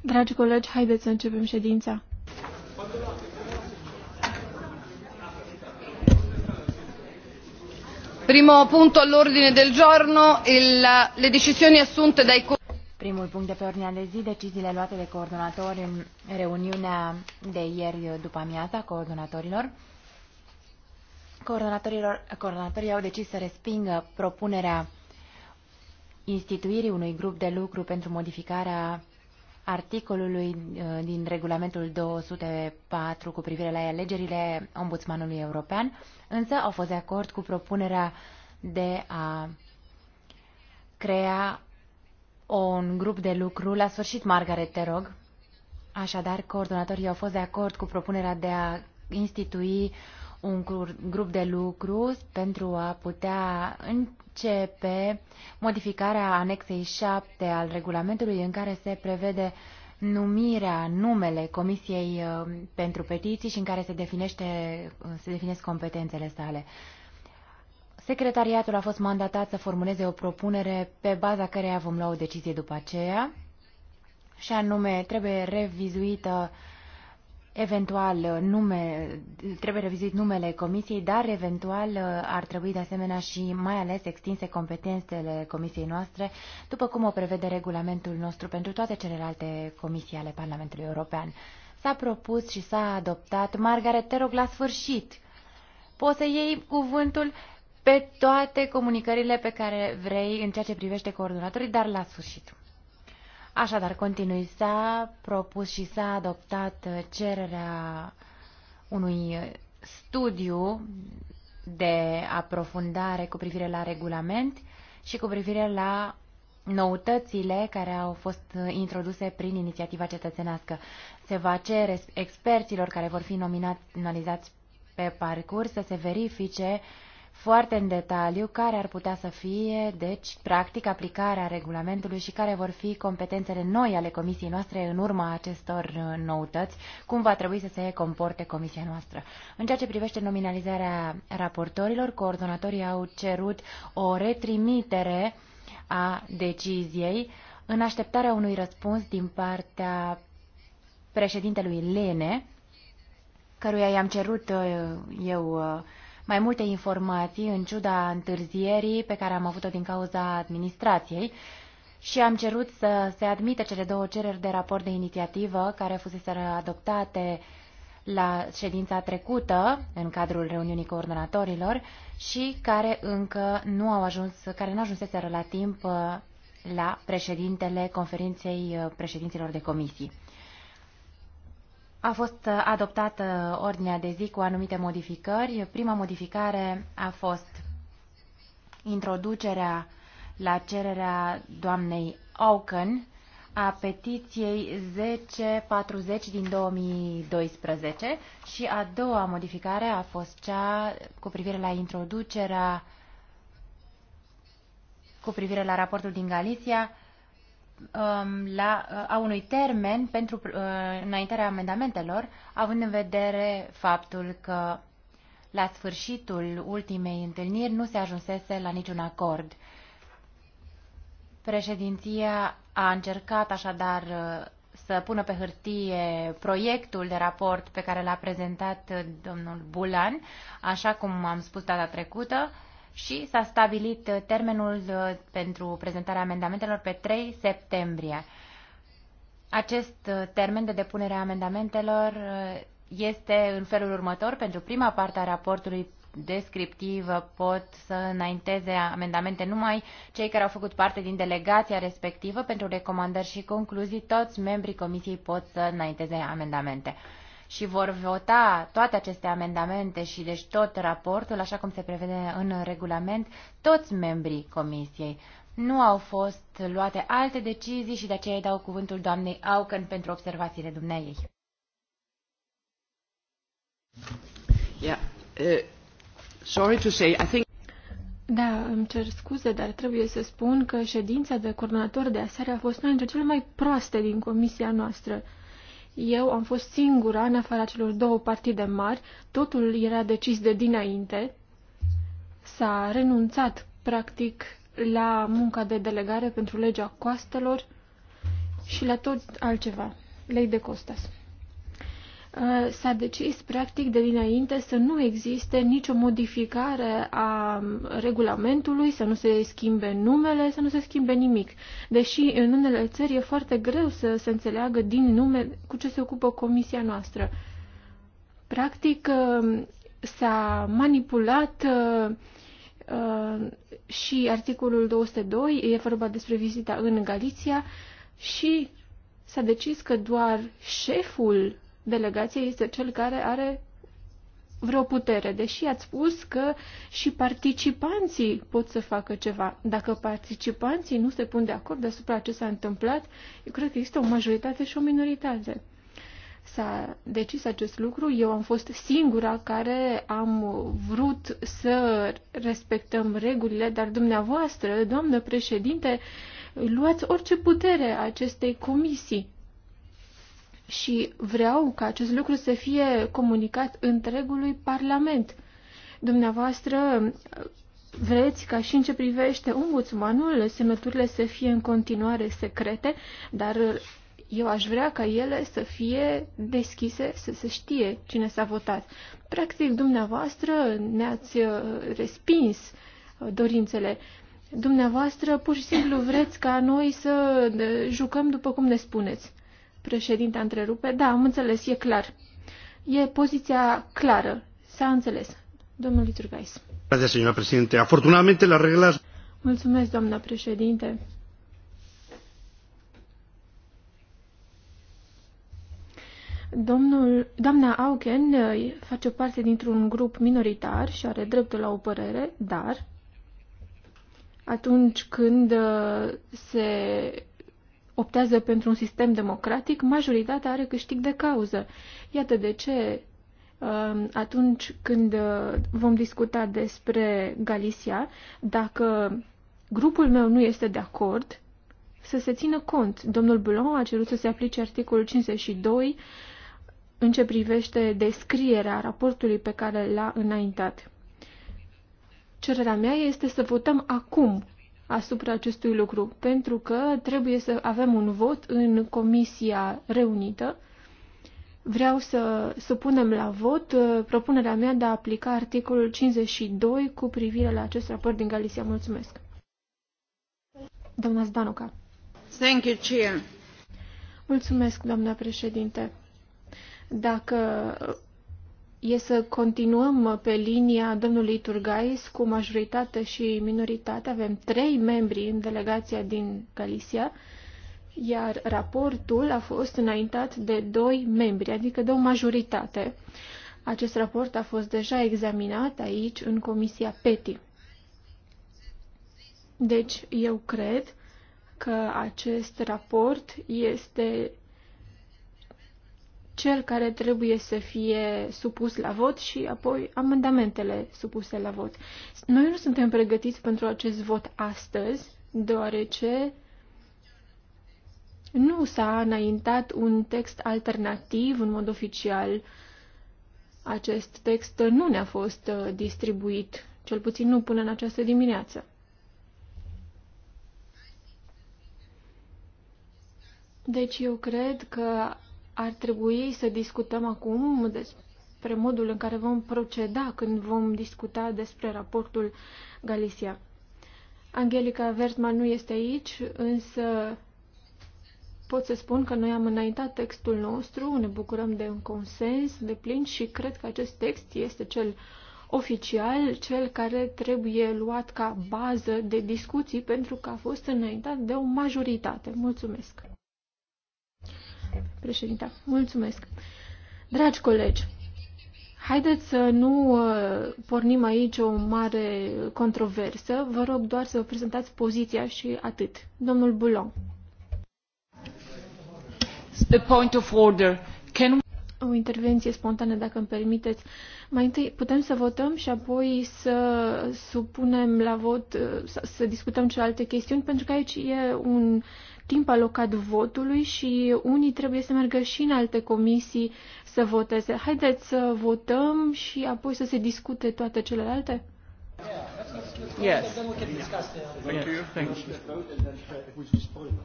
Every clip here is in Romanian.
Dragi colegi, haideți să începem ședința. Primul punct al ordine del giorno, il, le decisioni assunte dai Primul punct de pe ordinea de zi, deciziile luate de coordonatori în reuniunea de ieri după amiaza coordonatorilor. Coordonatorii au decis să respingă propunerea instituirii unui grup de lucru pentru modificarea articolului uh, din regulamentul 204 cu privire la alegerile ombudsmanului european, însă au fost de acord cu propunerea de a crea un grup de lucru. La sfârșit, Margaret, te rog. Așadar, coordonatorii au fost de acord cu propunerea de a institui un grup de lucru pentru a putea începe modificarea anexei 7 al regulamentului în care se prevede numirea, numele Comisiei uh, pentru Petiții și în care se, definește, uh, se definesc competențele sale. Secretariatul a fost mandatat să formuleze o propunere pe baza căreia vom lua o decizie după aceea și anume trebuie revizuită uh, Eventual, uh, nume, trebuie revizuit numele comisiei, dar eventual uh, ar trebui de asemenea și mai ales extinse competențele comisiei noastre, după cum o prevede regulamentul nostru pentru toate celelalte comisii ale Parlamentului European. S-a propus și s-a adoptat. Margaret, te rog, la sfârșit, poți să iei cuvântul pe toate comunicările pe care vrei în ceea ce privește coordonatorii, dar la sfârșit. Așadar, continui s-a propus și s-a adoptat cererea unui studiu de aprofundare cu privire la regulament și cu privire la noutățile care au fost introduse prin inițiativa cetățenească. Se va cere experților care vor fi nominalizați pe parcurs să se verifice uh, foarte în detaliu care ar putea să fie, deci, practic, aplicarea regulamentului și care vor fi competențele noi ale comisiei noastre în urma acestor uh, noutăți, cum va trebui să se comporte comisia noastră. În ceea ce privește nominalizarea raportorilor, coordonatorii au cerut o retrimitere a deciziei în așteptarea unui răspuns din partea președintelui Lene, căruia i-am cerut uh, eu uh, mai multe informații, în ciuda întârzierii pe care am avut-o din cauza administrației, și am cerut să se admită cele două cereri de raport de inițiativă care fusese adoptate la ședința trecută, în cadrul reuniunii coordonatorilor, și care încă nu au ajuns, care nu ajunseseră la timp uh, la președintele conferinței uh, președinților de comisii. A fost adoptată ordinea de zi cu anumite modificări. Prima modificare a fost introducerea la cererea doamnei Auken a petiției 1040 din 2012 și a doua modificare a fost cea cu privire la introducerea cu privire la raportul din Galicia Um, la, uh, a unui termen pentru uh, înaintarea amendamentelor, având în vedere faptul că la sfârșitul ultimei întâlniri nu se ajunsese la niciun acord. Președinția a încercat așadar uh, să pună pe hârtie proiectul de raport pe care l-a prezentat domnul Bulan, așa cum am spus data trecută, și s-a stabilit uh, termenul uh, pentru prezentarea amendamentelor pe 3 septembrie. Acest uh, termen de depunere a amendamentelor este în felul următor. Pentru prima parte a raportului descriptiv pot să înainteze amendamente numai cei care au făcut parte din delegația respectivă. Pentru recomandări și concluzii, toți membrii comisiei pot să înainteze amendamente și vor vota toate aceste amendamente și deci tot raportul, așa cum se prevede în regulament, toți membrii comisiei. Nu au fost luate alte decizii și de aceea îi dau cuvântul doamnei Aucăn pentru observațiile dumneiei. Yeah. Uh, sorry to say, I think... Da, îmi cer scuze, dar trebuie să spun că ședința de coordonator de aseară a fost una dintre cele mai proaste din comisia noastră. Uh, eu am fost singura în afara celor două partide mari, totul era decis de dinainte. S-a renunțat, practic, la munca de delegare pentru legea coastelor și la tot altceva, lei de costas. Uh, s-a decis practic de dinainte să nu existe nicio modificare a regulamentului, să nu se schimbe numele, să nu se schimbe nimic. Deși în unele țări e foarte greu să se înțeleagă din nume cu ce se ocupă comisia noastră. Practic uh, s-a manipulat uh, și articolul 202, e vorba despre vizita în Galiția și s-a decis că doar șeful delegației este cel care are vreo putere, deși ați spus că și participanții pot să facă ceva. Dacă participanții nu se pun de acord asupra ce s-a întâmplat, eu cred că există o majoritate și o minoritate. S-a decis acest lucru, eu am fost singura care am vrut să respectăm regulile, dar dumneavoastră, doamnă președinte, luați orice putere acestei comisii și vreau ca acest lucru să fie comunicat întregului Parlament. Dumneavoastră vreți ca și în ce privește ombudsmanul, semnăturile să fie în continuare secrete, dar eu aș vrea ca ele să fie deschise, să se știe cine s-a votat. Practic, dumneavoastră ne-ați uh, respins uh, dorințele. Dumneavoastră pur și simplu vreți ca noi să jucăm după cum ne spuneți. Președinte, întrerupe. Da, am înțeles, e clar. E poziția clară. S-a înțeles. Domnul Iturgais. Gracias, señora presidente. Afortunadamente, Mulțumesc, doamna președinte. Domnul, doamna Auken uh, face parte dintr-un grup minoritar și are dreptul la o părere, dar atunci când uh, se optează pentru un sistem democratic, majoritatea are câștig de cauză. Iată de ce um, atunci când uh, vom discuta despre Galicia, dacă grupul meu nu este de acord, să se țină cont. Domnul Boulon a cerut să se aplice articolul 52 în ce privește descrierea raportului pe care l-a înaintat. Cererea mea este să votăm acum asupra acestui lucru, pentru că trebuie să avem un vot în comisia reunită. Vreau să, să punem la vot uh, propunerea mea de a aplica articolul 52 cu privire la acest raport din Galicia. Mulțumesc. Doamna Zdanoca. Thank you, Chair. Mulțumesc, doamna președinte. Dacă e să continuăm pe linia domnului Turgais cu majoritate și minoritate. Avem trei membri în delegația din Galicia, iar raportul a fost înaintat de doi membri, adică de o majoritate. Acest raport a fost deja examinat aici, în Comisia PETI. Deci, eu cred că acest raport este cel care trebuie să fie supus la vot și apoi amendamentele supuse la vot. Noi nu suntem pregătiți pentru acest vot astăzi, deoarece nu s-a înaintat un text alternativ în mod oficial. Acest text nu ne-a fost uh, distribuit, cel puțin nu până în această dimineață. Deci eu cred că ar trebui să discutăm acum despre modul în care vom proceda când vom discuta despre raportul Galicia. Angelica Vertman nu este aici, însă pot să spun că noi am înaintat textul nostru, ne bucurăm de un consens de plin și cred că acest text este cel oficial, cel care trebuie luat ca bază de discuții pentru că a fost înaintat de o majoritate. Mulțumesc! președinte. mulțumesc. Dragi colegi, haideți să nu uh, pornim aici o mare controversă. Vă rog doar să vă prezentați poziția și atât. Domnul Bulon. A point of order. Can... O intervenție spontană, dacă îmi permiteți. Uh, mai întâi putem să votăm și apoi să supunem la vot, uh, să discutăm celelalte chestiuni, pentru că aici e un timp alocat votului și unii trebuie să meargă și în alte comisii să voteze. Haideți să votăm și apoi să se discute toate celelalte? Yes.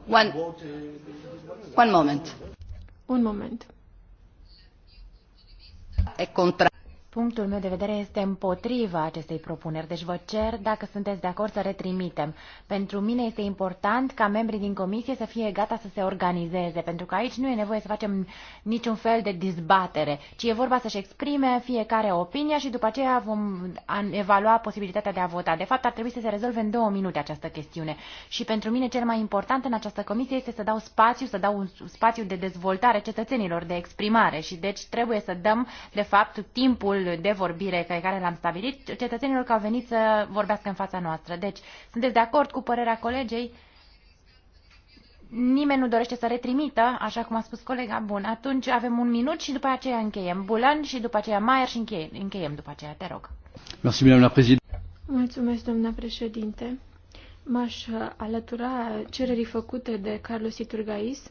One, one moment. Un moment. E contra. Punctul meu de vedere este împotriva acestei propuneri, deci vă cer dacă sunteți de acord să retrimitem. Pentru mine este important ca membrii din comisie să fie gata să se organizeze, pentru că aici nu e nevoie să facem niciun fel de dizbatere, ci e vorba să-și exprime fiecare opinia și după aceea vom evalua posibilitatea de a vota. De fapt, ar trebui să se rezolve în două minute această chestiune. Și pentru mine cel mai important în această comisie este să dau spațiu, să dau un spațiu de dezvoltare cetățenilor, de exprimare și deci trebuie să dăm, de fapt, timpul timpul de vorbire pe care l-am stabilit cetățenilor că au venit să vorbească în fața noastră. Deci, sunteți de acord cu părerea colegei? Nimeni nu dorește să retrimită, așa cum a spus colega. Bun, atunci avem un minut și după aceea încheiem. Bulan și după aceea Maier și încheie, încheiem după aceea. Te rog. Mersi, Mulțumesc, doamna președinte. M-aș alătura cererii făcute de Carlos Iturgais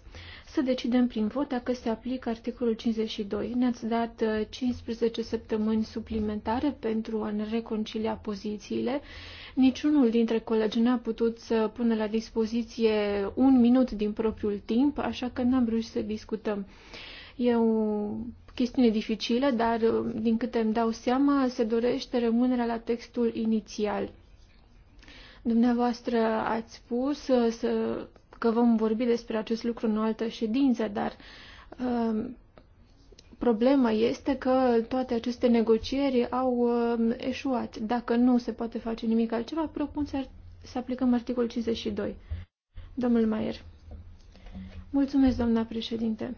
să decidem prin vot dacă se aplică articolul 52. Ne-ați dat 15 uh, săptămâni suplimentare pentru a ne reconcilia pozițiile. Niciunul dintre colegi n-a putut să pună la dispoziție un minut din propriul timp, așa că n-am reușit să discutăm. E o chestiune dificilă, dar uh, din câte îmi dau seama, se dorește rămânerea la textul inițial. Dumneavoastră ați spus uh, să că vom vorbi despre acest lucru în o altă ședință, dar uh, problema este că toate aceste negocieri au uh, eșuat. Dacă nu se poate face nimic altceva, propun să, să aplicăm articolul 52. Domnul Maier. Mulțumesc, doamna președinte.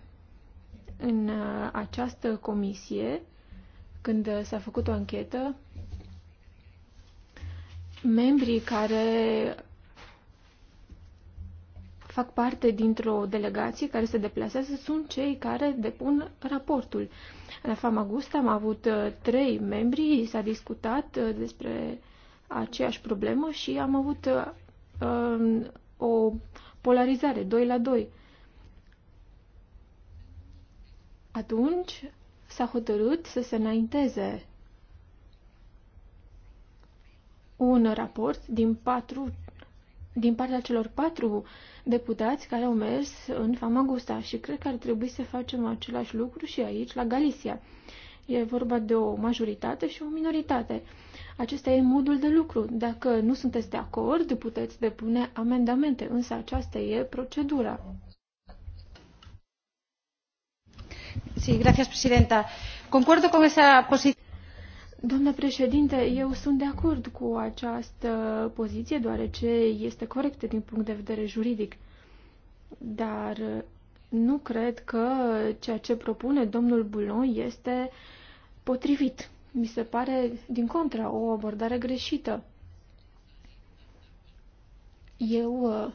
În uh, această comisie, când s-a făcut o anchetă, membrii care fac parte dintr-o delegație care se deplasează sunt cei care depun raportul. La Famagusta am avut uh, trei membri, s-a discutat uh, despre aceeași problemă și am avut uh, um, o polarizare, 2 la 2. Atunci s-a hotărât să se înainteze un raport din patru din partea celor patru deputați care au mers în Famagusta și cred că ar trebui să facem același lucru și aici, la Galicia. E vorba de o majoritate și o minoritate. Acesta e modul de lucru. Dacă nu sunteți de acord, puteți depune amendamente, însă aceasta e procedura. Sí, gracias, Presidenta. Concuerdo con esa posición. Doamna președinte, eu sunt de acord cu această poziție, deoarece este corectă din punct de vedere juridic. Dar nu cred că ceea ce propune domnul Bulon este potrivit. Mi se pare, din contra, o abordare greșită. Eu uh,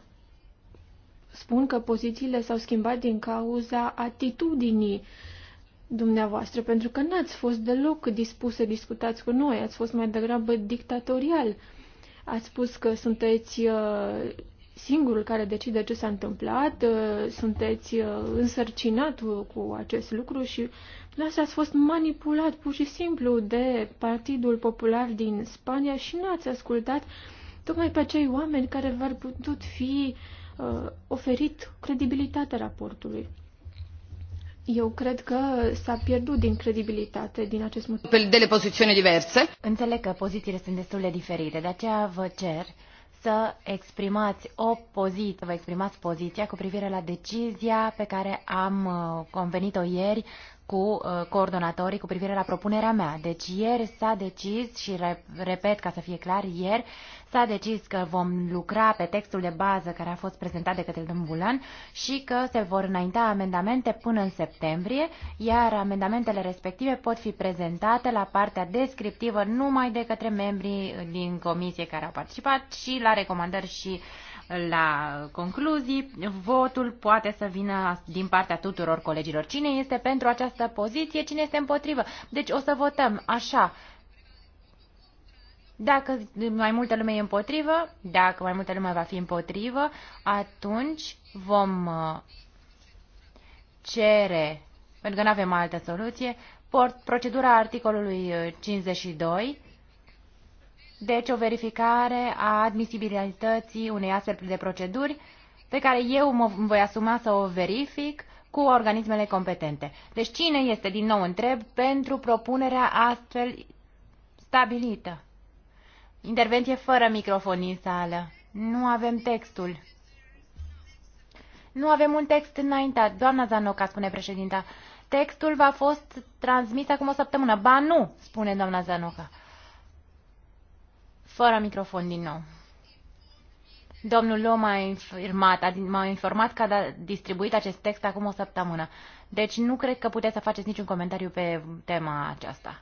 spun că pozițiile s-au schimbat din cauza atitudinii uh, dumneavoastră, pentru că n-ați fost deloc dispus să discutați cu noi, ați fost mai degrabă dictatorial. Ați spus că sunteți uh, singurul care decide ce s-a întâmplat, uh, sunteți uh, însărcinat cu acest lucru și dumneavoastră ați fost manipulat pur și simplu de Partidul Popular din Spania și nu ați ascultat tocmai pe acei oameni care v-ar putut fi oferit credibilitatea raportului. Eu cred că s-a pierdut din credibilitate din acest motiv. Dele poziții diverse. Înțeleg că pozițiile sunt destul de diferite, de aceea vă cer să exprimați o poziție, vă exprimați poziția cu privire la decizia pe care am uh, convenit-o ieri cu uh, coordonatorii cu privire la propunerea mea. Deci ieri s-a decis și repet ca să fie clar, ieri S-a decis că vom lucra pe textul de bază care a fost prezentat de către domnul Bulan și că se vor înainta amendamente până în septembrie, iar amendamentele respective pot fi prezentate la partea descriptivă numai de către membrii din comisie care au participat și la recomandări și la concluzii. Votul poate să vină din partea tuturor colegilor. Cine este pentru această poziție, cine este împotrivă. Deci o să votăm așa dacă mai multă lume e împotrivă, dacă mai multă lume va fi împotrivă, atunci vom uh, cere, pentru că nu avem altă soluție, procedura articolului 52, uh, deci o verificare a admisibilității unei astfel de proceduri pe care eu mă voi asuma să o verific cu organismele competente. Deci cine este, din nou întreb, pentru propunerea astfel stabilită? Intervenție fără microfon în sală. Nu avem textul. Nu avem un text înaintat. Doamna Zanoca, spune președinta. Textul v-a fost transmis acum o săptămână. Ba nu, spune doamna Zanoca. Fără microfon din nou. Domnul Lou m-a informat, m-a informat că a da- distribuit acest text acum o săptămână. Deci nu cred că puteți să faceți niciun comentariu pe tema aceasta.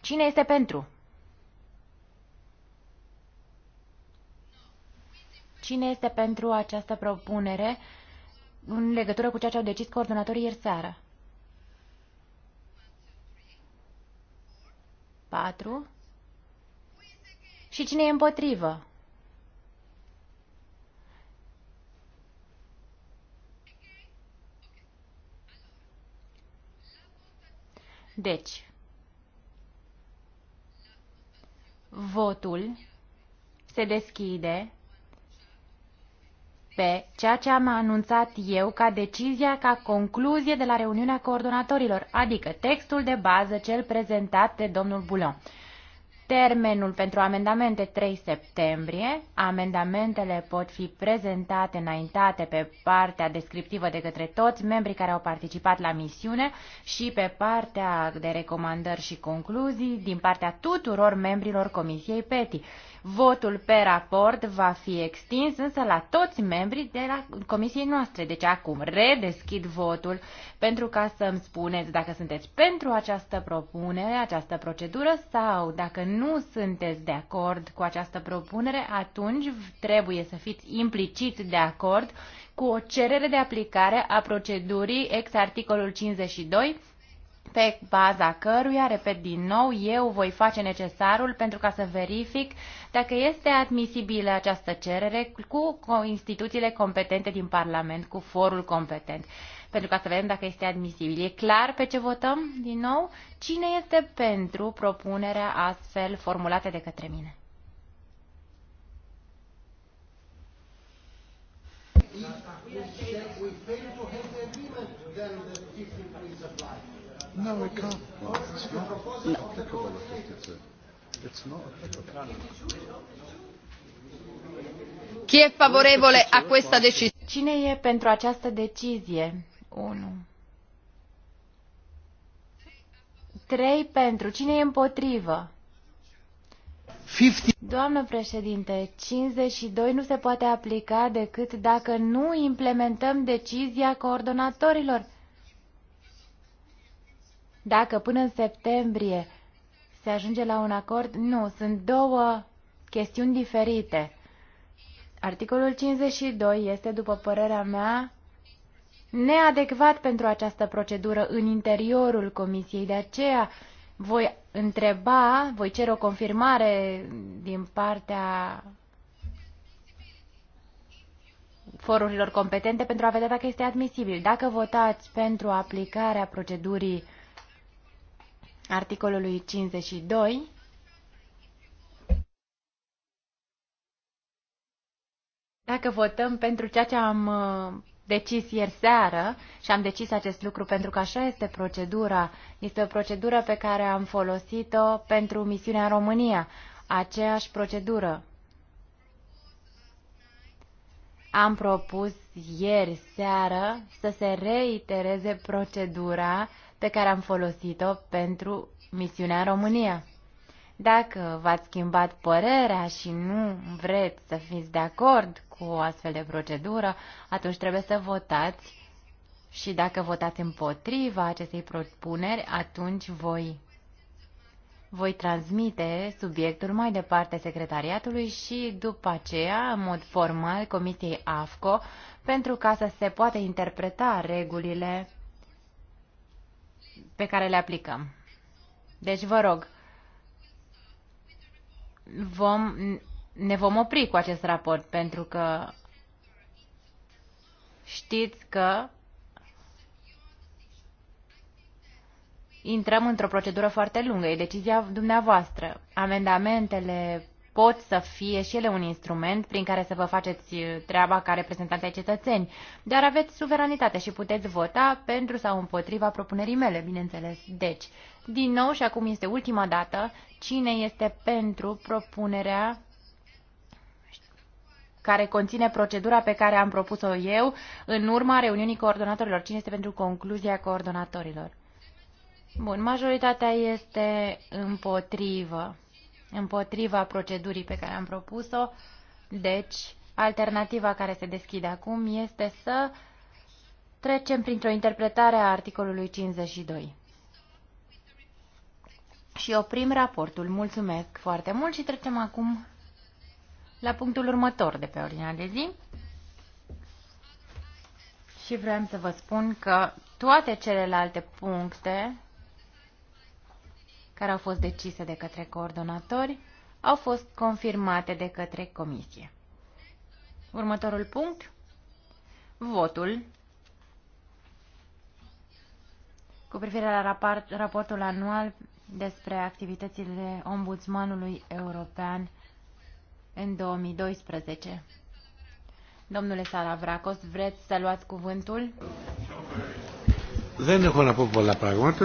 Cine este pentru? Cine este pentru această propunere în legătură cu ceea ce au decis coordonatorii ieri seară? 4. Și cine e împotrivă? Deci, votul se deschide pe ceea ce am anunțat eu ca decizia, ca concluzie de la reuniunea coordonatorilor, adică textul de bază cel prezentat de domnul Bulon. Termenul pentru amendamente 3 septembrie. Amendamentele pot fi prezentate, înaintate pe partea descriptivă de către toți membrii care au participat la misiune și pe partea de recomandări și concluzii din partea tuturor membrilor Comisiei PETI. Votul pe raport va fi extins însă la toți membrii de la comisiei noastre. Deci acum redeschid votul pentru ca să-mi spuneți dacă sunteți pentru această propunere, această procedură sau dacă nu sunteți de acord cu această propunere, atunci trebuie să fiți implicit de acord cu o cerere de aplicare a procedurii ex articolul 52 pe baza căruia, repet din nou, eu voi face necesarul pentru ca să verific dacă este admisibilă această cerere cu instituțiile competente din Parlament, cu forul competent, pentru ca să vedem dacă este admisibil. E clar pe ce votăm, din nou? Cine este pentru propunerea astfel formulată de către mine? If we fail to have the No, we can't. No, it's not applicable at 52. It's not applicable. Chi e favorevole a questa decisione? Cine e pentru această decizie? 1. 3 pentru. Cine e împotrivă? 50. Doamnă președinte, 52 nu se poate aplica decât dacă nu implementăm decizia coordonatorilor. Dacă până în septembrie se ajunge la un acord, nu, sunt două chestiuni diferite. Articolul 52 este, după părerea mea, neadecvat pentru această procedură în interiorul Comisiei. De aceea voi întreba, voi cere o confirmare din partea forurilor competente pentru a vedea dacă este admisibil. Dacă votați pentru aplicarea procedurii articolului 52, dacă votăm pentru ceea ce am uh, decis ieri seară și am decis acest lucru pentru că așa este procedura, este o procedură pe care am folosit-o pentru misiunea în România, aceeași procedură. Am propus ieri seară să se reitereze procedura uh, pe care am folosit-o pentru misiunea în România. Dacă v-ați schimbat părerea și nu vreți să fiți de acord cu o astfel de procedură, atunci trebuie să votați și dacă votați împotriva acestei propuneri, atunci voi voi transmite subiectul mai departe secretariatului și după aceea, în mod formal, Comisiei AFCO, pentru ca să se poată interpreta regulile pe care le aplicăm. Deci, vă rog, vom, ne vom opri cu acest raport, pentru că știți că intrăm într-o procedură foarte lungă. E decizia dumneavoastră. Amendamentele pot să fie și ele un instrument prin care să vă faceți uh, treaba ca reprezentanți ai cetățeni, dar aveți suveranitate și puteți vota pentru sau împotriva propunerii mele, bineînțeles. Deci, din nou și acum este ultima dată, cine este pentru propunerea care conține procedura pe care am propus-o eu în urma reuniunii coordonatorilor. Cine este pentru concluzia coordonatorilor? Bun, majoritatea este împotrivă împotriva procedurii pe care am propus-o. Deci, alternativa care se deschide acum este să trecem printr-o interpretare a articolului 52. Și oprim raportul. Mulțumesc foarte mult și trecem acum la punctul următor de pe ordinea de zi. Și vreau să vă spun că toate celelalte puncte care au fost decise de către coordonatori au fost confirmate de către comisie. Următorul punct, votul cu privire la raportul anual despre activitățile ombudsmanului european în 2012. Domnule Salavracos, vreți să luați cuvântul? Δεν έχω να πω πολλά πράγματα.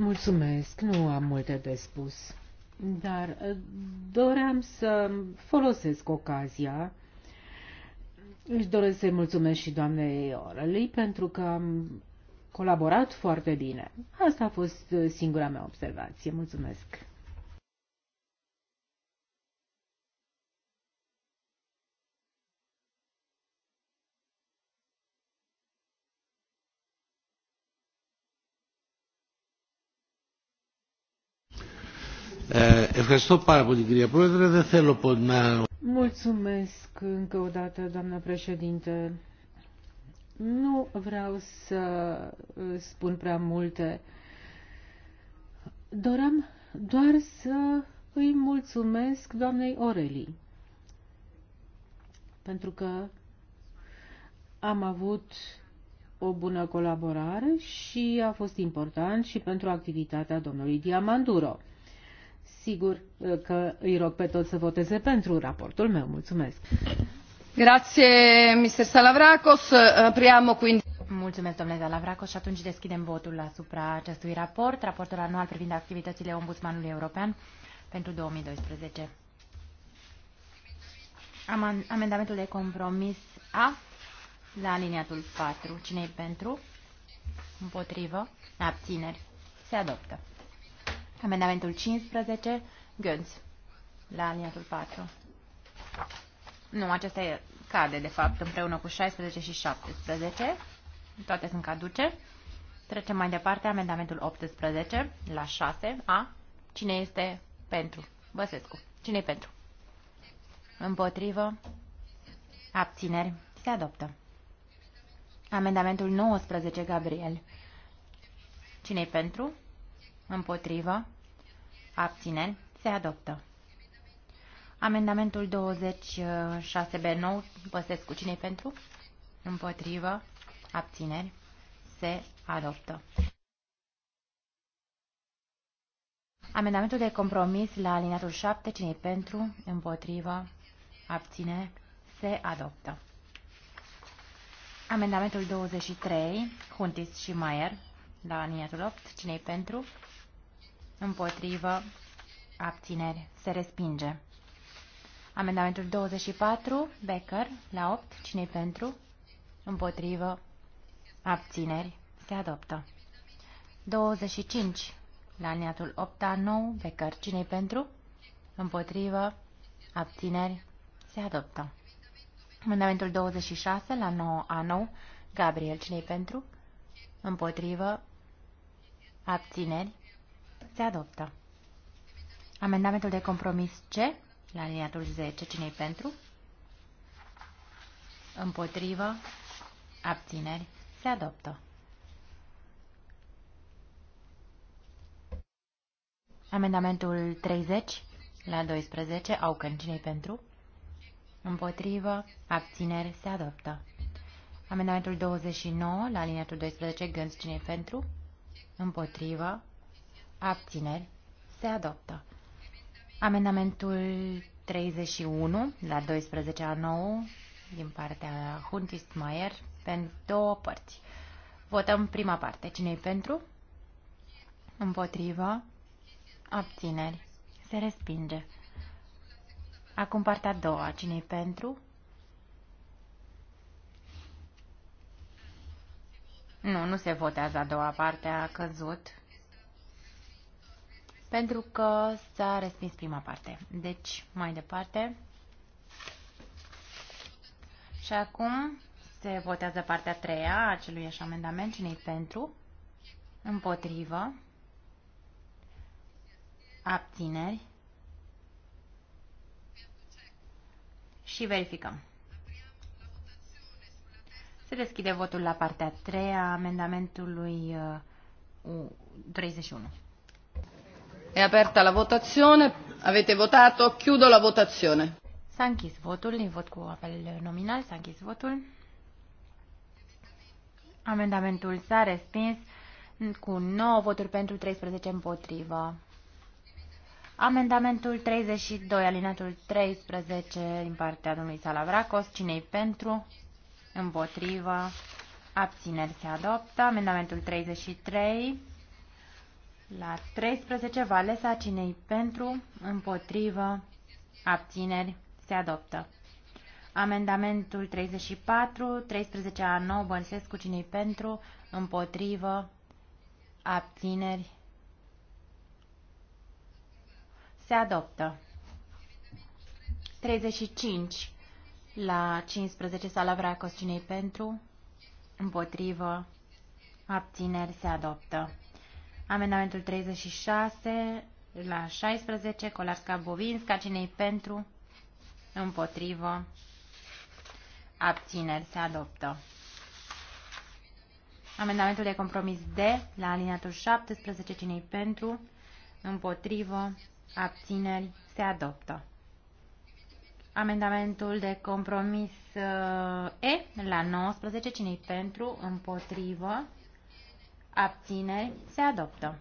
Mulțumesc, nu am multe de spus, dar eh, doream să folosesc ocazia. Își doresc să-i mulțumesc și doamnei Orăli pentru că am colaborat foarte bine. Asta a fost eh, singura mea observație. Mulțumesc. Ευχαριστώ πάρα πολύ κυρία Πρόεδρε. Δεν θέλω να... Mulțumesc încă o dată, doamnă președinte. Nu vreau să uh, spun prea multe. Doream doar să îi mulțumesc doamnei Oreli, pentru că am avut o bună colaborare și a fost important și pentru activitatea domnului Diamanduro sigur uh, că îi rog pe toți să voteze pentru raportul meu. Mulțumesc! Grazie, Mr. Salavracos. Uh, Priamo, quindi... Mulțumesc, domnule Salavracos. Și atunci deschidem votul asupra acestui raport, raportul anual privind activitățile Ombudsmanului European pentru 2012. Am amendamentul de compromis A la aliniatul 4. cine pentru? Împotrivă? Abțineri? Se adoptă. Amendamentul 15, Gânț, la aliniatul 4. Nu, acesta e, cade, de fapt, împreună cu 16 și 17. Toate sunt caduce. Trecem mai departe, amendamentul 18, la 6, A. Cine este pentru? Băsescu. cine e pentru? Împotrivă. Abțineri. Se adoptă. Amendamentul 19, Gabriel. cine e pentru? Împotrivă. Abțineri. Se adoptă. Amendamentul 26B9, Băsescu, cine pentru? Împotrivă, abțineri, se adoptă. Amendamentul de compromis la alineatul 7, cine pentru? Împotrivă, abține, se adoptă. Amendamentul 23, Huntis și Maier, la alineatul 8, cine pentru? împotrivă, abțineri, se respinge. Amendamentul 24, Becker, la 8, cine pentru? Împotrivă, abțineri, se adoptă. 25, la aliniatul 8 a 9, Becker, cine pentru? Împotrivă, abțineri, se adoptă. Amendamentul 26, la 9 a 9, Gabriel, cine pentru? Împotrivă, abțineri, se adoptă. Amendamentul de compromis C, la liniatul 10, cine pentru? Împotrivă, abțineri, se adoptă. Amendamentul 30, la 12, au cine pentru? Împotrivă, abțineri, se adoptă. Amendamentul 29, la liniatul 12, Gânz, cine pentru? Împotrivă, abțineri, se adoptă. Amendamentul 31 la 12 a 9 din partea Huntismaier pentru două părți. Votăm prima parte. cine e pentru? Împotrivă. Abțineri. Se respinge. Acum partea a doua. cine e pentru? Nu, nu se votează a doua parte. A căzut pentru că s-a respins prima parte. Deci, mai departe. Și acum se votează partea a treia a acelui amendament. cine pentru? Împotrivă. Abțineri. Și verificăm. Se deschide votul la partea a treia a amendamentului 31. Uh, È aperta la votazione. Avete votato? Chiudo la votazione. S-a închis votul, din vot cu apel nominal, s-a închis votul. Amendamentul s-a respins cu 9 voturi pentru 13 împotrivă. Amendamentul 32, alinatul 13 din partea domnului Salavracos. Cine-i pentru? Împotrivă. Abțineri se adoptă. Amendamentul 33 la 13, Valesa cinei pentru, împotrivă, abțineri, se adoptă. Amendamentul 34, 13 a 9, Bălsescu cinei pentru, împotrivă, abțineri, se adoptă. 35 la 15 Salavra cinei pentru, împotrivă, abțineri, se adoptă. Amendamentul 36 la 16, Colarska Bovinska, cine pentru, împotrivă, abțineri, se adoptă. Amendamentul de compromis D la alineatul 17, cine pentru, împotrivă, abțineri, se adoptă. Amendamentul de compromis uh, E la 19, cine pentru, împotrivă, abțineri, se adoptă.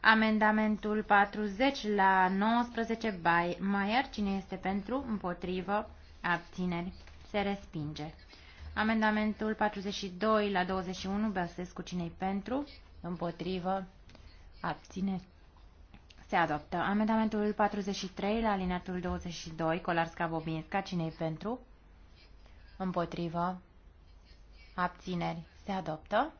Amendamentul 40 la 19 by Maier, cine este pentru, împotrivă, abțineri, se respinge. Amendamentul 42 la 21, Băsescu, cine pentru, împotrivă, abțineri, se adoptă. Amendamentul 43 la alineatul 22, Colarska-Bobinska, cine pentru, împotrivă, abțineri, se adoptă.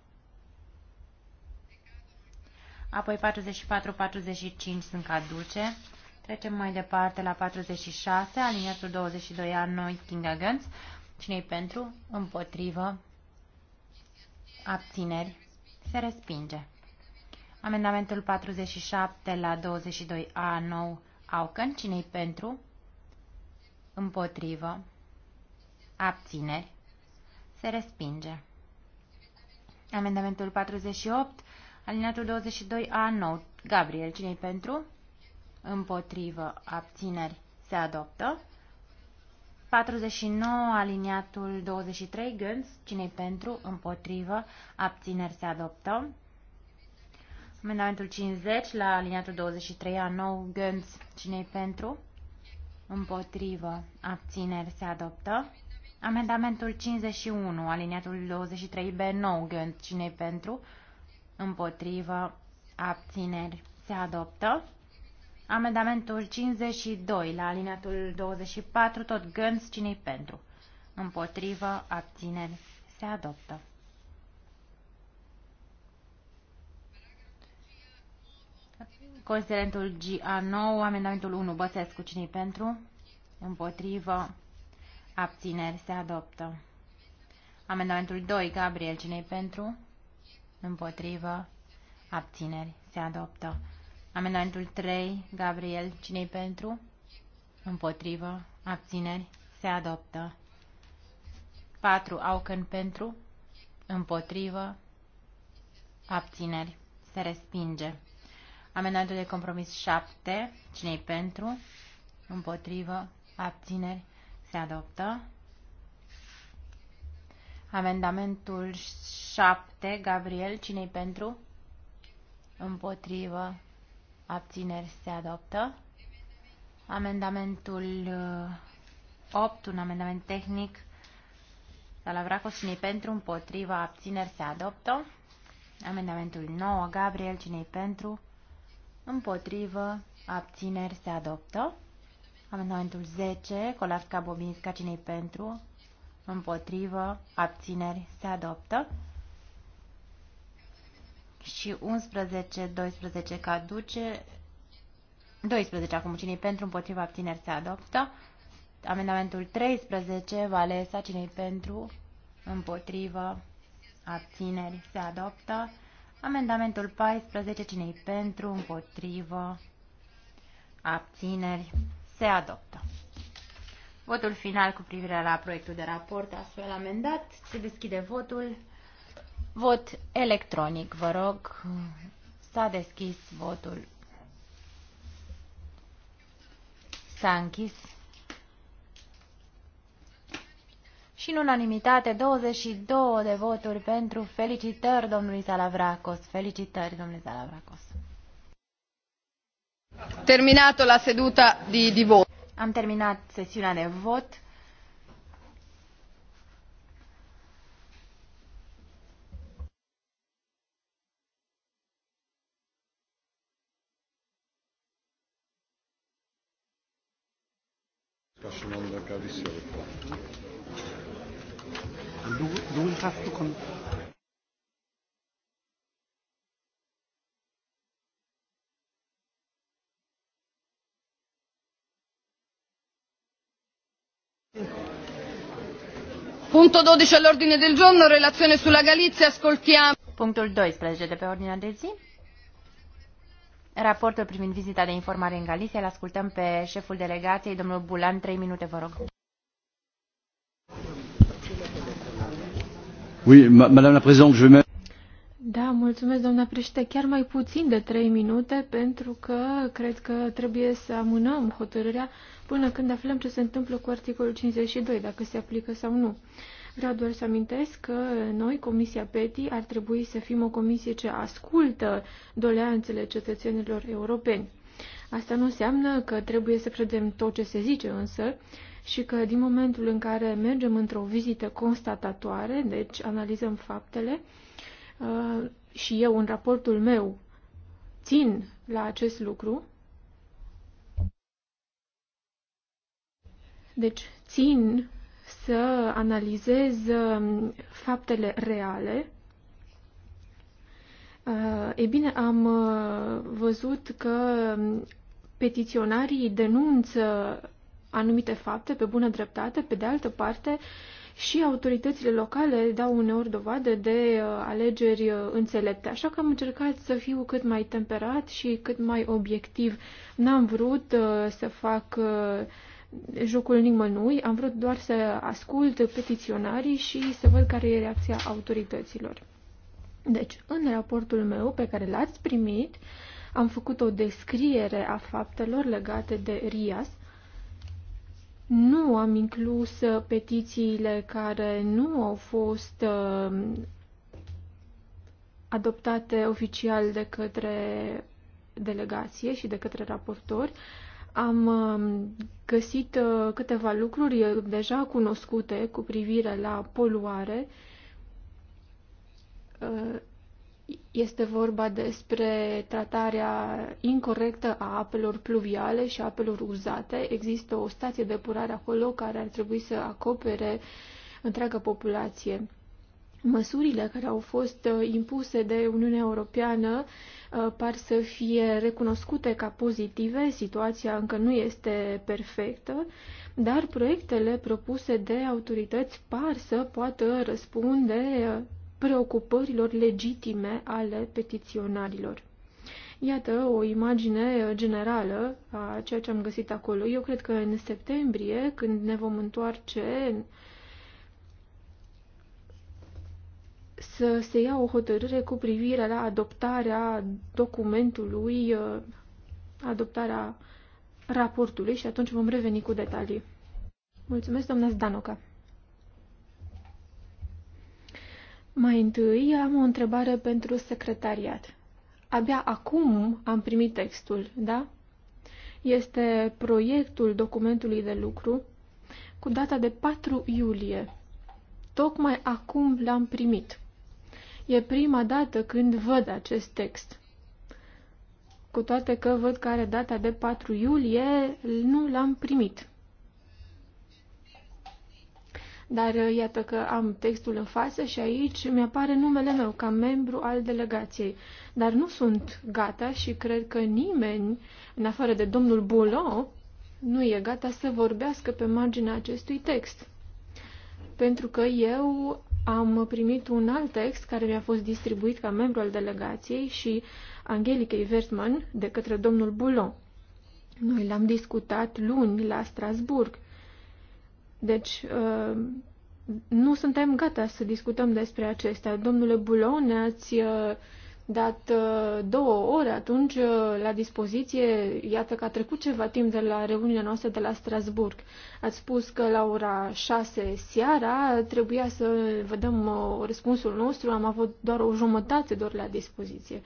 Apoi 44-45 sunt caduce. Trecem mai departe la 46, aliniatul 22 a noi Kindergans. cine pentru? Împotrivă. Abțineri. Se respinge. Amendamentul 47 la 22A 9 Aucan. cine pentru? Împotrivă. Abțineri. Se respinge. Amendamentul 48, alineatul 22A9. Gabriel, cine-i pentru? Împotrivă, abțineri, se adoptă. 49, aliniatul 23, Gânz, cine pentru, împotrivă, abțineri se adoptă. Amendamentul 50, la aliniatul 23, a 9, Gânz, cine pentru, împotrivă, abțineri se adoptă. Amendamentul 51, aliniatul 23 b nou gând cine pentru, împotrivă, abțineri, se adoptă. Amendamentul 52, la aliniatul 24, tot gând cine pentru, împotrivă, abțineri, se adoptă. Considerentul GA9, amendamentul 1, Băsescu, cine pentru, împotrivă, Abțineri se adoptă. Amendamentul 2, Gabriel, cine pentru? Împotrivă. Abțineri se adoptă. Amendamentul 3, Gabriel, cine pentru? Împotrivă. Abțineri se adoptă. 4, Aucăn pentru? Împotrivă. Abțineri se respinge. Amendamentul de compromis 7, cine pentru? Împotrivă. Abțineri se adoptă. Amendamentul 7, Gabriel, cine-i pentru? Împotrivă. Abțineri se adoptă. Amendamentul 8, uh, un amendament tehnic. Salavraco, cine-i pentru? Împotrivă. Abțineri se adoptă. Amendamentul 9, Gabriel, cine-i pentru? Împotrivă. Abțineri se adoptă. Amendamentul 10, Colavska Bobinska, cine pentru? Împotrivă, abțineri, se adoptă. Și 11, 12 caduce. 12 acum, cine pentru? Împotrivă, abțineri, se adoptă. Amendamentul 13, Valesa, cine pentru? Împotrivă, abțineri, se adoptă. Amendamentul 14, cine pentru? Împotrivă, abțineri, se adoptă. Votul final cu privire la proiectul de raport astfel amendat. Se deschide votul. Vot electronic, vă rog. S-a deschis votul. S-a închis. Și în unanimitate, 22 de voturi pentru felicitări domnului Salavracos. Felicitări, domnule Salavracos. Terminato la seduta di, di vot. Am terminat sesiunea de vot. Do, do we have con Punctul 12 ordine del giorno, relazione sulla Galizia, ascoltiamo. Punctul 12 de pe ordinea de zi. Raportul privind vizita de informare în Galicia, îl ascultăm pe șeful delegației, domnul Bulan, 3 minute, vă rog. Oui, madame la présidente, je vais da, mulțumesc, doamna președinte. Chiar mai puțin de trei minute, pentru că cred că trebuie să amânăm hotărârea până când aflăm ce se întâmplă cu articolul 52, dacă se aplică sau nu. Vreau doar să amintesc că noi, Comisia PETI, ar trebui să fim o comisie ce ascultă doleanțele cetățenilor europeni. Asta nu înseamnă că trebuie să credem tot ce se zice însă și că din momentul în care mergem într-o vizită constatatoare, deci analizăm faptele, Uh, și eu în raportul meu țin la acest lucru, deci țin să analizez um, faptele reale, uh, e bine, am uh, văzut că um, petiționarii denunță anumite fapte pe bună dreptate, pe de altă parte, și autoritățile locale dau uneori dovadă de uh, alegeri uh, înțelepte. Așa că am încercat să fiu cât mai temperat și cât mai obiectiv. N-am vrut uh, să fac jocul nimănui, am vrut doar să ascult petiționarii și să văd care e reacția autorităților. Deci, în raportul meu pe care l-ați primit, am făcut o descriere a faptelor legate de RIAS, nu am inclus uh, petițiile care nu au fost uh, adoptate oficial de către delegație și de către raportori. Am um, găsit uh, câteva lucruri deja cunoscute cu privire la poluare este vorba despre tratarea incorrectă a apelor pluviale și apelor uzate. Există o stație de depurare acolo care ar trebui să acopere întreaga populație. Măsurile care au fost uh, impuse de Uniunea Europeană uh, par să fie recunoscute ca pozitive, situația încă nu este perfectă, dar proiectele propuse de autorități par să poată răspunde uh, preocupărilor legitime ale petiționarilor. Iată o imagine generală a ceea ce am găsit acolo. Eu cred că în septembrie, când ne vom întoarce, să se ia o hotărâre cu privire la adoptarea documentului, adoptarea raportului și atunci vom reveni cu detalii. Mulțumesc, doamna Zdanoca. Mai întâi am o întrebare pentru secretariat. Abia acum am primit textul, da? Este proiectul documentului de lucru cu data de 4 iulie. Tocmai acum l-am primit. E prima dată când văd acest text. Cu toate că văd că are data de 4 iulie, nu l-am primit. Dar uh, iată că am textul în față și aici mi-apare numele meu ca membru al delegației. Dar nu sunt gata și cred că nimeni, în afară de domnul Bulo, nu e gata să vorbească pe marginea acestui text. Pentru că eu am primit un alt text care mi-a fost distribuit ca membru al delegației și Angelica Ivertman de către domnul Boulon. Noi l-am discutat luni la Strasburg deci, uh, nu suntem gata să discutăm despre acestea. Domnule Bulon, ne-ați uh, dat uh, două ore atunci la dispoziție. Iată că a trecut ceva timp de la reuniunea noastră de la Strasburg. Ați spus că la ora 6 seara trebuia să vă dăm răspunsul nostru. Am avut doar o jumătate doar la dispoziție.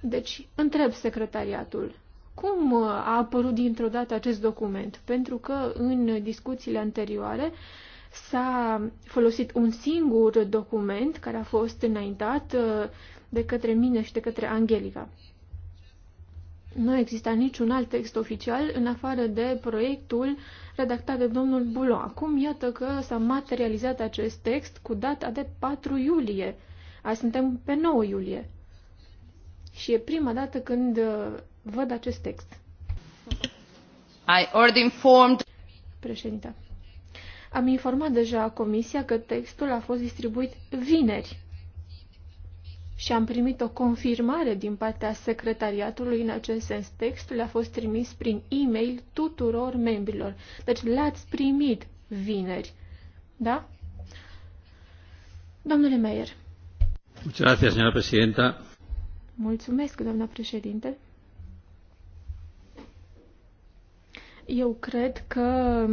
Deci, întreb secretariatul. Cum uh, a apărut dintr-o dată acest document? Pentru că în discuțiile anterioare s-a folosit un singur document care a fost înaintat uh, de către mine și de către Angelica. Nu exista niciun alt text oficial în afară de proiectul redactat de domnul Bulo. Acum iată că s-a materializat acest text cu data de 4 iulie. Azi suntem pe 9 iulie. Și e prima dată când uh, văd acest text. I already informed... Președinte. Am informat deja comisia că textul a fost distribuit vineri și am primit o confirmare din partea secretariatului în acest sens. Textul a fost trimis prin e-mail tuturor membrilor. Deci l-ați primit vineri. Da? Domnule Meier. Mulțumesc, doamna președinte. Eu cred că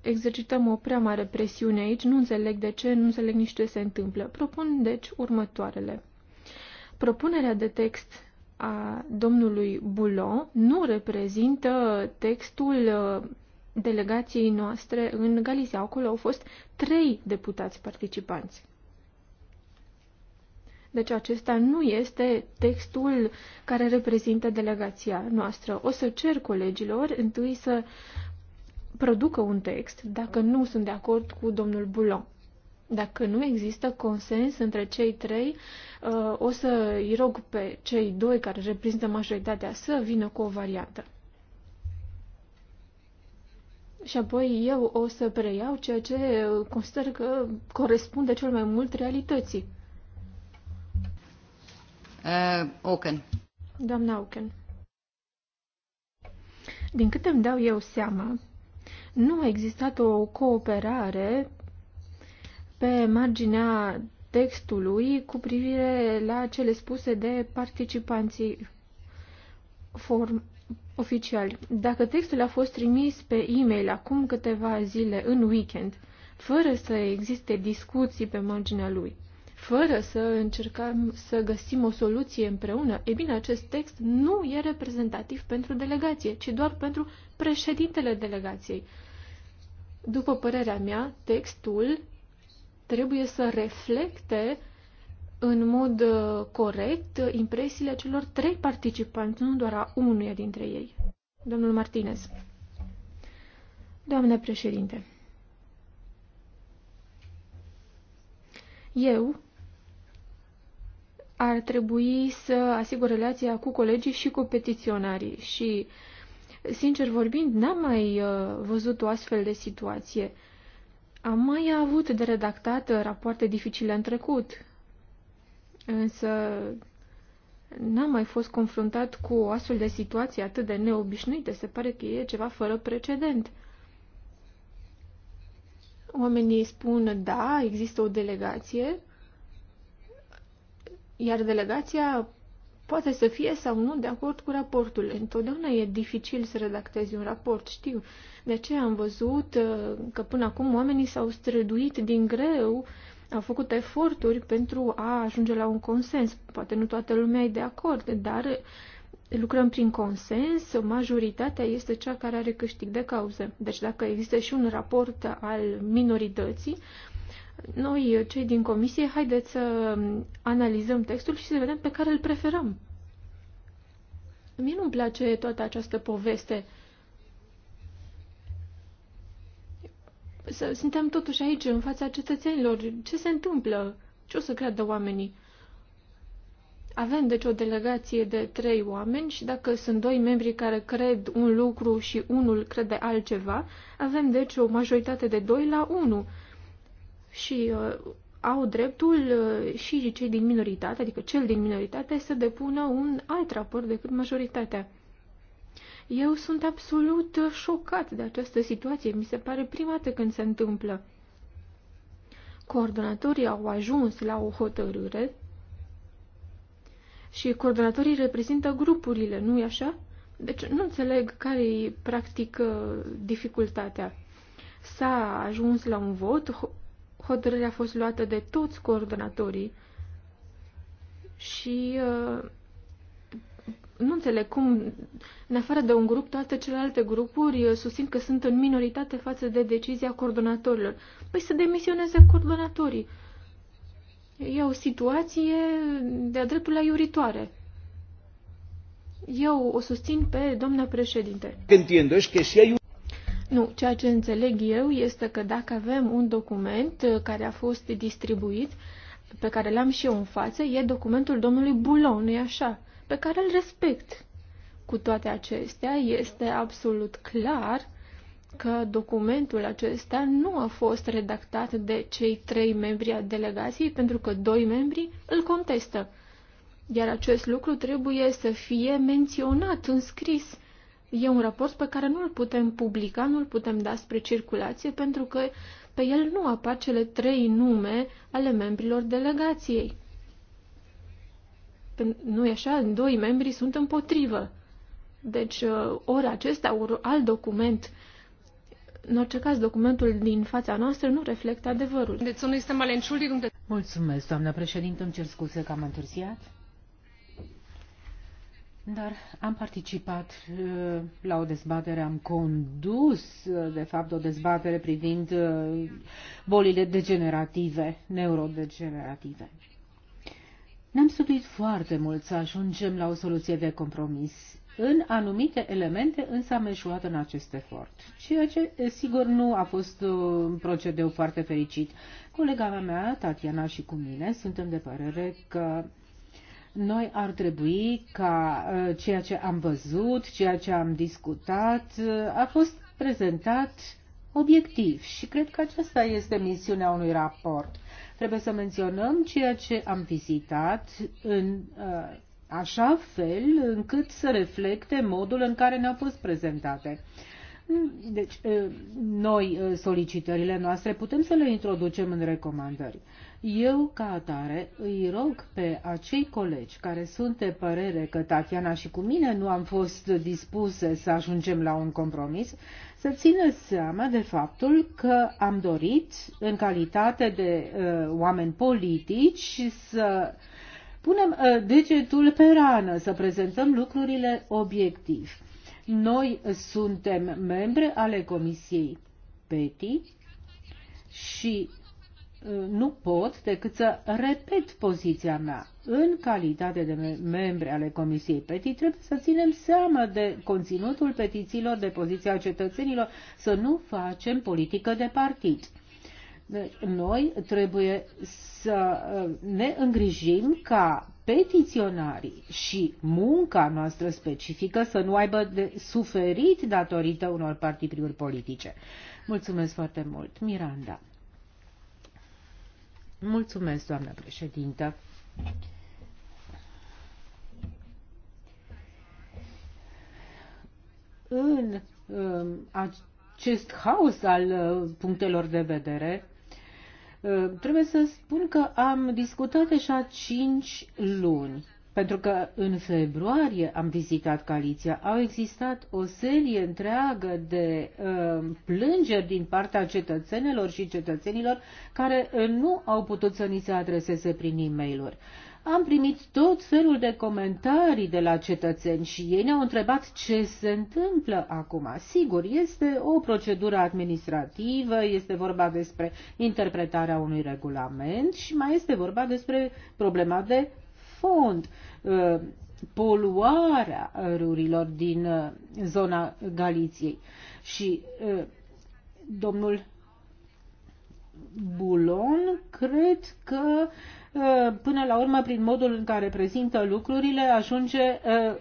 exercităm o prea mare presiune aici, nu înțeleg de ce, nu înțeleg nici ce se întâmplă. Propun, deci, următoarele. Propunerea de text a domnului Boulon nu reprezintă textul uh, delegației noastre în Galizia. Acolo au fost trei deputați participanți. Deci acesta nu este textul care reprezintă delegația noastră. O să cer colegilor întâi să producă un text dacă nu sunt de acord cu domnul Bulon. Dacă nu există consens între cei trei, uh, o să îi rog pe cei doi care reprezintă majoritatea să vină cu o variantă. Și apoi eu o să preiau ceea ce consider că corespunde cel mai mult realității. Uh, Doamna Oken. Din câte îmi dau eu seama, nu a existat o cooperare pe marginea textului cu privire la cele spuse de participanții form oficiali. Dacă textul a fost trimis pe e-mail acum câteva zile în weekend, fără să existe discuții pe marginea lui, fără să încercăm să găsim o soluție împreună, e bine, acest text nu e reprezentativ pentru delegație, ci doar pentru președintele delegației. După părerea mea, textul trebuie să reflecte în mod uh, corect impresiile celor trei participanți, nu doar a unuia dintre ei. Domnul Martinez. Doamne președinte, eu ar trebui să asigure relația cu colegii și cu petiționarii. Și, sincer vorbind, n-am mai uh, văzut o astfel de situație. Am mai avut de redactat uh, rapoarte dificile în trecut, însă n-am mai fost confruntat cu o astfel de situație atât de neobișnuită. Se pare că e ceva fără precedent. Oamenii spun, da, există o delegație, iar delegația poate să fie sau nu de acord cu raportul. Întotdeauna e dificil să redactezi un raport, știu. De aceea am văzut uh, că până acum oamenii s-au străduit din greu, au făcut eforturi pentru a ajunge la un consens. Poate nu toată lumea e de acord, dar lucrăm prin consens, majoritatea este cea care are câștig de cauză. Deci dacă există și un raport al minorității, noi, cei din comisie, haideți să analizăm textul și să vedem pe care îl preferăm. Mie nu-mi place toată această poveste. Suntem totuși aici, în fața cetățenilor. Ce se întâmplă? Ce o să creadă oamenii? Avem, deci, o delegație de trei oameni și dacă sunt doi membri care cred un lucru și unul crede altceva, avem, deci, o majoritate de doi la unu și uh, au dreptul uh, și cei din minoritate, adică cel din minoritate, să depună un alt raport decât majoritatea. Eu sunt absolut șocat de această situație. Mi se pare prima dată când se întâmplă. Coordonatorii au ajuns la o hotărâre și coordonatorii reprezintă grupurile, nu e așa? Deci nu înțeleg care e practic uh, dificultatea. S-a ajuns la un vot, hotărârea a fost luată de toți coordonatorii și uh, nu înțeleg cum, în afară de un grup, toate celelalte grupuri uh, susțin că sunt în minoritate față de decizia coordonatorilor. Păi să demisioneze coordonatorii. E o situație de-a dreptul la iuritoare. Eu o susțin pe doamna președinte. Entiendo, es que si hay un... Nu, ceea ce înțeleg eu este că dacă avem un document uh, care a fost distribuit, pe care l-am și eu în față, e documentul domnului Bulon, nu așa? Pe care îl respect. Cu toate acestea, este absolut clar că documentul acesta nu a fost redactat de cei trei membri a delegației, pentru că doi membri îl contestă. Iar acest lucru trebuie să fie menționat în scris E un raport pe care nu-l putem publica, nu-l putem da spre circulație, pentru că pe el nu apar cele trei nume ale membrilor delegației. Nu e așa? Doi membri sunt împotrivă. Deci, uh, ori acesta, ori alt document în orice caz, documentul din fața noastră nu reflectă adevărul. Deci Mulțumesc, doamna președinte, îmi cer scuze că am întârziat. Dar am participat uh, la o dezbatere, am condus, uh, de fapt, o dezbatere privind uh, bolile degenerative, neurodegenerative. Ne-am studiat foarte mult să ajungem la o soluție de compromis. În anumite elemente însă am eșuat în acest efort, ceea ce sigur nu a fost un procedeu foarte fericit. Colega mea, Tatiana și cu mine, suntem de părere că noi ar trebui ca uh, ceea ce am văzut, ceea ce am discutat, uh, a fost prezentat obiectiv și cred că aceasta este misiunea unui raport. Trebuie să menționăm ceea ce am vizitat în uh, așa fel încât să reflecte modul în care ne-au fost prezentate. Deci, noi solicitările noastre putem să le introducem în recomandări. Eu, ca atare, îi rog pe acei colegi care sunt de părere că Tatiana și cu mine nu am fost dispuse să ajungem la un compromis, să țină seama de faptul că am dorit, în calitate de uh, oameni politici, să punem uh, degetul pe rană, să prezentăm lucrurile obiectiv. Noi suntem membre ale Comisiei PETI și nu pot decât să repet poziția mea. În calitate de membre ale Comisiei Petit, trebuie să ținem seama de conținutul petițiilor, de poziția cetățenilor, să nu facem politică de partid. Deci, noi trebuie să uh, ne îngrijim ca petiționarii și munca noastră specifică să nu aibă de suferit datorită unor partipriuri politice. Mulțumesc foarte mult, Miranda. Mulțumesc, doamnă președintă. În um, acest haos al uh, punctelor de vedere, uh, trebuie să spun că am discutat deja cinci luni pentru că în februarie am vizitat Caliția, au existat o serie întreagă de uh, plângeri din partea cetățenilor și cetățenilor care uh, nu au putut să ni se adreseze prin e-mail-uri. Am primit tot felul de comentarii de la cetățeni și ei ne-au întrebat ce se întâmplă acum. Sigur, este o procedură administrativă, este vorba despre interpretarea unui regulament și mai este vorba despre problema de profund uh, poluarea rurilor din uh, zona Galiției. Și uh, domnul Bulon, cred că până la urmă, prin modul în care prezintă lucrurile, ajunge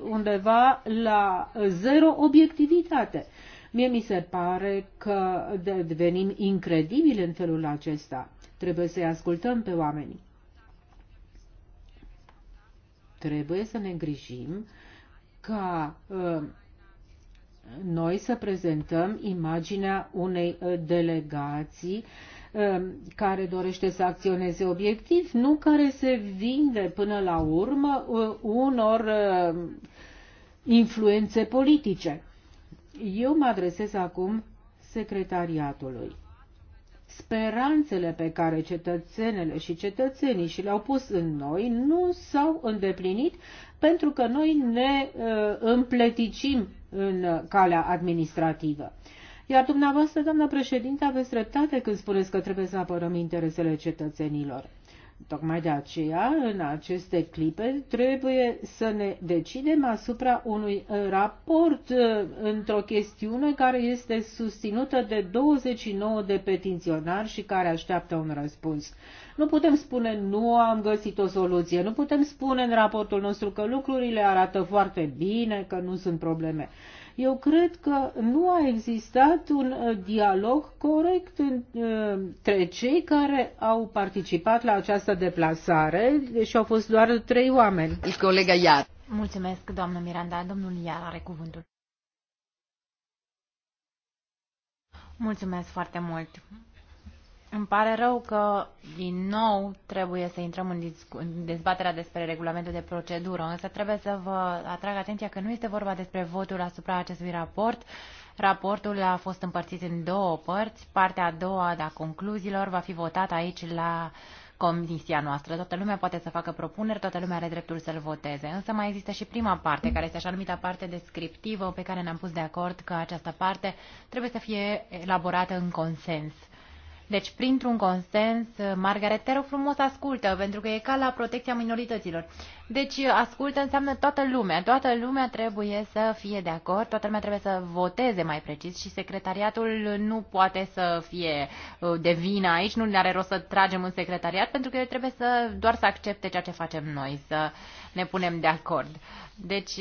undeva la zero obiectivitate. Mie mi se pare că devenim incredibili în felul acesta. Trebuie să-i ascultăm pe oamenii trebuie să ne îngrijim ca ă, noi să prezentăm imaginea unei ă, delegații ă, care dorește să acționeze obiectiv, nu care se vinde până la urmă unor influențe politice. Eu mă adresez acum secretariatului speranțele pe care cetățenele și cetățenii și le-au pus în noi nu s-au îndeplinit pentru că noi ne uh, împleticim în calea administrativă. Iar dumneavoastră, doamnă președinte, aveți dreptate când spuneți că trebuie să apărăm interesele cetățenilor. Tocmai de aceea, în aceste clipe, trebuie să ne decidem asupra unui uh, raport uh, într-o chestiune care este susținută de 29 de petiționari și care așteaptă un răspuns. Nu putem spune nu am găsit o soluție, nu putem spune în raportul nostru că lucrurile arată foarte bine, că nu sunt probleme. Eu cred că nu a existat un uh, dialog corect uh, între cei care au participat la această deplasare, deși au fost doar trei oameni. Colega Iar. Mulțumesc, doamnă Miranda. Domnul Iar are cuvântul. Mulțumesc foarte mult. Îmi pare rău că din nou trebuie să intrăm în, în dezbaterea despre regulamentul de procedură, însă trebuie să vă atrag atenția că nu este vorba despre votul asupra acestui raport. Raportul a fost împărțit în două părți. Partea a doua a concluziilor va fi votată aici la comisia noastră. Toată lumea poate să facă propuneri, toată lumea are dreptul să-l voteze. Însă mai există și prima parte, care este așa numita parte descriptivă, pe care ne-am pus de acord că această parte trebuie să fie elaborată în consens. Deci, printr-un consens, Margaret, te rog frumos, ascultă, pentru că e ca la protecția minorităților. Deci, ascultă înseamnă toată lumea. Toată lumea trebuie să fie de acord, toată lumea trebuie să voteze mai precis și secretariatul nu poate să fie uh, de vină aici, nu ne are rost să tragem în secretariat, pentru că el trebuie să doar să accepte ceea ce facem noi, să ne punem de acord. Deci,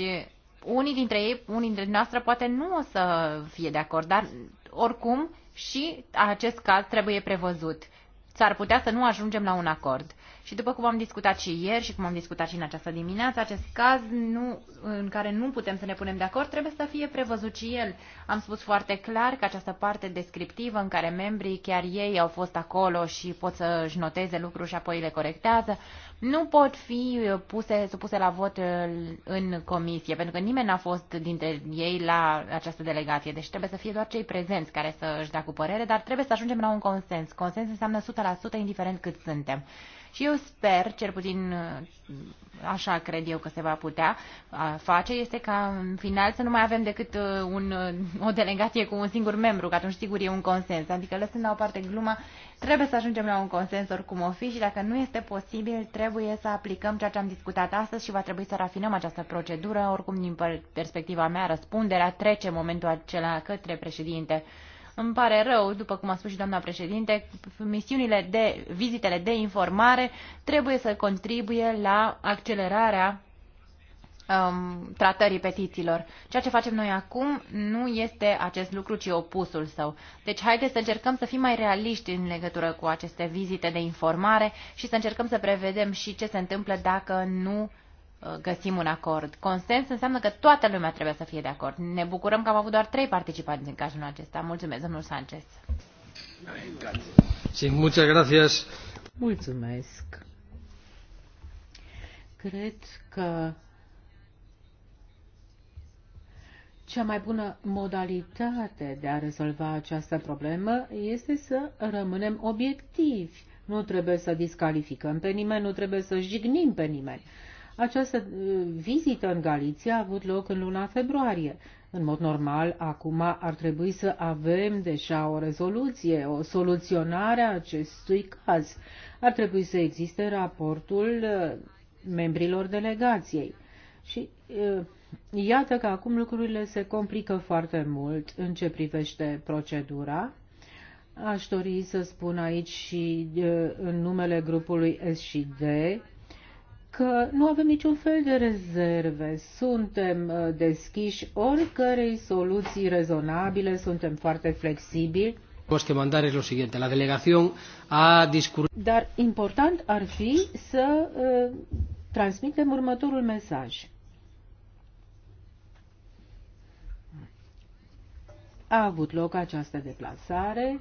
unii dintre ei, unii dintre noastre poate nu o să fie de acord, dar oricum și acest caz trebuie prevăzut. S-ar putea să nu ajungem la un acord. Și după cum am discutat și ieri și cum am discutat și în această dimineață, acest caz nu, în care nu putem să ne punem de acord trebuie să fie prevăzut și el. Am spus foarte clar că această parte descriptivă în care membrii, chiar ei, au fost acolo și pot să-și noteze lucruri și apoi le corectează, nu pot fi puse, supuse la vot uh, în comisie, pentru că nimeni n-a fost dintre ei la această delegație. Deci trebuie să fie doar cei prezenți care să își dea cu părere, dar trebuie să ajungem la un consens. Consens înseamnă 100% indiferent cât suntem. Și eu sper, cel puțin uh, așa cred eu că se va putea face, este ca în final să nu mai avem decât uh, un, o delegație cu un singur membru, că atunci sigur e un consens. Adică lăsând la o parte gluma, Trebuie să ajungem la un consens oricum o fi și dacă nu este posibil, trebuie să aplicăm ceea ce am discutat astăzi și va trebui să rafinăm această procedură. Oricum, din perspectiva mea, răspunderea trece momentul acela către președinte. Îmi pare rău, după cum a spus și doamna președinte, misiunile de vizitele de informare trebuie să contribuie la accelerarea um, tratării petițiilor. Ceea ce facem noi acum nu este acest lucru, ci opusul său. Deci haideți să încercăm să fim mai realiști în legătură cu aceste vizite de informare și să încercăm să prevedem și ce se întâmplă dacă nu uh, găsim un acord. Consens înseamnă că toată lumea trebuie să fie de acord. Ne bucurăm că am avut doar trei participanți în cazul acesta. Mulțumesc, domnul Sanchez. Sí, muchas gracias. Mulțumesc. Cred că Cea mai bună modalitate de a rezolva această problemă este să rămânem obiectivi. Nu trebuie să discalificăm pe nimeni, nu trebuie să jignim pe nimeni. Această uh, vizită în Galiția a avut loc în luna februarie. În mod normal, acum ar trebui să avem deja o rezoluție, o soluționare a acestui caz. Ar trebui să existe raportul uh, membrilor delegației. Și uh, Iată că acum lucrurile se complică foarte mult în ce privește procedura. Aș dori să spun aici și în numele grupului S și D că nu avem niciun fel de rezerve, suntem deschiși oricărei soluții rezonabile, suntem foarte flexibili. Que mandar lo siguiente, la delegación a Dar important ar fi să uh, transmitem următorul mesaj a avut loc această deplasare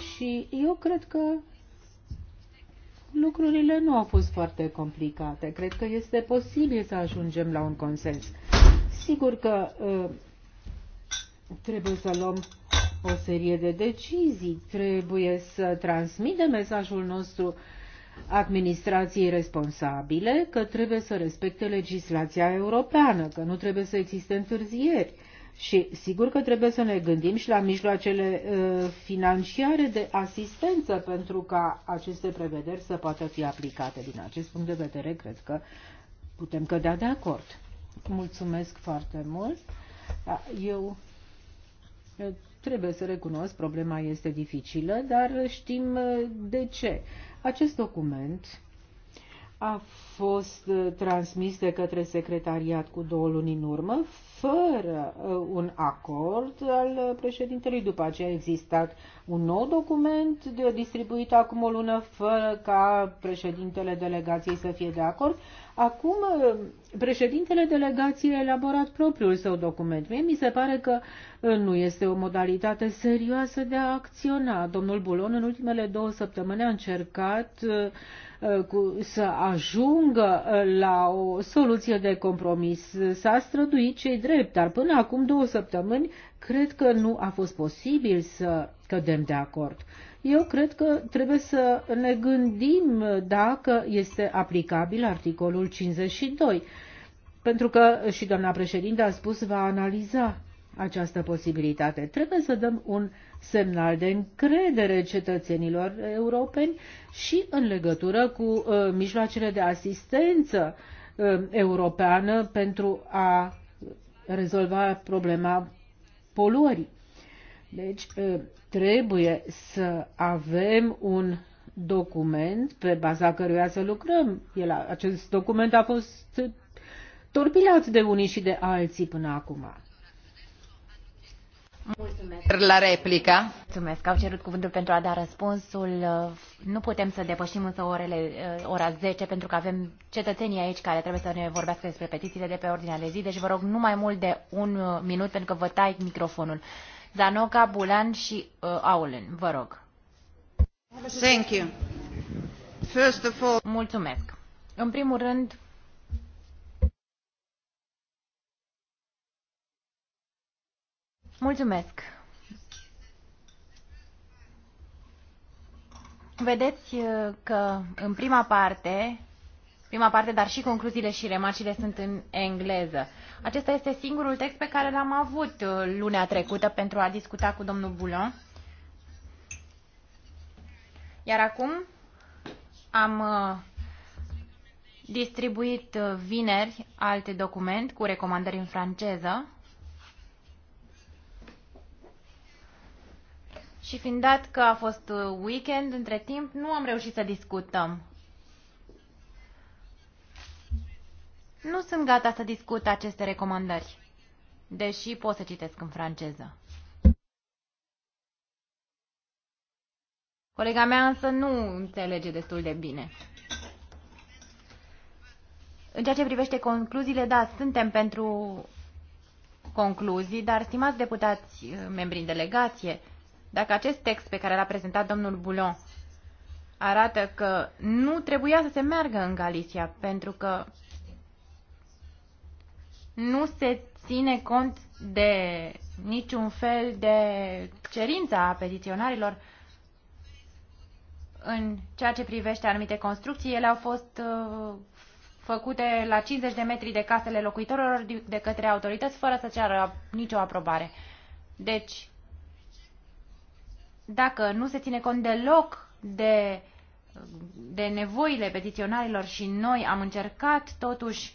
și eu cred că lucrurile nu au fost foarte complicate. Cred că este posibil să ajungem la un consens. Sigur că uh, trebuie să luăm o serie de decizii, trebuie să transmitem mesajul nostru administrației responsabile că trebuie să respecte legislația europeană, că nu trebuie să existe întârzieri și sigur că trebuie să ne gândim și la mijloacele uh, financiare de asistență pentru ca aceste prevederi să poată fi aplicate. Din acest punct de vedere, cred că putem cădea de acord. Mulțumesc foarte mult. Da, eu uh, trebuie să recunosc, problema este dificilă, dar știm uh, de ce. Acest document a fost uh, transmis de către secretariat cu două luni în urmă, fără uh, un acord al uh, președintelui. După aceea a existat un nou document distribuit acum o lună, fără ca președintele delegației să fie de acord. Acum președintele delegației a elaborat propriul său document. Mie mi se pare că nu este o modalitate serioasă de a acționa. Domnul Bulon în ultimele două săptămâni a încercat uh, Uh, cu, să ajungă uh, la o soluție de compromis. S-a străduit cei drept, dar până acum două săptămâni cred că nu a fost posibil să cădem de acord. Eu cred că trebuie să ne gândim dacă este aplicabil articolul 52, pentru că și doamna președinte a spus va analiza această posibilitate. Trebuie să dăm un uh, semnal de încredere cetățenilor europeni și în legătură cu uh, mijloacele de asistență uh, europeană pentru a rezolva problema poluării. Deci uh, trebuie să avem un document pe baza căruia să lucrăm. El, acest document a fost torpilat de unii și de alții până acum. La Mulțumesc. Au cerut cuvântul pentru a da răspunsul. Nu putem să depășim însă orele, eh, ora 10 pentru că avem cetățenii aici care trebuie să ne vorbească despre petițiile de pe ordinea de zi. Deci vă rog nu mai mult de un eh, minut pentru că vă tai microfonul. Zanoca, Bulan și uh, Aulen, vă rog. Thank you. First of all... Mulțumesc. În primul rând, Mulțumesc. Vedeți uh, că în prima parte, prima parte, dar și concluziile și remarcile sunt în engleză. Acesta este singurul text pe care l-am avut uh, lunea trecută pentru a discuta cu domnul Boulon. Iar acum am uh, distribuit vineri alt document cu recomandări în franceză și fiind dat că a fost uh, weekend între timp, nu am reușit să discutăm. Nu sunt gata să discut aceste recomandări, deși pot să citesc în franceză. Colega mea însă nu înțelege destul de bine. În ceea ce privește concluziile, da, suntem pentru concluzii, dar, stimați deputați, uh, membrii în delegație, dacă acest text pe care l-a prezentat domnul Boulon arată că nu trebuia să se meargă în Galicia, pentru că nu se ține cont de niciun fel de cerința a petiționarilor în ceea ce privește anumite construcții. Ele au fost uh, făcute la 50 de metri de casele locuitorilor de către autorități fără să ceară nicio aprobare. Deci, dacă nu se ține cont deloc de, de nevoile petiționarilor și noi am încercat totuși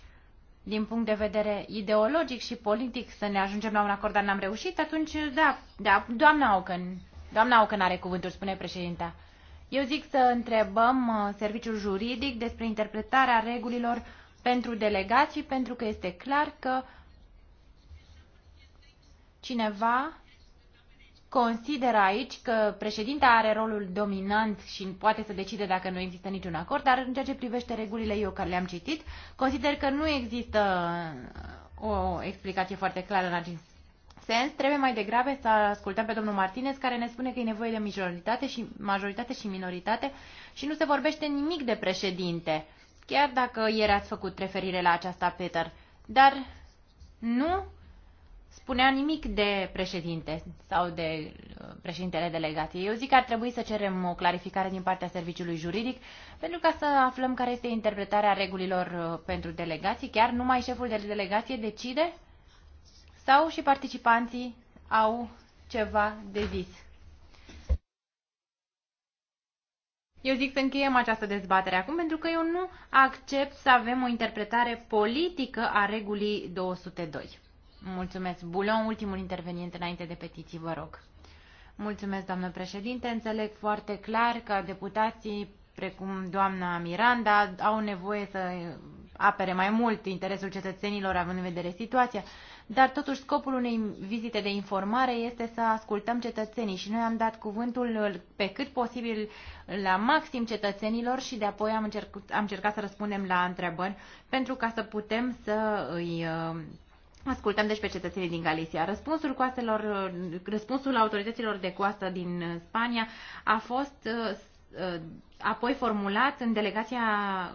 din punct de vedere ideologic și politic să ne ajungem la un acord, dar n-am reușit, atunci da, da, doamna Ocan, doamna Ocan are cuvântul, spune președinta. Eu zic să întrebăm uh, serviciul juridic despre interpretarea regulilor pentru delegații, pentru că este clar că cineva consideră aici că președinta are rolul dominant și poate să decide dacă nu există niciun acord, dar în ceea ce privește regulile eu care le-am citit, consider că nu există uh, o explicație foarte clară în acest sens. Trebuie mai degrabă să ascultăm pe domnul Martinez care ne spune că e nevoie de majoritate și, majoritate și minoritate și nu se vorbește nimic de președinte, chiar dacă ieri ați făcut referire la aceasta, Peter. Dar nu spunea nimic de președinte sau de uh, președintele delegației. Eu zic că ar trebui să cerem o clarificare din partea serviciului juridic pentru ca să aflăm care este interpretarea regulilor uh, pentru delegații. Chiar numai șeful de delegație decide sau și participanții au ceva de zis. Eu zic să încheiem această dezbatere acum pentru că eu nu accept să avem o interpretare politică a regulii 202. Mulțumesc, Bulon. Ultimul intervenient înainte de petiții, vă rog. Mulțumesc, doamnă președinte. Înțeleg foarte clar că deputații, precum doamna Miranda, au nevoie să apere mai mult interesul cetățenilor, având în vedere situația, dar totuși scopul unei vizite de informare este să ascultăm cetățenii și noi am dat cuvântul pe cât posibil la maxim cetățenilor și de apoi am, încercat, am încercat să răspundem la întrebări pentru ca să putem să îi uh, Ascultăm deci pe cetățenii din Galicia. Răspunsul, coastelor, răspunsul autorităților de coastă din Spania a fost uh, apoi formulat în delegația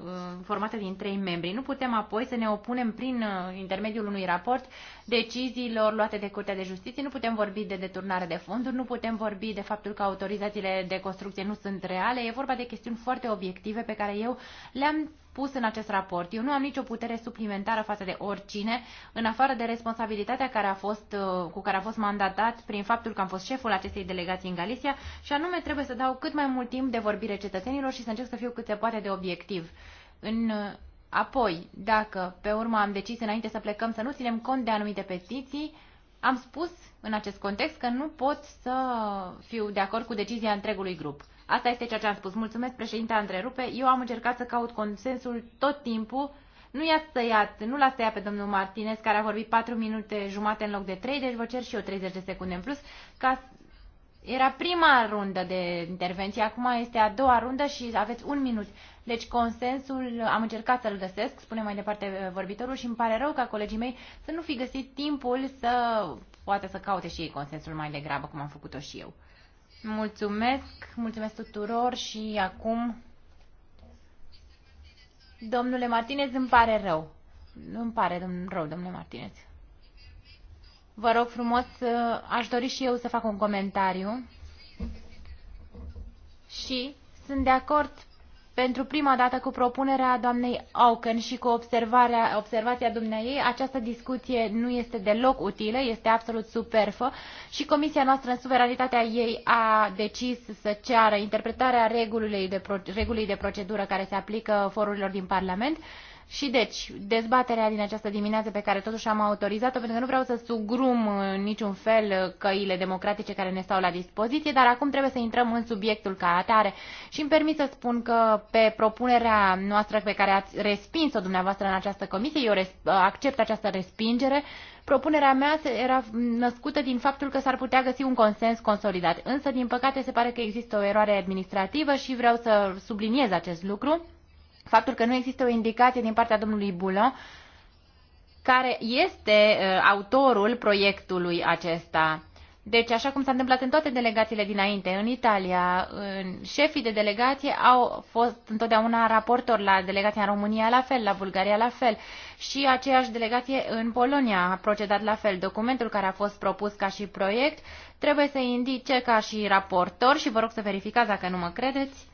uh, formată din trei membri. Nu putem apoi să ne opunem prin uh, intermediul unui raport deciziilor luate de Curtea de Justiție, nu putem vorbi de deturnare de fonduri, nu putem vorbi de faptul că autorizațiile de construcție nu sunt reale. E vorba de chestiuni foarte obiective pe care eu le-am spus în acest raport. Eu nu am nicio putere suplimentară față de oricine, în afară de responsabilitatea care a fost, uh, cu care a fost mandatat prin faptul că am fost șeful acestei delegații în Galicia și anume trebuie să dau cât mai mult timp de vorbire cetățenilor și să încerc să fiu cât se poate de obiectiv. În uh, Apoi, dacă pe urmă am decis înainte să plecăm să nu ținem cont de anumite petiții, am spus în acest context că nu pot să fiu de acord cu decizia întregului grup. Asta este ceea ce am spus. Mulțumesc, președinte Andrerupe. Eu am încercat să caut consensul tot timpul. Nu i-ați tăiat, nu l-ați tăiat pe domnul Martinez, care a vorbit 4 minute jumate în loc de 3, deci vă cer și eu 30 de secunde în plus, ca era prima rundă de intervenție, acum este a doua rundă și aveți un minut. Deci consensul am încercat să-l găsesc, spune mai departe uh, vorbitorul, și îmi pare rău ca colegii mei să nu fi găsit timpul să poate să caute și ei consensul mai degrabă, cum am făcut-o și eu. Mulțumesc, mulțumesc tuturor și acum... Domnule Martinez, îmi pare rău. Îmi pare rău, domnule Martinez. Vă rog frumos, uh, aș dori și eu să fac un comentariu. Și sunt de acord pentru prima dată cu propunerea doamnei Auken și cu observarea, observația dumneiei, această discuție nu este deloc utilă, este absolut superfă și Comisia noastră în suveranitatea ei a decis să ceară interpretarea regulii de, regulii de procedură care se aplică forurilor din Parlament și deci, dezbaterea din această dimineață pe care totuși am autorizat-o, pentru că nu vreau să sugrum uh, niciun fel uh, căile democratice care ne stau la dispoziție, dar acum trebuie să intrăm în subiectul ca atare. Și îmi permit să spun că pe propunerea noastră pe care ați respins-o dumneavoastră în această comisie, eu uh, accept această respingere, Propunerea mea era născută din faptul că s-ar putea găsi un consens consolidat, însă, din păcate, se pare că există o eroare administrativă și vreau să subliniez acest lucru faptul că nu există o indicație din partea domnului Bulon care este autorul proiectului acesta. Deci, așa cum s-a întâmplat în toate delegațiile dinainte, în Italia, în șefii de delegație au fost întotdeauna raportori la delegația în România la fel, la Bulgaria la fel și aceeași delegație în Polonia a procedat la fel. Documentul care a fost propus ca și proiect trebuie să indice ca și raportor și vă rog să verificați dacă nu mă credeți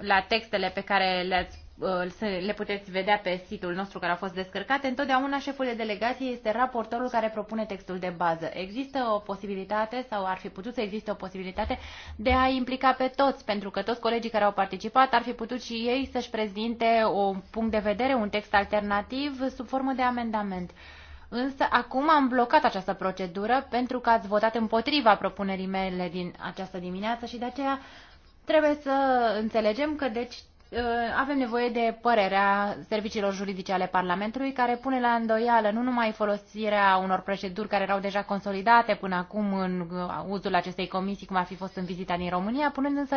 la textele pe care le-ați uh, le puteți vedea pe site-ul nostru care a fost descărcat. întotdeauna șeful de delegație este raportorul care propune textul de bază. Există o posibilitate sau ar fi putut să existe o posibilitate de a implica pe toți, pentru că toți colegii care au participat ar fi putut și ei să-și prezinte un punct de vedere, un text alternativ sub formă de amendament. Însă acum am blocat această procedură pentru că ați votat împotriva propunerii mele din această dimineață și de aceea Trebuie să înțelegem că deci Eh, avem nevoie de părerea serviciilor juridice ale Parlamentului, care pune la îndoială nu numai folosirea unor proceduri care erau deja consolidate până acum în uh, uzul acestei comisii, cum ar fi fost în vizita din România, punând însă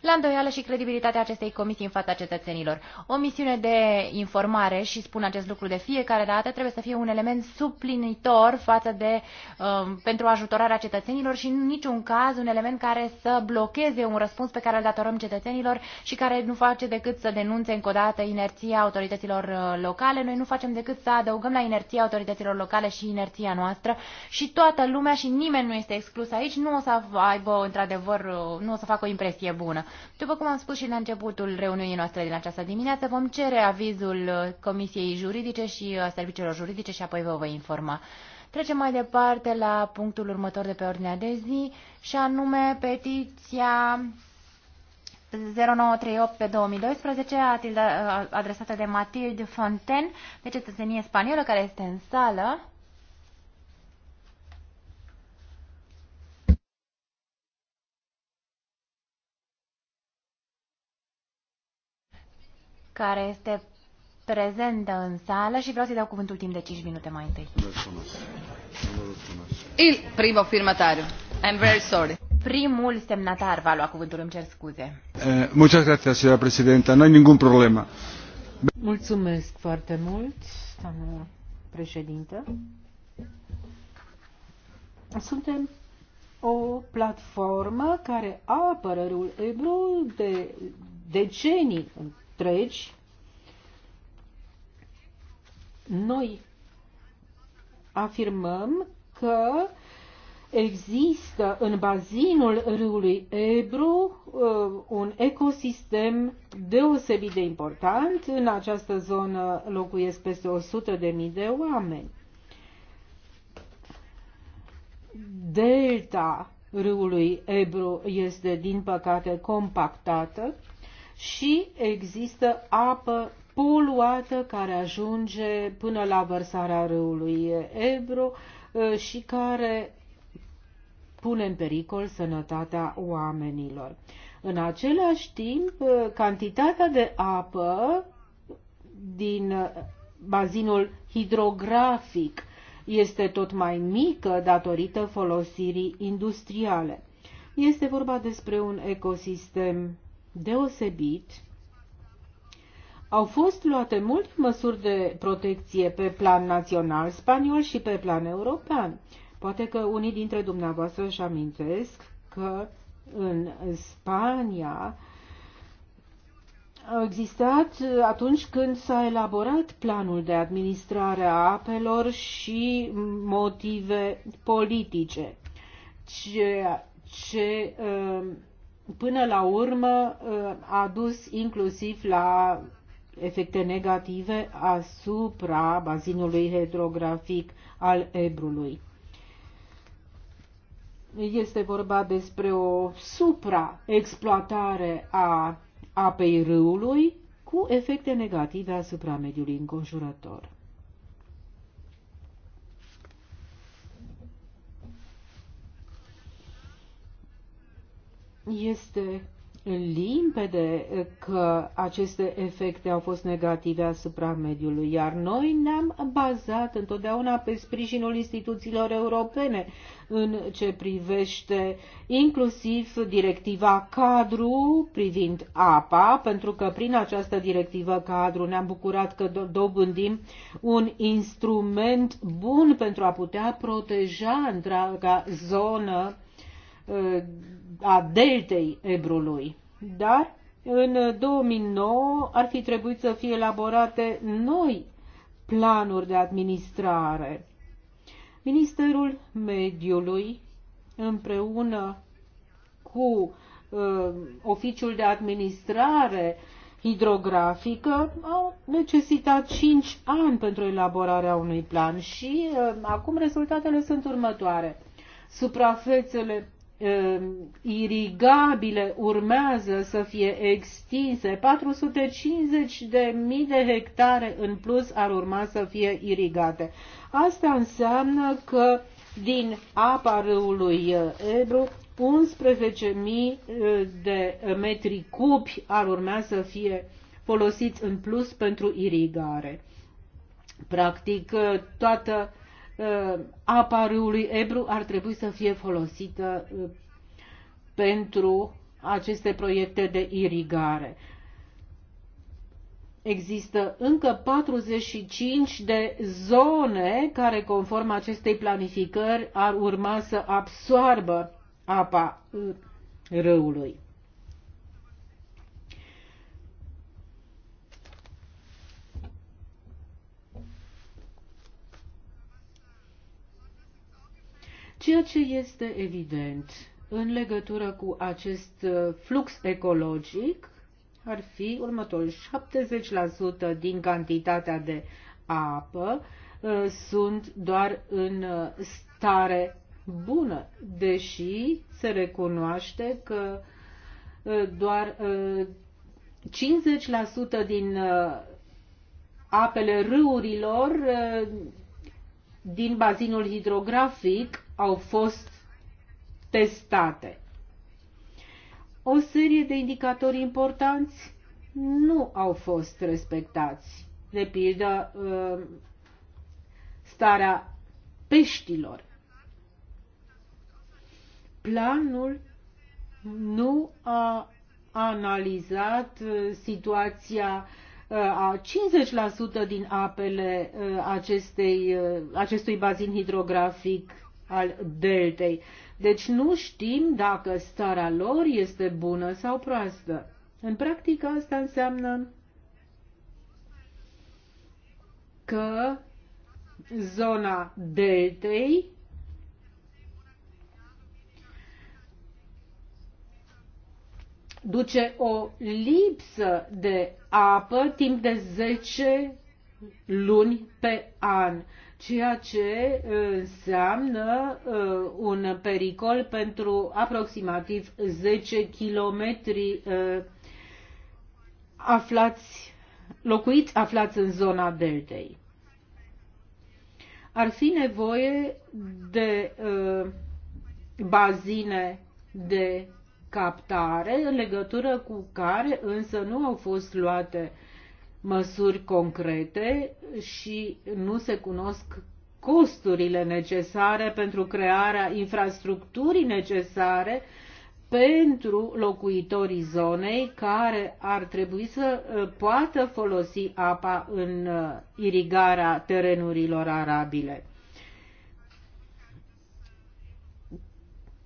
la îndoială și credibilitatea acestei comisii în fața cetățenilor. O misiune de informare, și spun acest lucru de fiecare dată, trebuie să fie un element suplinitor față de, uh, pentru ajutorarea cetățenilor și în niciun caz un element care să blocheze un răspuns pe care îl datorăm cetățenilor și care nu face decât să denunțe încă o dată inerția autorităților uh, locale, noi nu facem decât să adăugăm la inerția autorităților locale și inerția noastră și toată lumea și nimeni nu este exclus aici, nu o să aibă într-adevăr, uh, nu o să facă o impresie bună. După cum am spus și la începutul reuniunii noastre din această dimineață, vom cere avizul uh, Comisiei Juridice și Serviciilor Juridice și apoi vă voi informa. Trecem mai departe la punctul următor de pe ordinea de zi și anume petiția 0938 pe 2012, atilda, adresată de Matilde Fonten, de cetățenie spaniolă, care este în sală. care este prezentă în sală și vreau să-i dau cuvântul timp de 5 minute mai întâi. Il primo firmatario. I'm very sorry. Primul semnatar va lua cuvântul, îmi cer scuze. Eh, muchas gracias, señora presidenta. No hay ningún problema. Mulțumesc foarte mult, doamnă președintă. Suntem o platformă care apără râul Ebru de decenii întregi. Noi afirmăm că există în bazinul râului Ebru uh, un ecosistem deosebit de important. În această zonă locuiesc peste 100.000 de de oameni. Delta râului Ebru este, din păcate, compactată și există apă poluată care ajunge până la vărsarea râului Ebru uh, și care pune în pericol sănătatea oamenilor. În același timp, cantitatea de apă din bazinul hidrografic este tot mai mică datorită folosirii industriale. Este vorba despre un ecosistem deosebit. Au fost luate multe măsuri de protecție pe plan național spaniol și pe plan european. Poate că unii dintre dumneavoastră își amintesc că în Spania au existat atunci când s-a elaborat planul de administrare a apelor și motive politice, ce, ce um, până la urmă um, a dus inclusiv la efecte negative asupra bazinului hidrografic al Ebrului este vorba despre o supraexploatare a apei râului cu efecte negative asupra mediului înconjurător. Este limpede că aceste efecte au fost negative asupra mediului, iar noi ne-am bazat întotdeauna pe sprijinul instituțiilor europene în ce privește inclusiv directiva cadru privind apa, pentru că prin această directivă cadru ne-am bucurat că dobândim un instrument bun pentru a putea proteja întreaga zonă Uh, a deltei Ebrului. Dar în 2009 ar fi trebuit să fie elaborate noi planuri de administrare. Ministerul Mediului împreună cu uh, oficiul de administrare hidrografică au necesitat 5 ani pentru elaborarea unui plan și uh, acum rezultatele sunt următoare. Suprafețele Ehm, irigabile urmează să fie extinse. 450 de mii de hectare în plus ar urma să fie irigate. Asta înseamnă că din apa râului eh, Ebru 11.000 eh, de metri cubi ar urma să fie folosiți în plus pentru irigare. Practic, eh, toată Uh, apa râului Ebru ar trebui să fie folosită uh, pentru aceste proiecte de irigare. Există încă 45 de zone care, conform acestei planificări, ar urma să absoarbă apa uh, râului. Ceea ce este evident în legătură cu acest uh, flux ecologic ar fi următorul 70% din cantitatea de apă uh, sunt doar în uh, stare bună, deși se recunoaște că doar 50% din apele râurilor din bazinul hidrografic au fost testate. O serie de indicatori importanți nu au fost respectați. De pildă, uh, starea peștilor. Planul nu a analizat uh, situația uh, a 50% din apele acestei, acestui bazin hidrografic al deltei. Deci nu știm dacă starea lor este bună sau proastă. În practică asta înseamnă că zona deltei duce o lipsă de apă timp de 10 luni pe an ceea ce uh, înseamnă uh, un pericol pentru aproximativ 10 kilometri uh, aflați, locuiți aflați în zona deltei. Ar fi nevoie de bazine de captare în legătură cu care însă nu au fost luate uh, măsuri concrete și nu se cunosc costurile necesare pentru crearea infrastructurii necesare pentru locuitorii zonei care ar trebui să uh, poată folosi apa în uh, irigarea terenurilor arabile.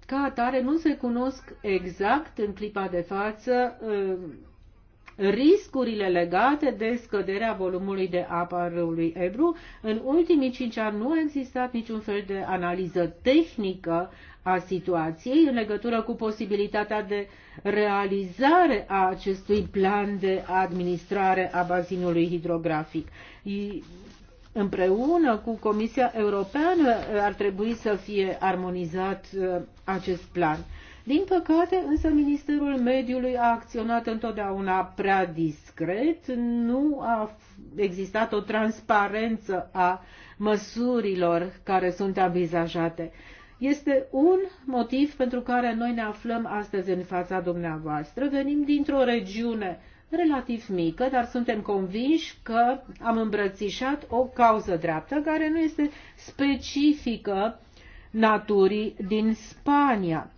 Ca atare, nu se cunosc exact în clipa de față uh, riscurile legate de scăderea volumului de apă a râului Ebru. În ultimii cinci ani nu a existat niciun fel de analiză tehnică a situației în legătură cu posibilitatea de realizare a acestui plan de administrare a bazinului hidrografic împreună cu Comisia Europeană ar trebui să fie armonizat uh, acest plan. Din păcate, însă, Ministerul Mediului a acționat întotdeauna prea discret, nu a existat o transparență a măsurilor care sunt avizajate. Este un motiv pentru care noi ne aflăm astăzi în fața dumneavoastră. Venim dintr-o regiune relativ mică, dar suntem convinși că am îmbrățișat o cauză dreaptă care nu este specifică naturii din Spania.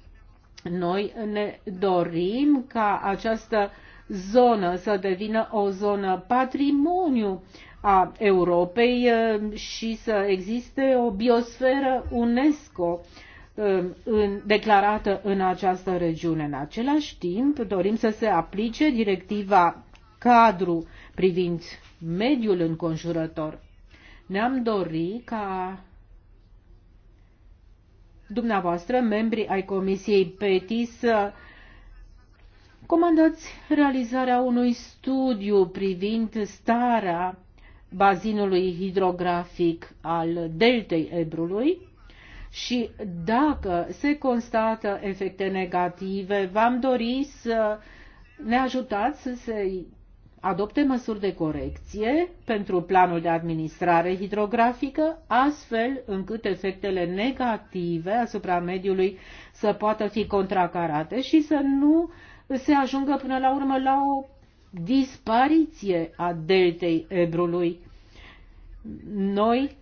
Noi ne dorim ca această zonă să devină o zonă patrimoniu a Europei uh, și să existe o biosferă UNESCO uh, în, declarată în această regiune. În același timp, dorim să se aplice directiva cadru privind mediul înconjurător. Ne-am dorit ca dumneavoastră, membrii ai Comisiei PETI, să comandați realizarea unui studiu privind starea bazinului hidrografic al deltei Ebrului și dacă se constată efecte negative, v-am dori să ne ajutați să se adopte măsuri de corecție pentru planul de administrare hidrografică, astfel încât efectele negative asupra mediului să poată fi contracarate și să nu se ajungă până la urmă la o dispariție a deltei Ebrului. Noi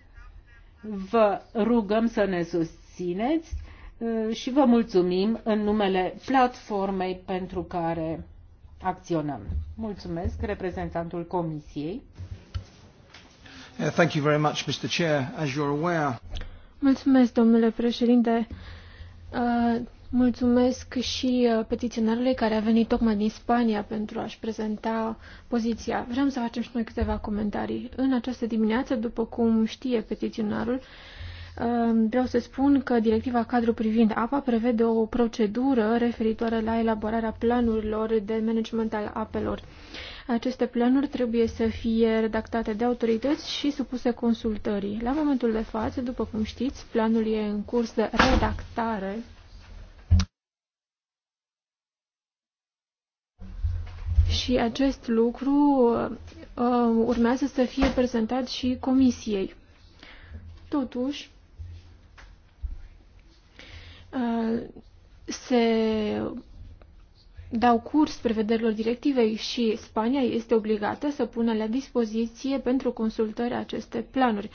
vă rugăm să ne susțineți uh, și vă mulțumim în numele platformei pentru care acționăm. Mulțumesc, reprezentantul Comisiei. Thank you very much, Mr. Chair. As you're aware... Mulțumesc, domnule președinte. Uh, mulțumesc și uh, petiționarului care a venit tocmai din Spania pentru a-și prezenta poziția. Vreau să facem și noi câteva comentarii. În această dimineață, după cum știe petiționarul, Vreau să spun că directiva cadru privind apa prevede o procedură referitoare la elaborarea planurilor de management al apelor. Aceste planuri trebuie să fie redactate de autorități și supuse consultării. La momentul de față, după cum știți, planul e în curs de redactare. Și acest lucru uh, urmează să fie prezentat și comisiei. Totuși, Uh, se dau curs prevederilor directivei și Spania este obligată să pună la dispoziție pentru consultări aceste planuri.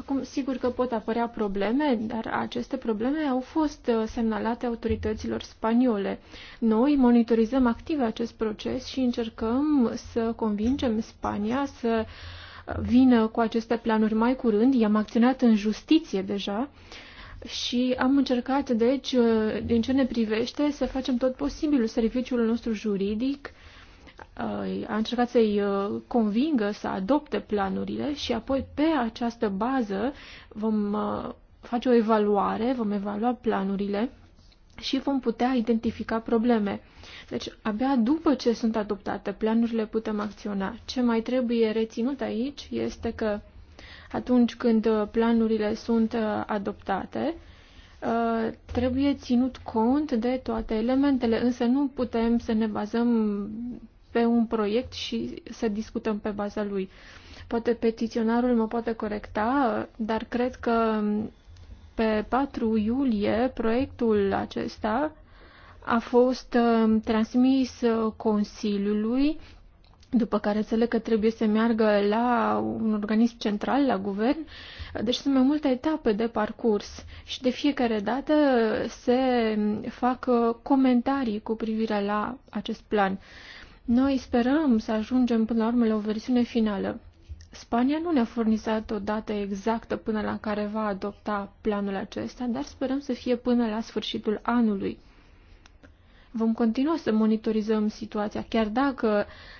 Acum, sigur că pot apărea probleme, dar aceste probleme au fost uh, semnalate autorităților spaniole. Noi monitorizăm activ acest proces și încercăm să convingem Spania să uh, vină cu aceste planuri mai curând. I-am acționat în justiție deja și am încercat, deci, uh, din ce ne privește, să facem tot posibilul. Serviciul nostru juridic uh, a încercat să-i uh, convingă să adopte planurile și apoi, pe această bază, vom face o evaluare, vom evalua planurile și vom putea identifica probleme. Deci, abia după ce sunt adoptate planurile, putem acționa. Ce mai trebuie reținut aici este că atunci când uh, planurile sunt uh, adoptate, uh, trebuie ținut cont de toate elementele, însă nu putem să ne bazăm pe un proiect și să discutăm pe baza lui. Poate petiționarul mă poate corecta, dar cred că um, pe 4 iulie proiectul acesta a fost um, transmis Consiliului după care înțeleg că trebuie să meargă la un organism central, la guvern. Deci sunt mai multe etape de parcurs și de fiecare dată se fac uh, comentarii cu privire la acest plan. Noi sperăm să ajungem până la urmă la o versiune finală. Spania nu ne-a furnizat o dată exactă până la care va adopta planul acesta, dar sperăm să fie până la sfârșitul anului. Vom continua să monitorizăm situația, chiar dacă uh,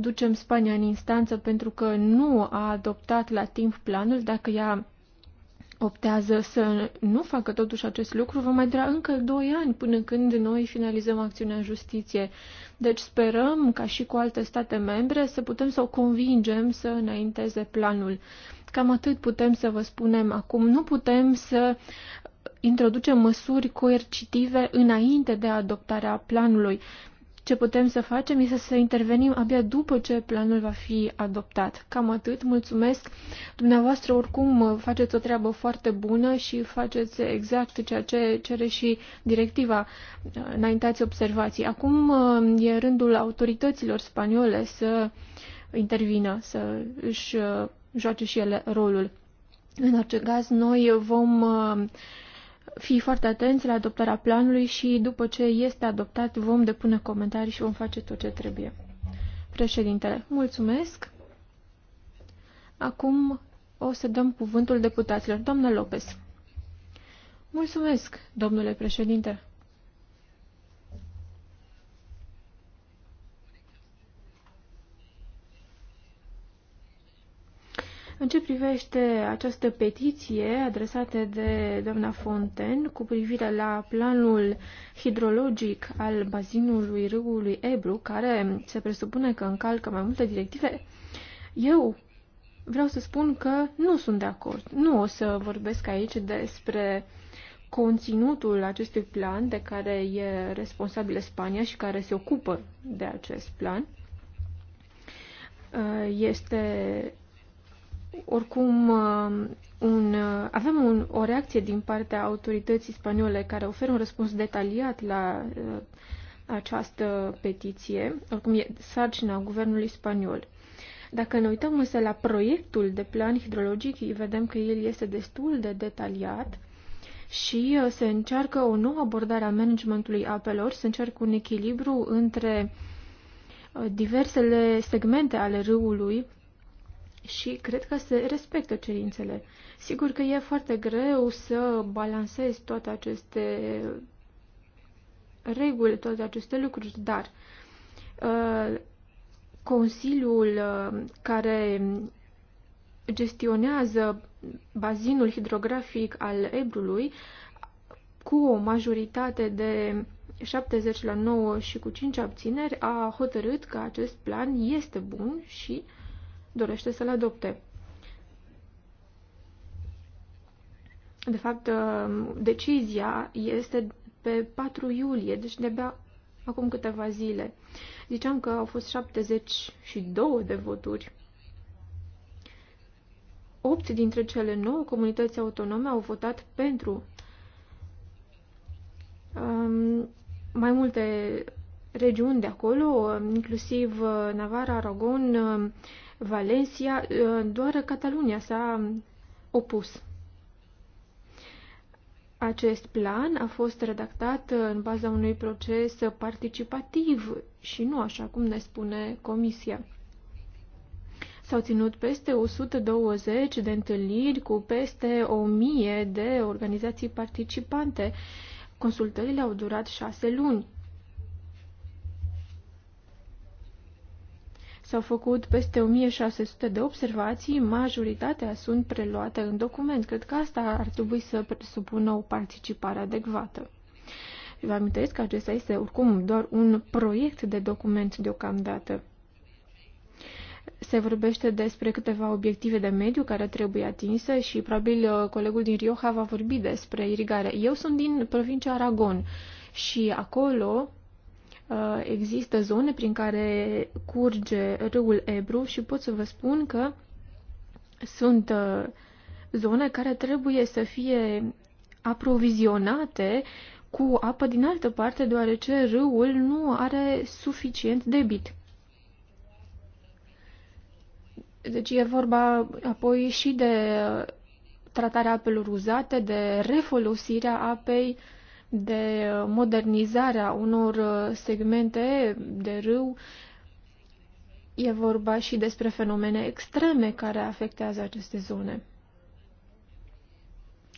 ducem Spania în instanță pentru că nu a adoptat la timp planul, dacă ea optează să nu facă totuși acest lucru, va mai dura încă 2 ani până când noi finalizăm acțiunea în justiție. Deci sperăm, ca și cu alte state membre, să putem să o convingem să înainteze planul. Cam atât putem să vă spunem acum. Nu putem să introducem măsuri coercitive înainte de adoptarea planului. Ce putem să facem este să intervenim abia după ce planul va fi adoptat. Cam atât, mulțumesc. Dumneavoastră oricum faceți o treabă foarte bună și faceți exact ceea ce cere și directiva. Înaintați observații. Acum uh, e rândul autorităților spaniole să intervină, să își uh, joace și ele rolul. În orice caz, noi vom uh, fi foarte atenți la adoptarea planului și după ce este adoptat vom depune comentarii și vom face tot ce trebuie. Președintele, mulțumesc. Acum o să dăm cuvântul deputaților. Doamnă Lopez. Mulțumesc, domnule președinte. În ce privește această petiție adresată de doamna Fonten cu privire la planul hidrologic al bazinului râului Ebru, care se presupune că încalcă mai multe directive, eu vreau să spun că nu sunt de acord. Nu o să vorbesc aici despre conținutul acestui plan de care e responsabilă Spania și care se ocupă de acest plan. Este oricum, uh, un, uh, avem un, o reacție din partea autorității spaniole care oferă un răspuns detaliat la uh, această petiție. Oricum, e sarcina guvernului spaniol. Dacă ne uităm însă la proiectul de plan hidrologic, vedem că el este destul de detaliat și uh, se încearcă o nouă abordare a managementului apelor, se încearcă un echilibru între diversele segmente ale râului, și cred că se respectă cerințele. Sigur că e foarte greu să balansezi toate aceste reguli, toate aceste lucruri, dar uh, Consiliul uh, care gestionează bazinul hidrografic al Ebrului cu o majoritate de 70 la 9 și cu 5 abțineri a hotărât că acest plan este bun și uh, dorește să-l adopte. De fapt, uh, decizia este pe 4 iulie, deci de-abia acum câteva zile. Ziceam că au fost 72 de voturi. 8 dintre cele 9 comunități autonome au votat pentru. Um, mai multe regiuni de acolo, uh, inclusiv uh, Navarra, Aragon, Valencia, uh, doar Catalunia s-a opus. Acest plan a fost redactat în baza unui proces participativ și nu așa cum ne spune Comisia. S-au ținut peste 120 de întâlniri cu peste 1000 de organizații participante. Consultările au durat șase luni. S-au făcut peste 1600 de observații, majoritatea sunt preluate în document. Cred că asta ar trebui să presupună o participare adecvată. Vă amintesc că acesta este oricum doar un proiect de document deocamdată. Se vorbește despre câteva obiective de mediu care trebuie atinse și probabil uh, colegul din Rioja va vorbi despre irigare. Eu sunt din provincia Aragon și acolo Uh, există zone prin care curge râul Ebru și pot să vă spun că sunt uh, zone care trebuie să fie aprovizionate cu apă din altă parte, deoarece râul nu are suficient debit. Deci e vorba apoi și de tratarea apelor uzate, de refolosirea apei, uh, de modernizarea unor uh, segmente de râu. E vorba și despre fenomene extreme care afectează aceste zone.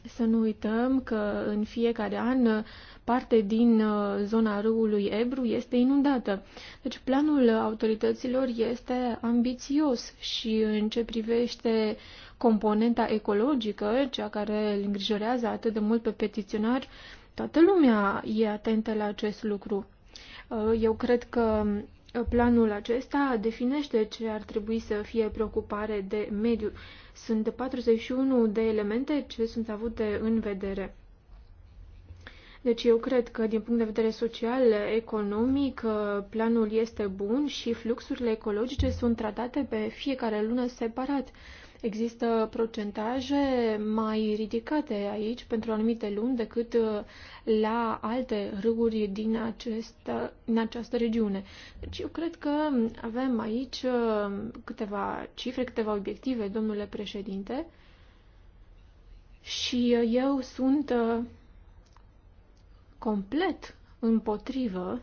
Să nu uităm că în fiecare an uh, parte din uh, zona râului Ebru este inundată. Deci planul autorităților este ambițios și în ce privește componenta ecologică, cea care îl îngrijorează atât de mult pe petiționar, Toată lumea e atentă la acest lucru. Uh, eu cred că uh, planul acesta definește ce ar trebui să fie preocupare de mediu. Sunt 41 de elemente ce sunt avute în vedere. Deci eu cred că din punct de vedere social, economic, uh, planul este bun și fluxurile ecologice sunt tratate pe fiecare lună separat. Există procentaje mai ridicate aici pentru anumite luni decât uh, la alte râuri din, acesta, din această regiune. Deci eu cred că avem aici uh, câteva cifre, câteva obiective, domnule președinte, și uh, eu sunt complet împotrivă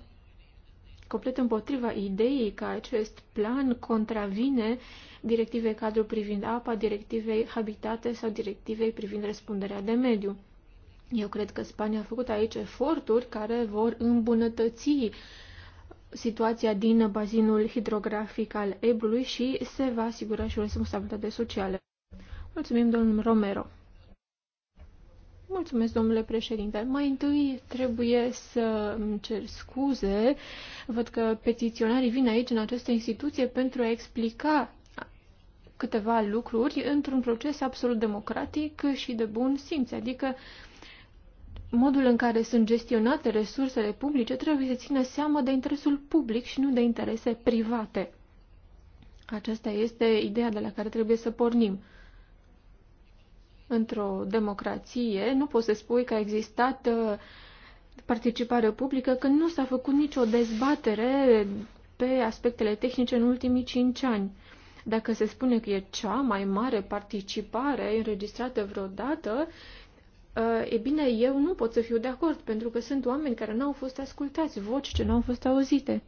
complet împotriva ideii că acest plan contravine directivei cadru privind apa, directivei habitate sau directivei privind răspunderea de mediu. Eu cred că Spania a făcut aici eforturi care vor îmbunătăți situația din bazinul hidrografic al Ebrului și se va asigura și o responsabilitate socială. Mulțumim, domnul Romero. Mulțumesc, domnule președinte. Mai întâi trebuie să îmi cer scuze. Văd că petiționarii vin aici, în această instituție, pentru a explica câteva lucruri într-un proces absolut democratic și de bun simț, adică modul în care sunt gestionate resursele publice trebuie să țină seama de interesul public și nu de interese private. Aceasta este ideea de la care trebuie să pornim într-o democrație nu poți să spui că a existat uh, participare publică când nu s-a făcut nicio dezbatere pe aspectele tehnice în ultimii cinci ani. Dacă se spune că e cea mai mare participare înregistrată vreodată, uh, e bine, eu nu pot să fiu de acord, pentru că sunt oameni care nu au fost ascultați, voci ce nu au fost auzite.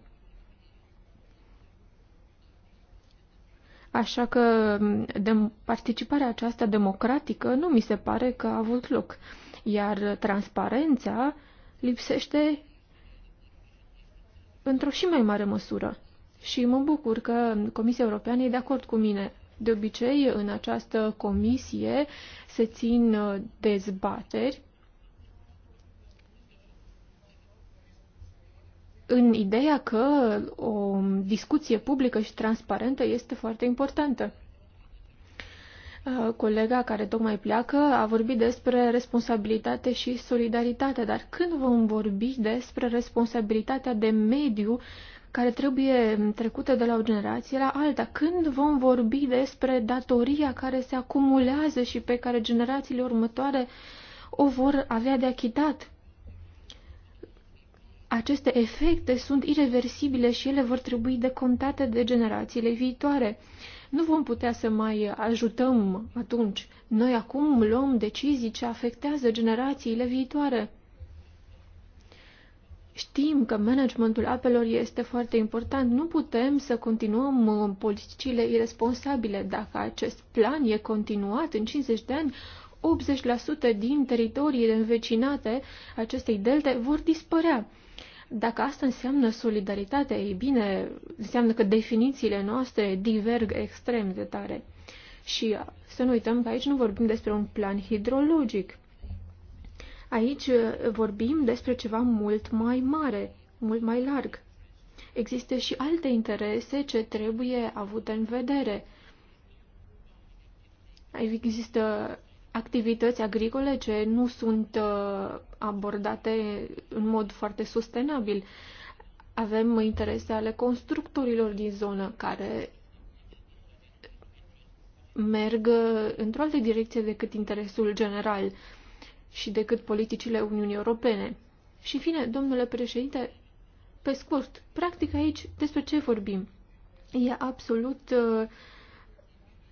Așa că de, participarea aceasta democratică nu mi se pare că a avut loc. Iar transparența lipsește într-o și mai mare măsură. Și mă bucur că Comisia Europeană e de acord cu mine. De obicei, în această comisie se țin uh, dezbateri în ideea că o discuție publică și transparentă este foarte importantă. Uh, colega care tocmai pleacă a vorbit despre responsabilitate și solidaritate, dar când vom vorbi despre responsabilitatea de mediu care trebuie trecută de la o generație la alta? Când vom vorbi despre datoria care se acumulează și pe care generațiile următoare o vor avea de achitat? aceste efecte sunt irreversibile și ele vor trebui decontate de generațiile viitoare. Nu vom putea să mai ajutăm atunci. Noi acum luăm decizii ce afectează generațiile viitoare. Știm că managementul apelor este foarte important. Nu putem să continuăm politicile irresponsabile. Dacă acest plan e continuat în 50 de ani, 80% din teritoriile învecinate acestei delte vor dispărea. Dacă asta înseamnă solidaritate, ei bine, înseamnă că definițiile noastre diverg extrem de tare. Și uh, să nu uităm că aici nu vorbim despre un plan hidrologic. Aici uh, vorbim despre ceva mult mai mare, mult mai larg. Există și alte interese ce trebuie avute în vedere. Există activități agricole ce nu sunt uh, abordate în mod foarte sustenabil. Avem interese ale constructorilor din zonă care merg uh, într-o altă direcție decât interesul general și decât politicile Uniunii Europene. Și fine, domnule președinte, pe scurt, practic aici despre ce vorbim? E absolut uh,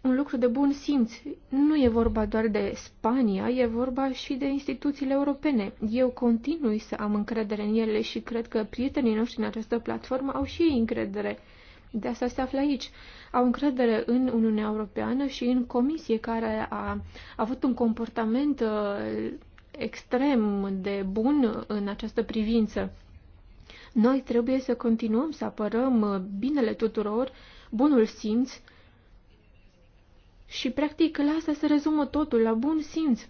un lucru de bun simț. Nu e vorba doar de Spania, e vorba și de instituțiile europene. Eu continui să am încredere în ele și cred că prietenii noștri în această platformă au și ei încredere. De asta se află aici. Au încredere în Uniunea Europeană și în Comisie, care a avut un comportament uh, extrem de bun în această privință. Noi trebuie să continuăm să apărăm uh, binele tuturor, bunul simț, și, practic, la asta se rezumă totul, la bun simț.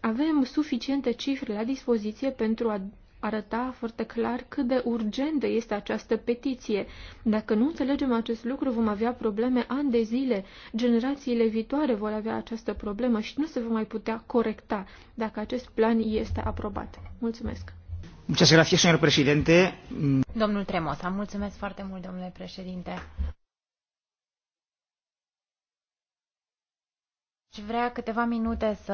Avem suficiente cifre la dispoziție pentru a arăta foarte clar cât de urgentă este această petiție. Dacă nu înțelegem acest lucru, vom avea probleme ani de zile. Generațiile viitoare vor avea această problemă și nu se va mai putea corecta dacă acest plan este aprobat. Mulțumesc! Muchas gracias, señor presidente. Domnul Tremosa, mulțumesc foarte mult, domnule președinte. Și vrea câteva minute să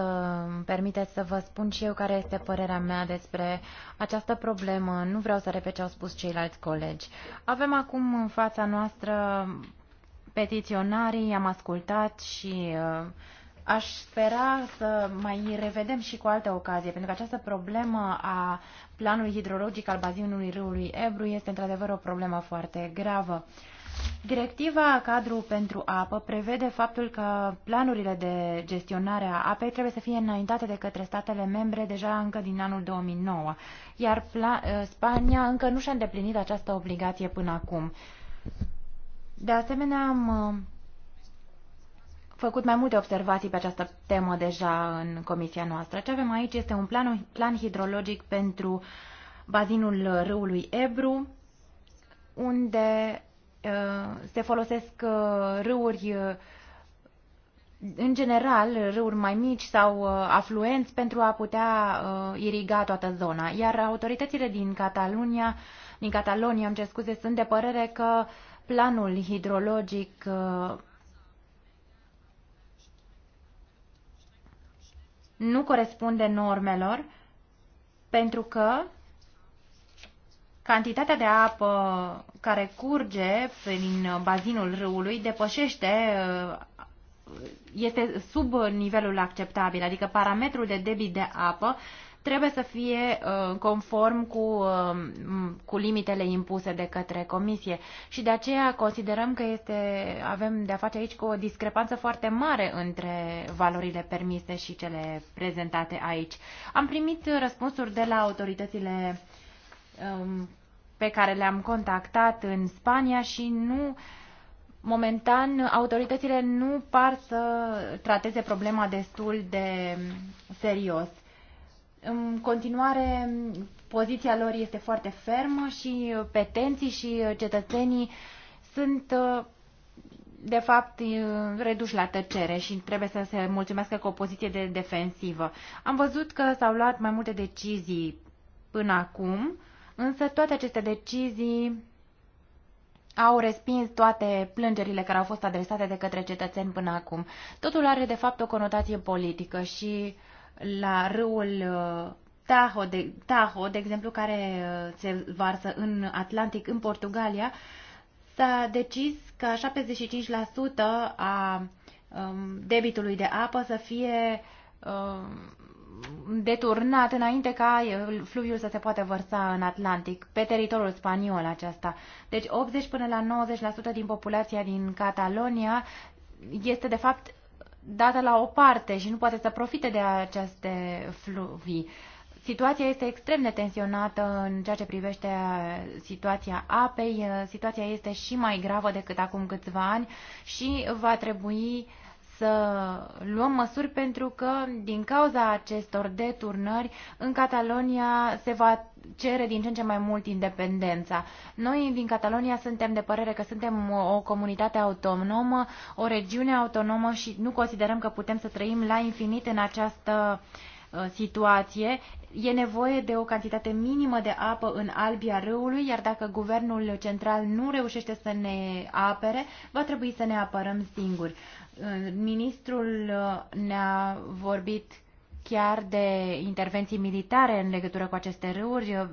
îmi permiteți să vă spun și eu care este părerea mea despre această problemă. Nu vreau să repet ce au spus ceilalți colegi. Avem acum în fața noastră petiționarii, am ascultat și uh, aș spera să mai revedem și cu alte ocazie, pentru că această problemă a planului hidrologic al bazinului râului Ebru este într-adevăr o problemă foarte gravă. Uh, Directiva cadru pentru apă prevede faptul că planurile de gestionare a apei trebuie să fie înaintate de către statele membre deja încă din anul 2009, iar eh, Spania încă nu și-a îndeplinit această obligație până acum. De asemenea, am eh, făcut mai multe observații pe această temă deja în comisia noastră. Ce avem aici este un plan, un plan hidrologic pentru bazinul râului Ebru, unde Uh, se folosesc uh, râuri uh, în general, râuri mai mici sau afluenți pentru a putea iriga toată zona. Iar autoritățile din Catalunia, din Catalonia, îmi scuze, sunt de părere că planul hidrologic nu corespunde normelor pentru că cantitatea de apă care curge prin bazinul râului depășește uh, este sub nivelul acceptabil, adică parametrul de debit de apă trebuie să fie uh, conform cu, uh, cu limitele impuse de către comisie și de aceea considerăm că este, avem de-a face aici cu o discrepanță foarte mare între valorile permise și cele prezentate aici. Am primit răspunsuri de la autoritățile Um, pe care le-am contactat în Spania și nu momentan autoritățile nu par să trateze problema destul de serios. În continuare, poziția lor este foarte fermă și petenții și cetățenii sunt uh, de fapt uh, reduși la tăcere și trebuie să se mulțumească cu o poziție de defensivă. Am văzut că s-au luat mai multe decizii până acum, Însă toate aceste decizii au respins toate plângerile care au fost adresate de către cetățeni până acum. Totul are, de fapt, o conotație politică și la râul uh, Tahoe, de, Tahoe, de exemplu, care uh, se varsă în Atlantic, în Portugalia, s-a decis ca 75% a um, debitului de apă să fie um, deturnat înainte ca fluviul să se poată vărsa în Atlantic, pe teritoriul spaniol aceasta. Deci 80 până la 90% din populația din Catalonia este de fapt dată la o parte și nu poate să profite de aceste fluvii. Situația este extrem de tensionată în ceea ce privește situația apei. Situația este și mai gravă decât acum câțiva ani și va trebui uh, să luăm măsuri pentru că din cauza acestor deturnări în Catalonia se va cere din ce în ce mai mult independența. Noi din Catalonia suntem de părere că suntem o comunitate autonomă, o regiune autonomă și nu considerăm că putem să trăim la infinit în această uh, situație, e nevoie de o cantitate minimă de apă în albia râului, iar dacă guvernul central nu reușește să ne apere, va trebui să ne apărăm singuri. Ministrul uh, ne-a vorbit chiar de intervenții militare în legătură cu aceste râuri.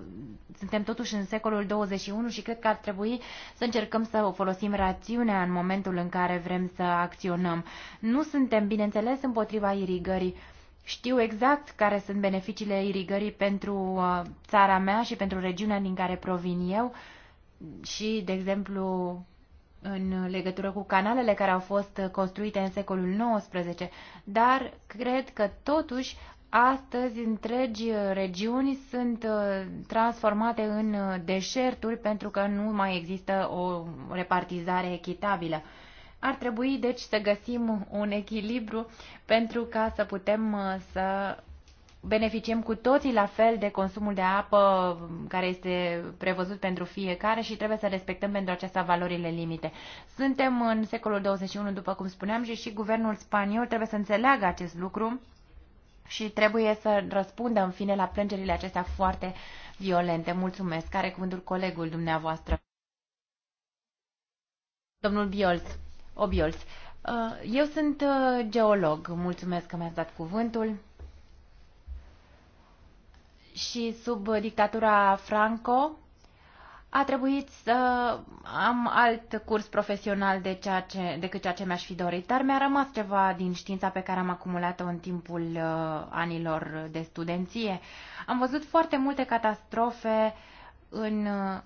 Suntem totuși în secolul 21 și cred că ar trebui să încercăm să folosim rațiunea în momentul în care vrem să acționăm. Nu suntem, bineînțeles, împotriva irigării. Știu exact care sunt beneficiile irigării pentru uh, țara mea și pentru regiunea din care provin eu și, de exemplu, în legătură cu canalele care au fost construite în secolul XIX, dar cred că totuși astăzi întregi regiuni sunt uh, transformate în uh, deșerturi pentru că nu mai există o repartizare echitabilă. Ar trebui deci să găsim un echilibru pentru ca să putem uh, să beneficiem cu toții la fel de consumul de apă care este prevăzut pentru fiecare și trebuie să respectăm pentru aceasta valorile limite. Suntem în secolul 21, după cum spuneam, și și guvernul spaniol trebuie să înțeleagă acest lucru și trebuie să răspundă în fine la plângerile acestea foarte violente. Mulțumesc. Care cuvântul colegul dumneavoastră? Domnul Biolț. Obiolț. Uh, eu sunt uh, geolog. Mulțumesc că mi-ați dat cuvântul și sub dictatura Franco a trebuit să am alt curs profesional de ceea ce, decât ceea ce mi-aș fi dorit, dar mi-a rămas ceva din știința pe care am acumulat-o în timpul uh, anilor de studenție. Am văzut foarte multe catastrofe în uh,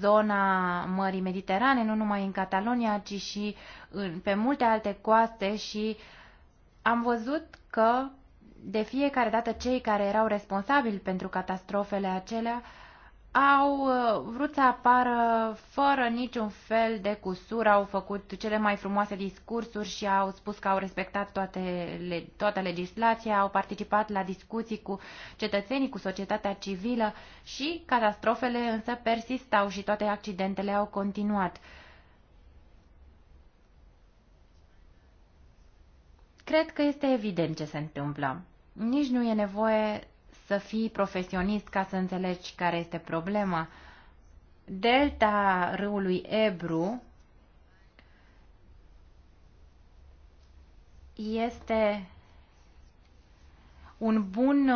zona Mării Mediterane, nu numai în Catalonia, ci și în, pe multe alte coaste și am văzut că de fiecare dată cei care erau responsabili pentru catastrofele acelea au uh, vrut să apară fără niciun fel de cusur, au făcut cele mai frumoase discursuri și au spus că au respectat toate, toată legislația, au participat la discuții cu cetățenii, cu societatea civilă și catastrofele însă persistau și toate accidentele au continuat. Cred că este evident ce se întâmplă. Nici nu e nevoie să fii profesionist ca să înțelegi care este problema. Delta râului Ebru este un bun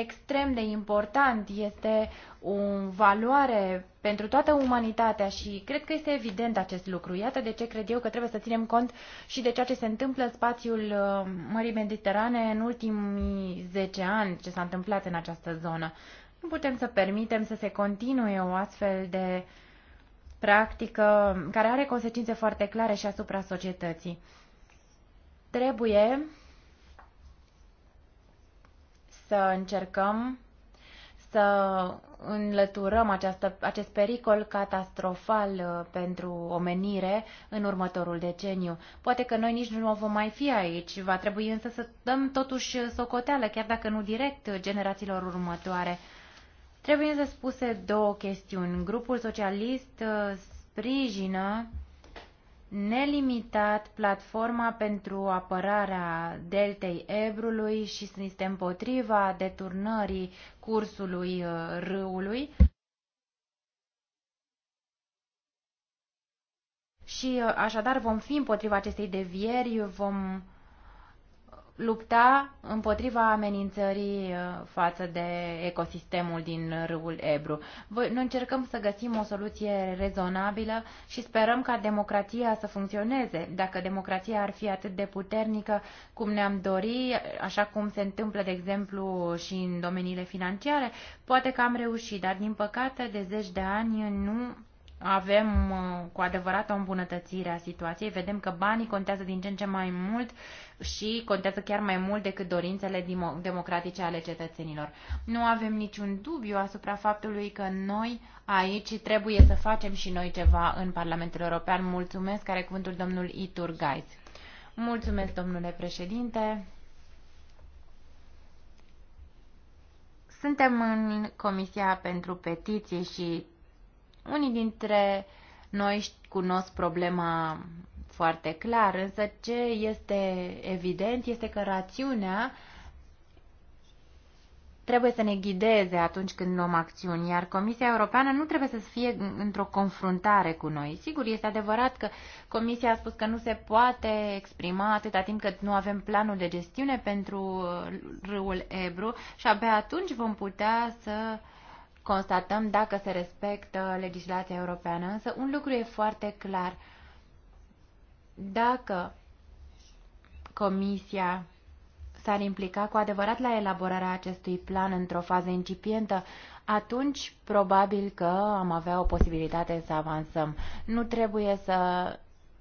extrem de important, este o valoare pentru toată umanitatea și cred că este evident acest lucru. Iată de ce cred eu că trebuie să ținem cont și de ceea ce se întâmplă în spațiul uh, Mării Mediterane în ultimii 10 ani, ce s-a întâmplat în această zonă. Nu putem să permitem să se continue o astfel de practică care are consecințe foarte clare și asupra societății. Trebuie să încercăm să înlăturăm această, acest pericol catastrofal uh, pentru omenire în următorul deceniu. Poate că noi nici nu vom mai fi aici, va trebui însă să dăm totuși socoteală, chiar dacă nu direct generațiilor următoare. Trebuie să spuse două chestiuni. Grupul socialist uh, sprijină nelimitat platforma pentru apărarea deltei Ebrului și este împotriva deturnării cursului uh, râului. Și uh, așadar vom fi împotriva acestei devieri, vom lupta împotriva amenințării uh, față de ecosistemul din râul Ebru. Noi încercăm să găsim o soluție rezonabilă și sperăm ca democrația să funcționeze. Dacă democrația ar fi atât de puternică cum ne-am dori, așa cum se întâmplă, de exemplu, și în domeniile financiare, poate că am reușit, dar din păcate, de zeci de ani nu avem uh, cu adevărat o îmbunătățire a situației. Vedem că banii contează din ce în ce mai mult și contează chiar mai mult decât dorințele democratice ale cetățenilor. Nu avem niciun dubiu asupra faptului că noi aici trebuie să facem și noi ceva în Parlamentul European. Mulțumesc, care cuvântul domnul Itur Gais. Mulțumesc, domnule președinte. Suntem în Comisia pentru Petiții și unii dintre noi cunosc problema foarte clar, însă ce este evident este că rațiunea trebuie să ne ghideze atunci când luăm acțiuni, iar Comisia Europeană nu trebuie să fie într-o confruntare cu noi. Sigur, este adevărat că Comisia a spus că nu se poate exprima atâta timp cât nu avem planul de gestiune pentru râul Ebru și abia atunci vom putea să uh, constatăm dacă se respectă legislația europeană. Însă un lucru e foarte clar. Dacă Comisia s-ar implica cu adevărat la elaborarea acestui plan într-o fază incipientă, atunci probabil că am avea o posibilitate să avansăm. Nu trebuie să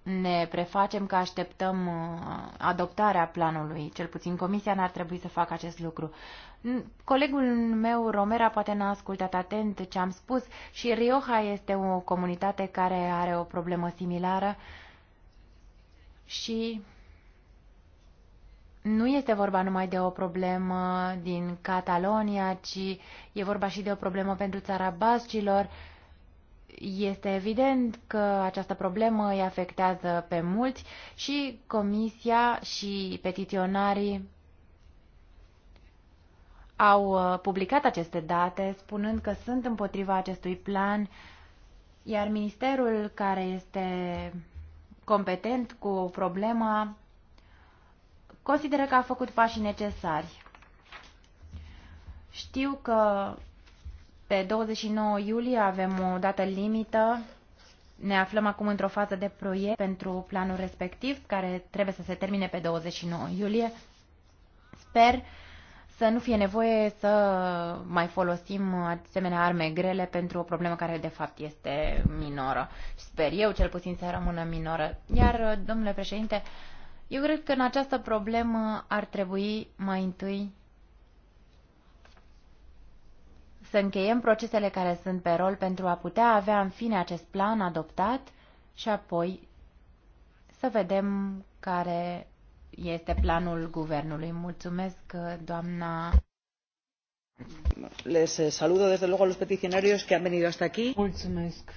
ne prefacem că așteptăm uh, adoptarea planului, cel puțin comisia n-ar trebui să facă acest lucru. Colegul meu, Romera, poate n-a ascultat atent ce am spus și Rioja este o comunitate care are o problemă similară și nu este vorba numai de o problemă din Catalonia, ci e vorba și de o problemă pentru țara bascilor. Este evident că această problemă îi afectează pe mulți și Comisia și petiționarii au uh, publicat aceste date spunând că sunt împotriva acestui plan, iar ministerul care este competent cu o problemă consideră că a făcut pașii necesari. Știu că pe 29 iulie avem o dată limită. Ne aflăm acum într-o fază de proiect pentru planul respectiv, care trebuie să se termine pe 29 iulie. Sper să nu fie nevoie să mai folosim asemenea arme grele pentru o problemă care de fapt este minoră. Sper eu cel puțin să rămână minoră. Iar, domnule președinte, eu cred că în această problemă ar trebui mai întâi să încheiem procesele care sunt pe rol pentru a putea avea în fine acest plan adoptat și apoi să vedem care este planul guvernului. Mulțumesc, doamna. Les eh, saludo desde luego a los peticionarios que han venido hasta aquí. Mulțumesc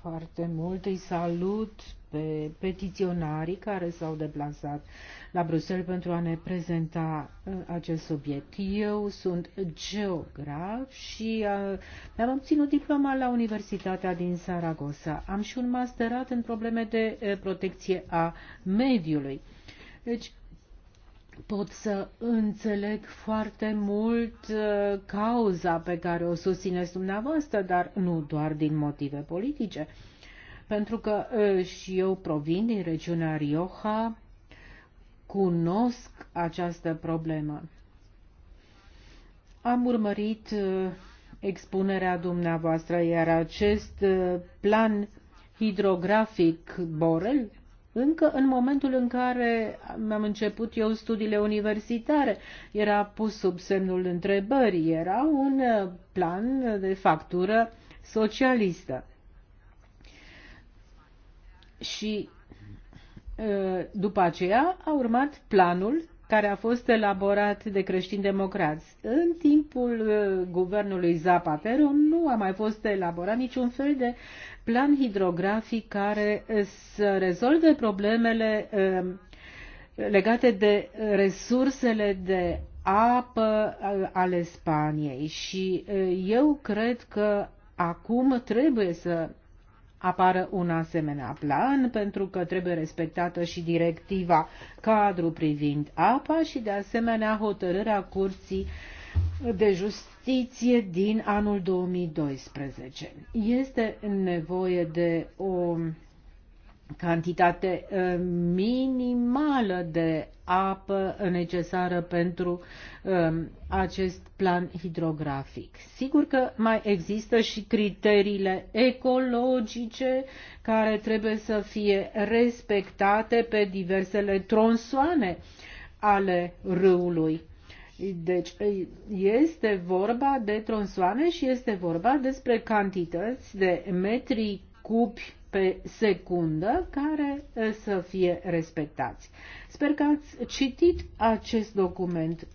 foarte mult. Îi salut pe petiționarii care s-au deplasat la Bruxelles pentru a ne prezenta eh, acest subiect. Eu sunt geograf și uh, mi-am obținut diploma la Universitatea din Saragossa. Am și un masterat în probleme de protecție a mediului. Deci, pot să înțeleg foarte mult uh, cauza pe care o susțineți dumneavoastră, dar nu doar din motive politice. Pentru că uh, și eu provin din regiunea Rioja, cunosc această problemă. Am urmărit uh, expunerea dumneavoastră, iar acest plan hidrografic Borel încă în momentul în care mi-am început eu studiile universitare, era pus sub semnul întrebării, era un uh, plan de factură socialistă. Și uh, după aceea a urmat planul care a fost elaborat de creștini-democrați. În timpul uh, guvernului Zapatero nu a mai fost elaborat niciun fel de plan hidrografic care eh, să rezolve problemele eh, legate de resursele de apă eh, ale Spaniei și eu cred că acum trebuie să apară un asemenea plan, pentru că trebuie respectată și directiva cadru privind apa și de asemenea hotărârea Curții uh, de Justiție din anul 2012. Este nevoie de o cantitate eh, minimală de apă necesară pentru eh, acest plan hidrografic. Sigur că mai există și criteriile ecologice care trebuie să fie respectate pe diversele tronsoane ale râului. Deci este vorba de tronsoane și este vorba despre cantități de metri cubi pe secundă care eh, să fie respectați. Sper că ați citit acest document.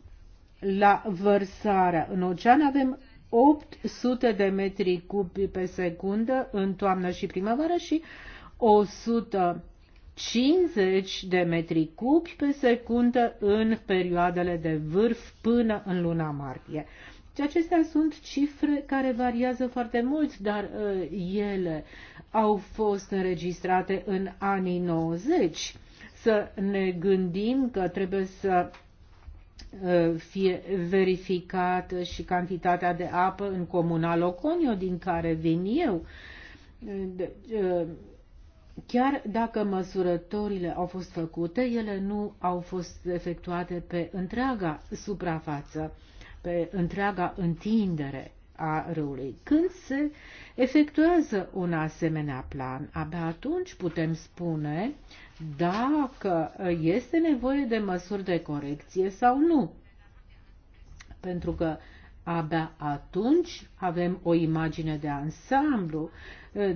La vărsarea în ocean avem 800 de metri cubi pe secundă în toamnă și primăvară și 100 50 de metri cubi pe secundă în perioadele de vârf până în luna martie. Și deci acestea sunt cifre care variază foarte mult, dar uh, ele au fost înregistrate în anii 90. Să ne gândim că trebuie să uh, fie verificată și cantitatea de apă în comuna Loconio, din care vin eu. Uh, uh, Chiar dacă măsurătorile au fost făcute, ele nu au fost efectuate pe întreaga suprafață, pe întreaga întindere a râului. Când se efectuează un asemenea plan, abia atunci putem spune dacă este nevoie de măsuri de corecție sau nu. Pentru că abia atunci avem o imagine de ansamblu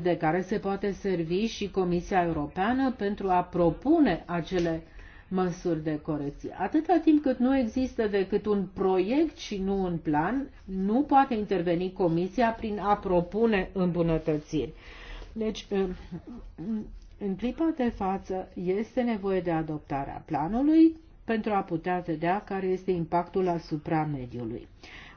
de care se poate servi și Comisia Europeană pentru a propune acele măsuri de corecție. Atâta timp cât nu există decât un proiect și nu un plan, nu poate interveni Comisia prin a propune îmbunătățiri. Deci, în clipa de față, este nevoie de adoptarea planului pentru a putea vedea care este impactul asupra mediului.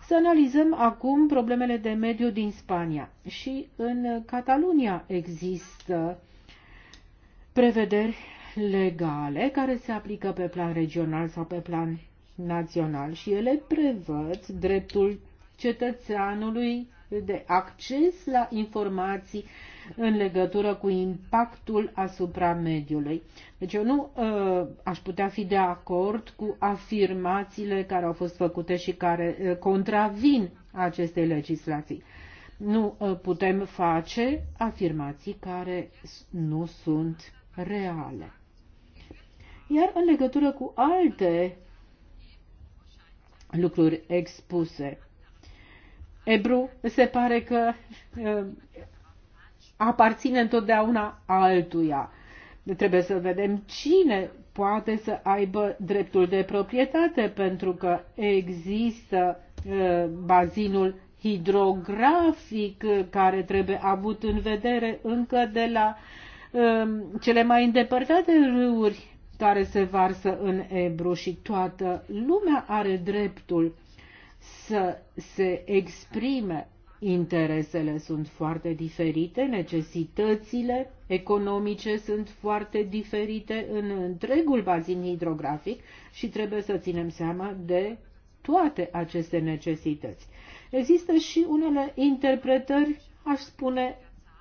Să analizăm acum problemele de mediu din Spania. Și în Catalunia există prevederi legale care se aplică pe plan regional sau pe plan național și ele prevăd dreptul cetățeanului de acces la informații în legătură cu impactul asupra mediului. Deci eu nu uh, aș putea fi de acord cu afirmațiile care au fost făcute și care uh, contravin acestei legislații. Nu uh, putem face afirmații care nu sunt reale. Iar în legătură cu alte lucruri expuse, Ebru se pare că uh, aparține întotdeauna altuia. Trebuie să vedem cine poate să aibă dreptul de proprietate, pentru că există uh, bazinul hidrografic uh, care trebuie avut în vedere încă de la um, cele mai îndepărtate râuri care se varsă în Ebru și toată lumea are dreptul să se exprime Interesele sunt foarte diferite, necesitățile economice sunt foarte diferite în întregul bazin hidrografic și trebuie să ținem seama de toate aceste necesități. Există și unele interpretări, aș spune,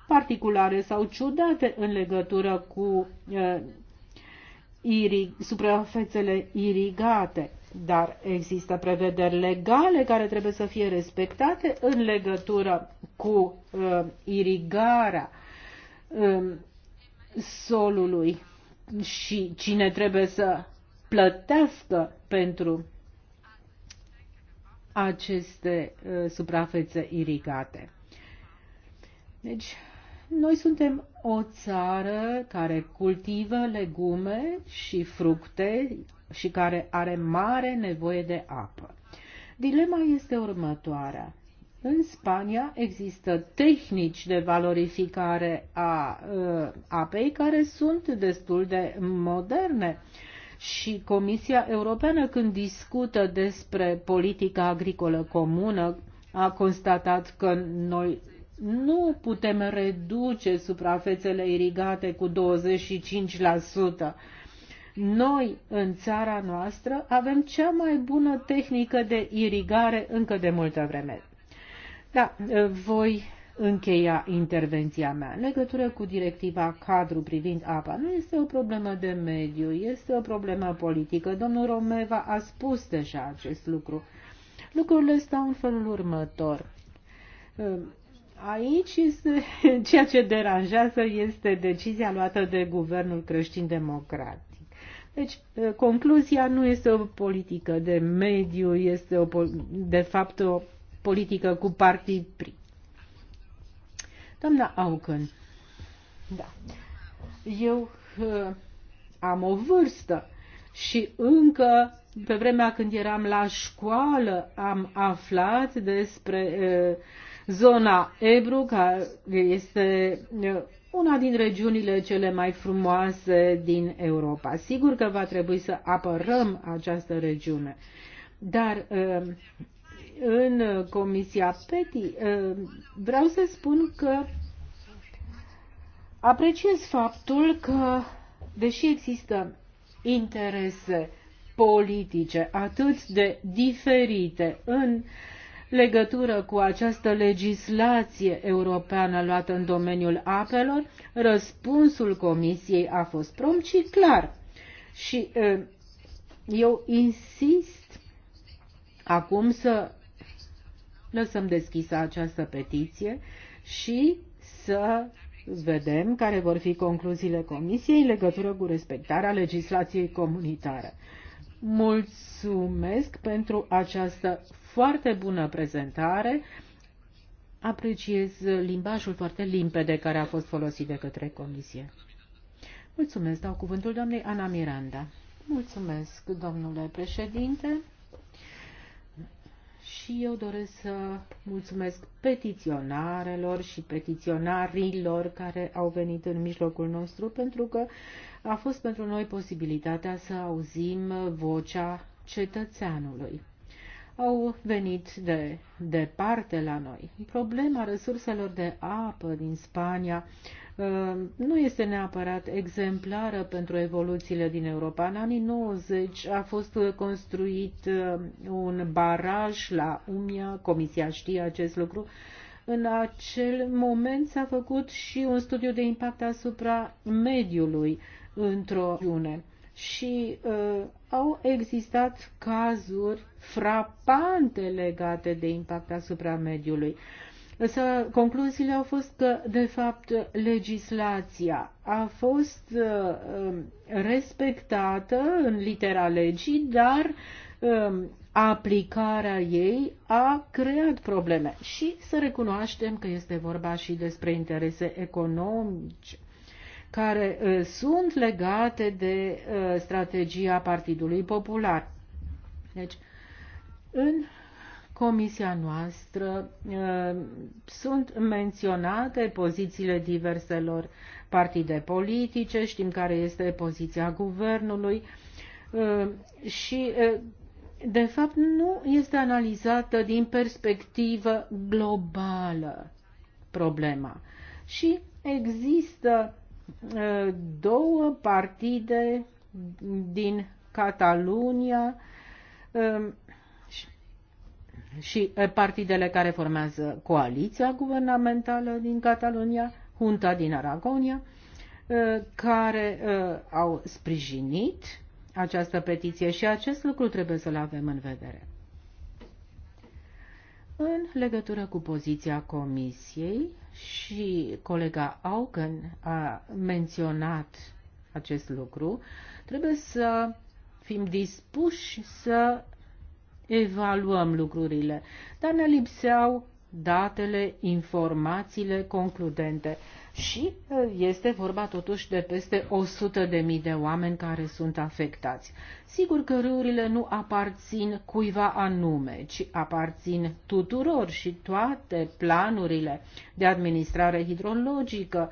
particulare sau ciudate în legătură cu uh, irig, suprafețele irigate dar există prevederi legale care trebuie să fie respectate în legătură cu uh, irigarea uh, solului și cine trebuie să plătească pentru aceste uh, suprafețe irigate. Deci, noi suntem o țară care cultivă legume și fructe și care are mare nevoie de apă. Dilema este următoarea. În Spania există tehnici de valorificare a uh, apei care sunt destul de moderne și Comisia Europeană când discută despre politica agricolă comună a constatat că noi nu putem reduce suprafețele irigate cu 25%. Noi, în țara noastră, avem cea mai bună tehnică de irigare încă de multă vreme. Da, voi încheia intervenția mea. În legătură cu directiva cadru privind apa, nu este o problemă de mediu, este o problemă politică. Domnul Romeva a spus deja acest lucru. Lucrurile stau în felul următor. Ehm, aici este, ceea ce deranjează este decizia luată de guvernul creștin-democrat. Deci, eh, concluzia nu este o politică de mediu, este o, de fapt o politică cu partii pri. Doamna Auken, da, eu uh, am o vârstă și încă pe vremea când eram la școală am aflat despre uh, zona Ebru, care este una din regiunile cele mai frumoase din Europa. Sigur că va trebui să apărăm această regiune, dar uh, în Comisia PETI uh, vreau să spun că apreciez faptul că, deși există interese politice atât de diferite în uh, legătură cu această legislație europeană luată în domeniul apelor, răspunsul Comisiei a fost prompt și clar. Și eu insist acum să lăsăm deschisă această petiție și să vedem care vor fi concluziile Comisiei în legătură cu respectarea legislației comunitare. Mulțumesc pentru această foarte bună prezentare. Apreciez limbajul foarte limpede care a fost folosit de către comisie. Mulțumesc, dau cuvântul doamnei Ana Miranda. Mulțumesc, domnule președinte. Și eu doresc să mulțumesc petiționarelor și petiționarilor care au venit în mijlocul nostru, pentru că a fost pentru noi posibilitatea să auzim vocea cetățeanului au venit de departe la noi. Problema resurselor de apă din Spania uh, nu este neapărat exemplară pentru evoluțiile din Europa. În anii 90 a fost construit uh, un baraj la Umia, Comisia știe acest lucru, în acel moment s-a făcut și un studiu de impact asupra mediului într-o regiune și uh, au existat cazuri frapante legate de impact asupra mediului. Însă concluziile au fost că, de fapt, legislația a fost uh, um, respectată în litera legii, dar uh, aplicarea ei a creat probleme. Și să recunoaștem că este vorba și despre interese economice care uh, sunt legate de uh, strategia Partidului Popular. Deci, în comisia noastră uh, sunt menționate pozițiile diverselor partide politice, știm care este poziția guvernului și de fapt nu este analizată din perspectivă globală problema. Și există Eh, două partide din Catalunia eh, și eh, partidele care formează coaliția guvernamentală din Catalunia, Junta din Aragonia, care au sprijinit această petiție și acest lucru trebuie să-l avem în vedere. În legătură cu poziția Comisiei și colega Augen a menționat acest lucru, trebuie să fim dispuși să evaluăm lucrurile, dar ne lipseau datele, informațiile concludente și uh, este vorba totuși de peste 100.000 de oameni care sunt afectați. Sigur că râurile nu aparțin cuiva anume, ci aparțin tuturor și toate planurile de administrare hidrologică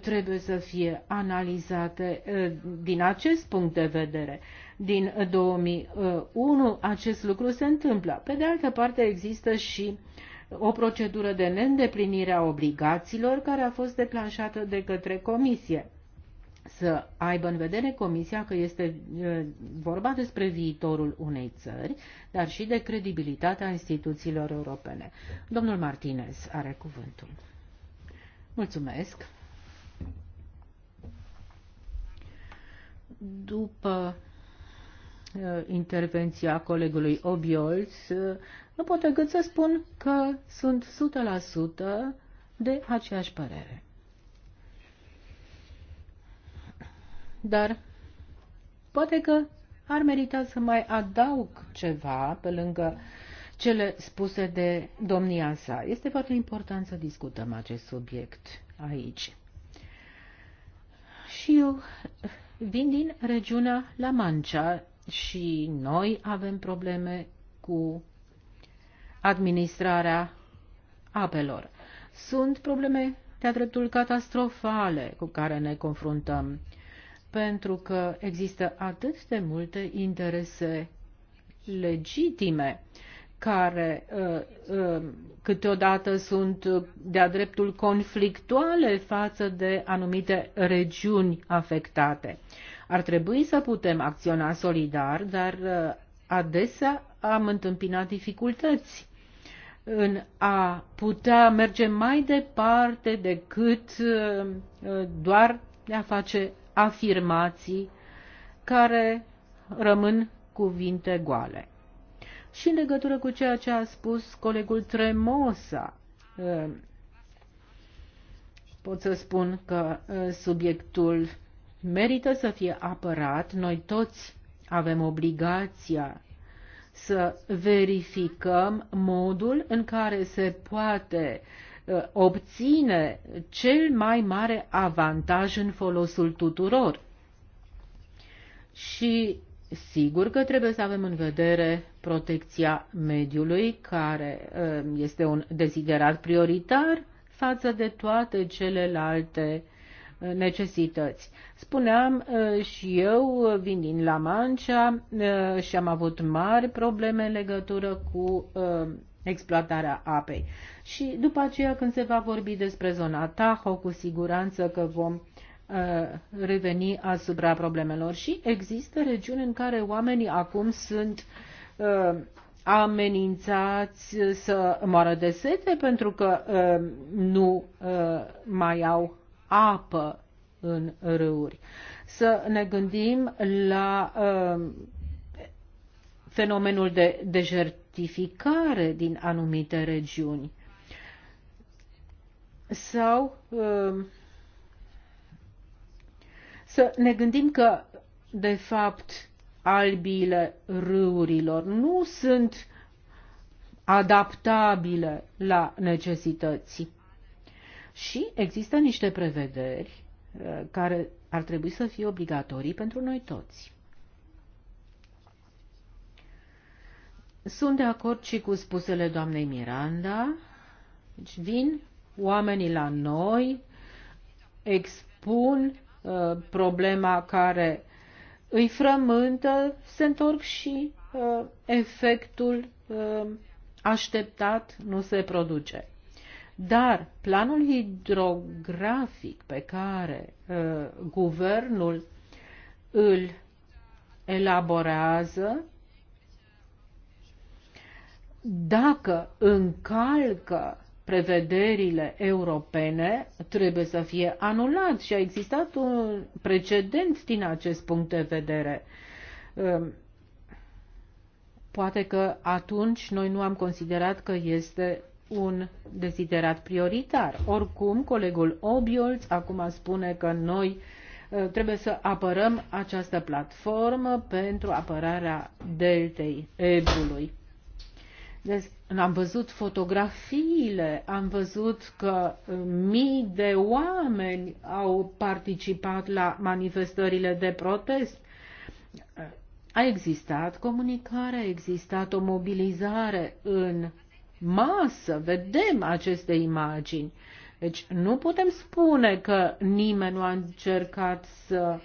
trebuie să fie analizate uh, din acest punct de vedere. Din 2001 uh, acest lucru se întâmplă. Pe de altă parte există și uh, o procedură de neîndeplinire a obligațiilor care a fost declanșată de către comisie. Să aibă în vedere comisia că este vorba despre viitorul unei țări, dar și de credibilitatea instituțiilor europene. Domnul Martinez are cuvântul. Mulțumesc. După intervenția colegului Obiols, nu pot decât să spun că sunt 100% de aceeași părere. Dar poate că ar merita să mai adaug ceva pe lângă cele spuse de domnia sa. Este foarte important să discutăm acest subiect aici. Și eu vin din regiunea La Mancia și noi avem probleme cu administrarea apelor. Sunt probleme de-a dreptul catastrofale cu care ne confruntăm, pentru că există atât de multe interese legitime care uh, uh, câteodată sunt de-a dreptul conflictuale față de anumite regiuni afectate. Ar trebui să putem acționa solidar, dar uh, adesea am întâmpinat dificultăți în a putea merge mai departe decât uh, doar de a face afirmații care rămân cuvinte goale. Și în legătură cu ceea ce a spus colegul Tremosa, uh, pot să spun că uh, subiectul merită să fie apărat. Noi toți avem obligația să verificăm modul în care se poate uh, obține cel mai mare avantaj în folosul tuturor. Și Sigur că trebuie să avem în vedere protecția mediului, care uh, este un deziderat prioritar față de toate celelalte Uh, necesități. Spuneam uh, și eu, uh, vin din La Mancea și am avut mari probleme în legătură cu exploatarea apei. Și după aceea, când se va vorbi despre zona Tahoe, cu siguranță că vom reveni asupra problemelor. Și există regiuni în care oamenii acum sunt amenințați să moară de sete pentru că uh, nu uh, mai au apă în râuri. Să ne gândim la uh, fenomenul de dejertificare din anumite regiuni sau uh, să ne gândim că, de fapt, albiile râurilor nu sunt adaptabile la necesități. Și există niște prevederi uh, care ar trebui să fie obligatorii pentru noi toți. Sunt de acord și cu spusele doamnei Miranda. Deci vin oamenii la noi, expun uh, problema care îi frământă, se întorc și uh, efectul uh, așteptat nu se produce. Dar planul hidrografic pe care uh, guvernul îl elaborează dacă încalcă prevederile europene, trebuie să fie anulat și a existat un precedent din acest punct de vedere. Um, poate că atunci noi nu am considerat că este un deziderat prioritar. Oricum, colegul Obiolț acum spune că noi uh, trebuie să apărăm această platformă pentru apărarea deltei Ebrului. Deci, am văzut fotografiile, am văzut că uh, mii de oameni au participat la manifestările de protest. Uh, a existat comunicare, a existat o mobilizare în masă, vedem aceste imagini. Deci nu putem spune că nimeni nu a încercat să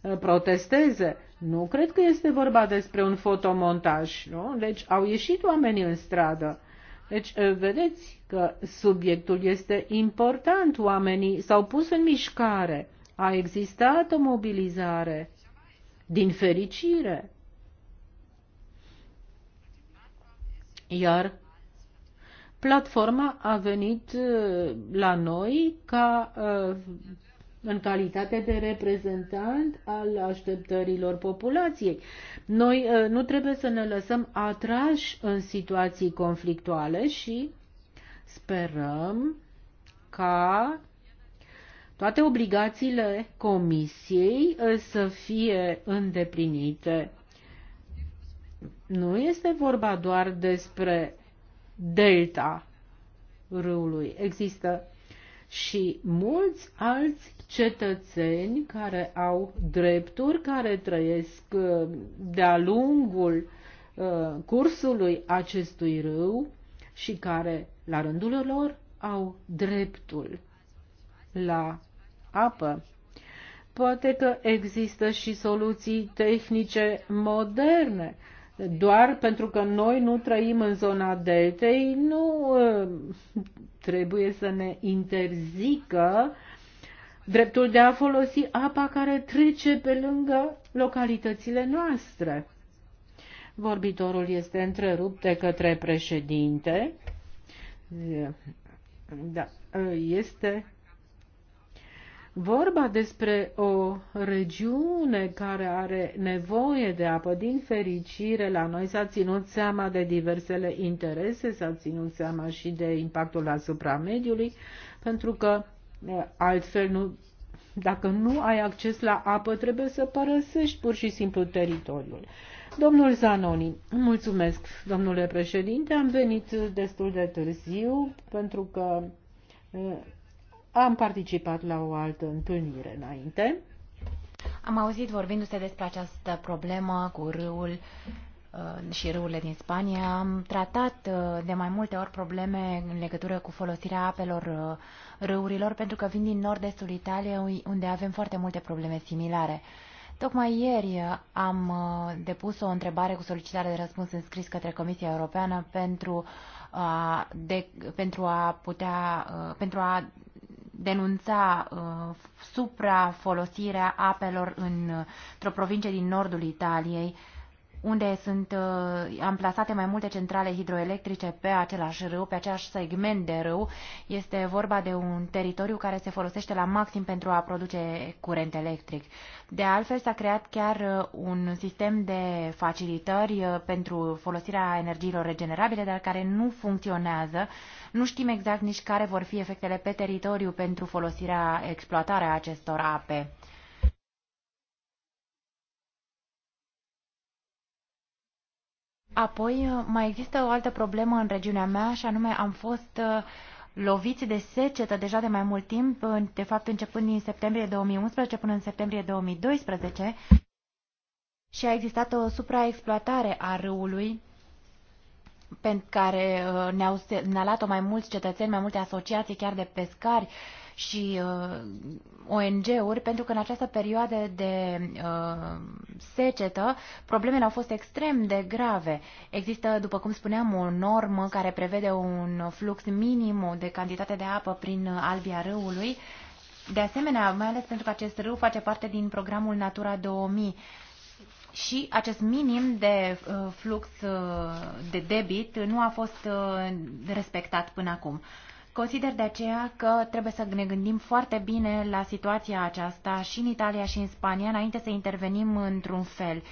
uh, protesteze. Nu cred că este vorba despre un fotomontaj, nu? Deci au ieșit oamenii în stradă. Deci uh, vedeți că subiectul este important, oamenii s-au pus în mișcare, a existat o mobilizare, din fericire. Iar Platforma a venit uh, la noi ca uh, în calitate de reprezentant al așteptărilor populației. Noi uh, nu trebuie să ne lăsăm atrași în situații conflictuale și sperăm ca toate obligațiile comisiei să fie îndeplinite. Nu este vorba doar despre delta râului. Există și mulți alți cetățeni care au drepturi, care trăiesc uh, de-a lungul uh, cursului acestui râu și care, la rândul lor, au dreptul la apă. Poate că există și soluții tehnice moderne doar pentru că noi nu trăim în zona deltei, nu uh, trebuie să ne interzică dreptul de a folosi apa care trece pe lângă localitățile noastre. Vorbitorul este întrerupt de către președinte. Da, este vorba despre o regiune care are nevoie de apă. Din fericire, la noi s-a ținut seama de diversele interese, s-a ținut seama și de impactul asupra mediului, pentru că altfel nu, dacă nu ai acces la apă, trebuie să părăsești pur și simplu teritoriul. Domnul Zanoni, mulțumesc, domnule președinte, am venit destul de târziu pentru că am participat la o altă întâlnire înainte. Am auzit vorbindu-se despre această problemă cu râul uh, și râurile din Spania. Am tratat uh, de mai multe ori probleme în legătură cu folosirea apelor uh, râurilor, pentru că vin din nord-estul Italiei, unde avem foarte multe probleme similare. Tocmai ieri am depus o întrebare cu solicitare de răspuns înscris către Comisia Europeană pentru a, de, pentru a putea, pentru a denunța uh, suprafolosirea apelor uh, într-o provincie din nordul Italiei unde sunt uh, amplasate mai multe centrale hidroelectrice pe același râu, pe același segment de râu. Este vorba de un teritoriu care se folosește la maxim pentru a produce curent electric. De altfel, s-a creat chiar uh, un sistem de facilitări uh, pentru folosirea energiilor regenerabile, dar care nu funcționează. Nu știm exact nici care vor fi efectele pe teritoriu pentru folosirea, exploatarea acestor ape. Apoi uh, mai există o altă problemă în regiunea mea și anume am fost uh, loviți de secetă deja de mai mult timp, de fapt începând din septembrie 2011 până în septembrie 2012 și a existat o supraexploatare a râului pentru care uh, ne-au ne luat-o mai mulți cetățeni, mai multe asociații chiar de pescari și uh, ONG-uri, pentru că în această perioadă de uh, secetă problemele au fost extrem de grave. Există, după cum spuneam, o normă care prevede un flux minim de cantitate de apă prin albia râului. De asemenea, mai ales pentru că acest râu face parte din programul Natura 2000, și acest minim de uh, flux uh, de debit nu a fost uh, respectat până acum. Consider de aceea că trebuie să ne gândim foarte bine la situația aceasta și în Italia și în Spania înainte să intervenim într-un fel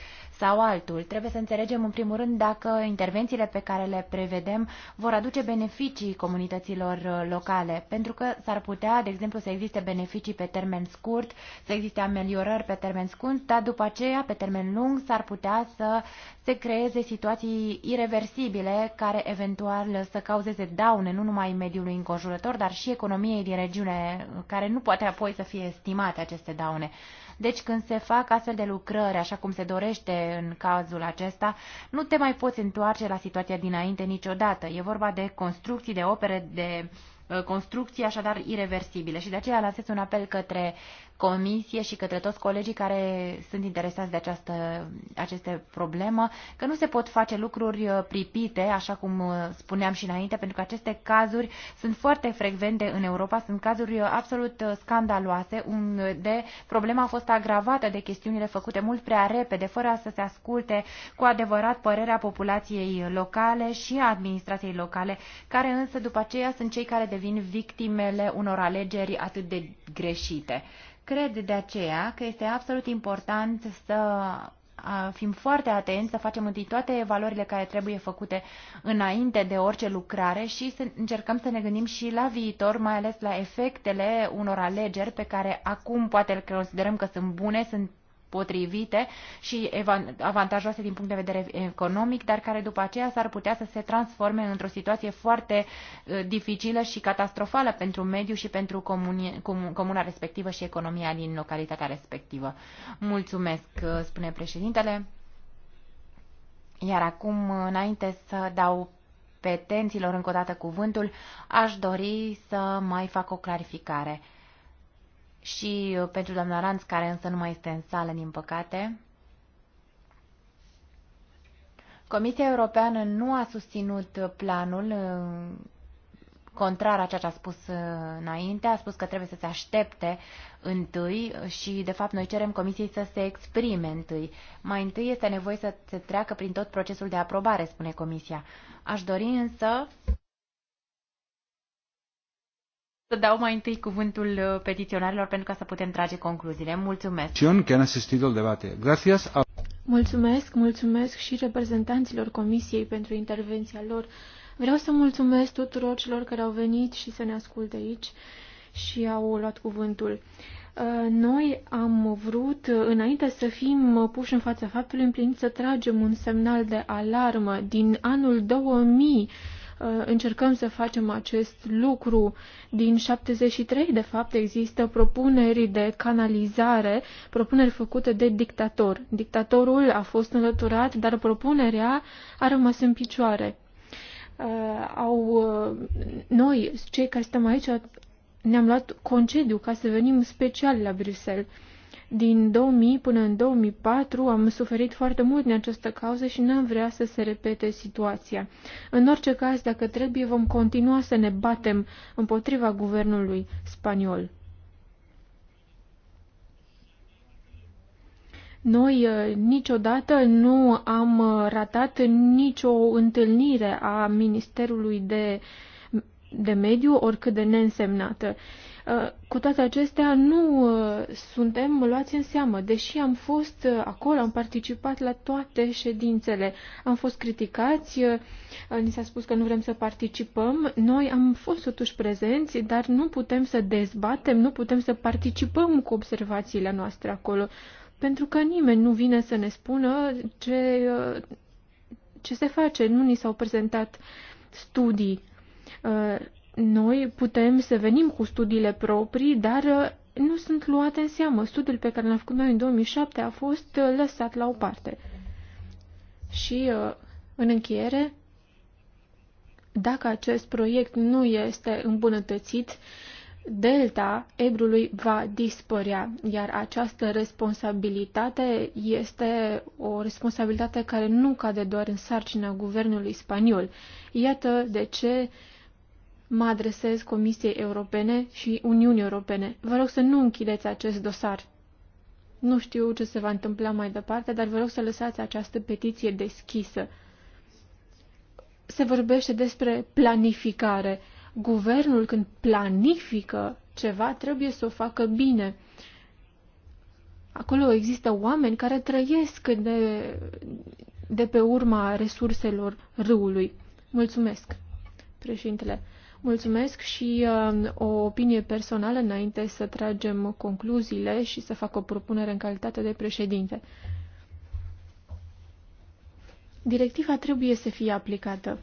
sau altul. Trebuie să înțelegem în primul rând dacă intervențiile pe care le prevedem vor aduce beneficii comunităților uh, locale, pentru că s-ar putea, de exemplu, să existe beneficii pe termen scurt, să existe ameliorări pe termen scurt, dar după aceea, pe termen lung, s-ar putea să se creeze situații irreversibile care eventual să cauzeze daune nu numai mediului înconjurător, dar și economiei din regiune, care nu poate apoi să fie estimate aceste daune. Deci când se fac astfel de lucrări, așa cum se dorește în cazul acesta, nu te mai poți întoarce la situația dinainte niciodată. E vorba de construcții, de opere, de uh, construcții așadar irreversibile și de aceea lansez un apel către comisie și către toți colegii care sunt interesați de această, aceste problemă, că nu se pot face lucruri uh, pripite, așa cum uh, spuneam și înainte, pentru că aceste cazuri sunt foarte frecvente în Europa, sunt cazuri uh, absolut scandaloase, unde problema a fost agravată de chestiunile făcute mult prea repede, fără să se asculte cu adevărat părerea populației locale și a administrației locale, care însă după aceea sunt cei care devin victimele unor alegeri atât de greșite. Cred de aceea că este absolut important să fim foarte atenți, să facem întâi toate evaluările care trebuie făcute înainte de orice lucrare și să încercăm să ne gândim și la viitor, mai ales la efectele unor alegeri pe care acum poate le considerăm că sunt bune, sunt potrivite și avantajoase din punct de vedere economic, dar care după aceea s-ar putea să se transforme într-o situație foarte uh, dificilă și catastrofală pentru mediu și pentru comuna respectivă și economia din localitatea respectivă. Mulțumesc, uh, spune președintele. Iar acum, uh, înainte să dau petenților încă o dată cuvântul, aș dori să mai fac o clarificare și uh, pentru doamna Ranț, care însă nu mai este în sală, din păcate. Comisia Europeană nu a susținut planul uh, contrar a ceea ce a spus uh, înainte, a spus că trebuie să se aștepte întâi și, de fapt, noi cerem Comisiei să se exprime întâi. Mai întâi este nevoie să se treacă prin tot procesul de aprobare, spune Comisia. Aș dori însă să dau mai întâi cuvântul uh, petiționarilor pentru ca să putem trage concluziile. Mulțumesc. Că a asistit al debate. Gracias a... Mulțumesc, mulțumesc și reprezentanților Comisiei pentru intervenția lor. Vreau să mulțumesc tuturor celor care au venit și să ne asculte aici și au luat cuvântul. Uh, noi am vrut, uh, înainte să fim puși în fața faptului împlinit, să tragem un semnal de alarmă din anul 2000 Uh, încercăm să facem acest lucru. Din 73, de fapt, există propuneri de canalizare, propuneri făcute de dictator. Dictatorul a fost înlăturat, dar propunerea a rămas în picioare. Uh, au, uh, noi, cei care stăm aici, ne-am luat concediu ca să venim special la Bruxelles din 2000 până în 2004 am suferit foarte mult din această cauză și n-am vrea să se repete situația. În orice caz, dacă trebuie, vom continua să ne batem împotriva guvernului spaniol. Noi uh, niciodată nu am uh, ratat nicio întâlnire a Ministerului de, de Mediu, oricât de neînsemnată. Uh, cu toate acestea, nu uh, suntem luați în seamă, deși am fost uh, acolo, am participat la toate ședințele, am fost criticați, ni s-a spus că nu vrem să participăm. Noi am fost totuși prezenți, dar nu putem să dezbatem, nu putem să participăm cu observațiile noastre acolo, pentru că nimeni nu vine să ne spună ce, ce se face. Nu ni s-au prezentat studii noi putem să venim cu studiile proprii, dar uh, nu sunt luate în seamă. Studiul pe care l-am făcut noi în 2007 a fost uh, lăsat la o parte. Și, uh, în încheiere, dacă acest proiect nu este îmbunătățit, delta Ebrului va dispărea, iar această responsabilitate este o responsabilitate care nu cade doar în sarcina guvernului spaniol. Iată de ce mă adresez Comisiei Europene și Uniunii Europene. Vă rog să nu închideți acest dosar. Nu știu ce se va întâmpla mai departe, dar vă rog să lăsați această petiție deschisă. Se vorbește despre planificare. Guvernul, când planifică ceva, trebuie să o facă bine. Acolo există oameni care trăiesc de, de pe urma resurselor râului. Mulțumesc, președintele. Mulțumesc și uh, o opinie personală înainte să tragem concluziile și să fac o propunere în calitate de președinte. Directiva trebuie să fie aplicată,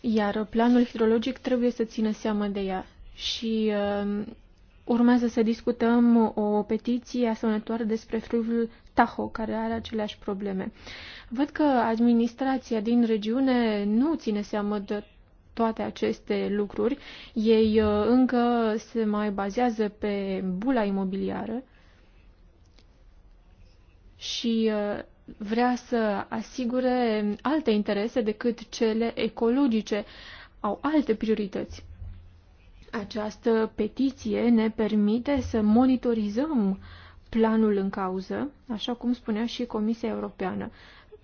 iar planul hidrologic trebuie să țină seama de ea și uh, Urmează să discutăm o petiție asemănătoare despre fluviul Taho care are aceleași probleme. Văd că administrația din regiune nu ține seamă de toate aceste lucruri. Ei uh, încă se mai bazează pe bula imobiliară și uh, vrea să asigure alte interese decât cele ecologice. Au alte priorități. Această petiție ne permite să monitorizăm planul în cauză, așa cum spunea și Comisia Europeană.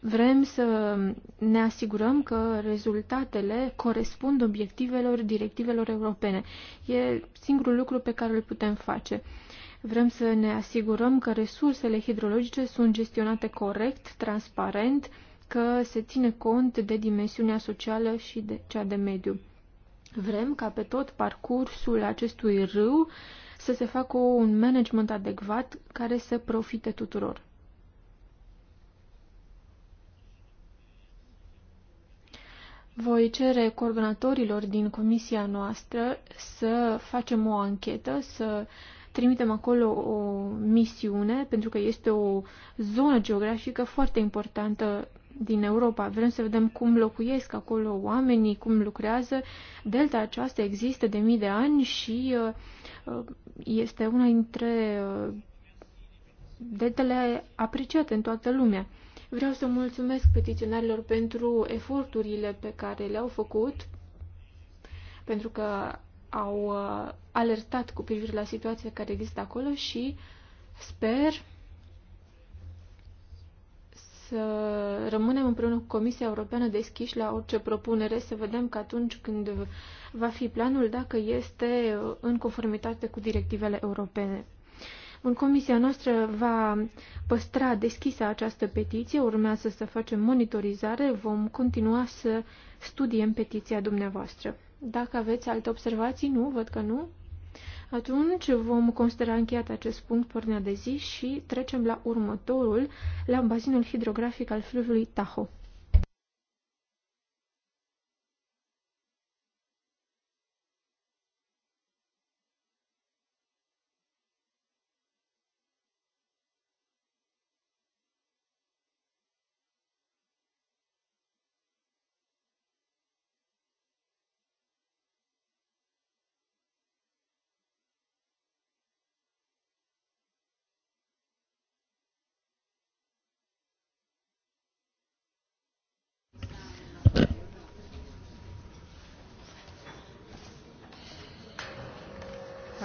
Vrem să ne asigurăm că rezultatele corespund obiectivelor directivelor europene. E singurul lucru pe care îl putem face. Vrem să ne asigurăm că resursele hidrologice sunt gestionate corect, transparent, că se ține cont de dimensiunea socială și de cea de mediu. Vrem ca pe tot parcursul acestui râu să se facă un management adecvat care să profite tuturor. Voi cere coordonatorilor din comisia noastră să facem o anchetă, să trimitem acolo o misiune, pentru că este o zonă geografică foarte importantă din Europa. Vrem să vedem cum locuiesc acolo oamenii, cum lucrează. Delta aceasta există de mii de ani și uh, uh, este una dintre uh, deltele apreciate în toată lumea. Vreau să mulțumesc petiționarilor pentru eforturile pe care le-au făcut, pentru că au alertat cu privire la situația care există acolo și sper să rămânem împreună cu Comisia Europeană deschiși la orice propunere, să vedem că atunci când va fi planul, dacă este în conformitate cu directivele europene. În comisia noastră va păstra deschisă această petiție, urmează să facem monitorizare, vom continua să studiem petiția dumneavoastră. Dacă aveți alte observații, nu, văd că nu. Atunci vom considera încheiat acest punct pornea de zi și trecem la următorul, la bazinul hidrografic al fluviului Tahoe.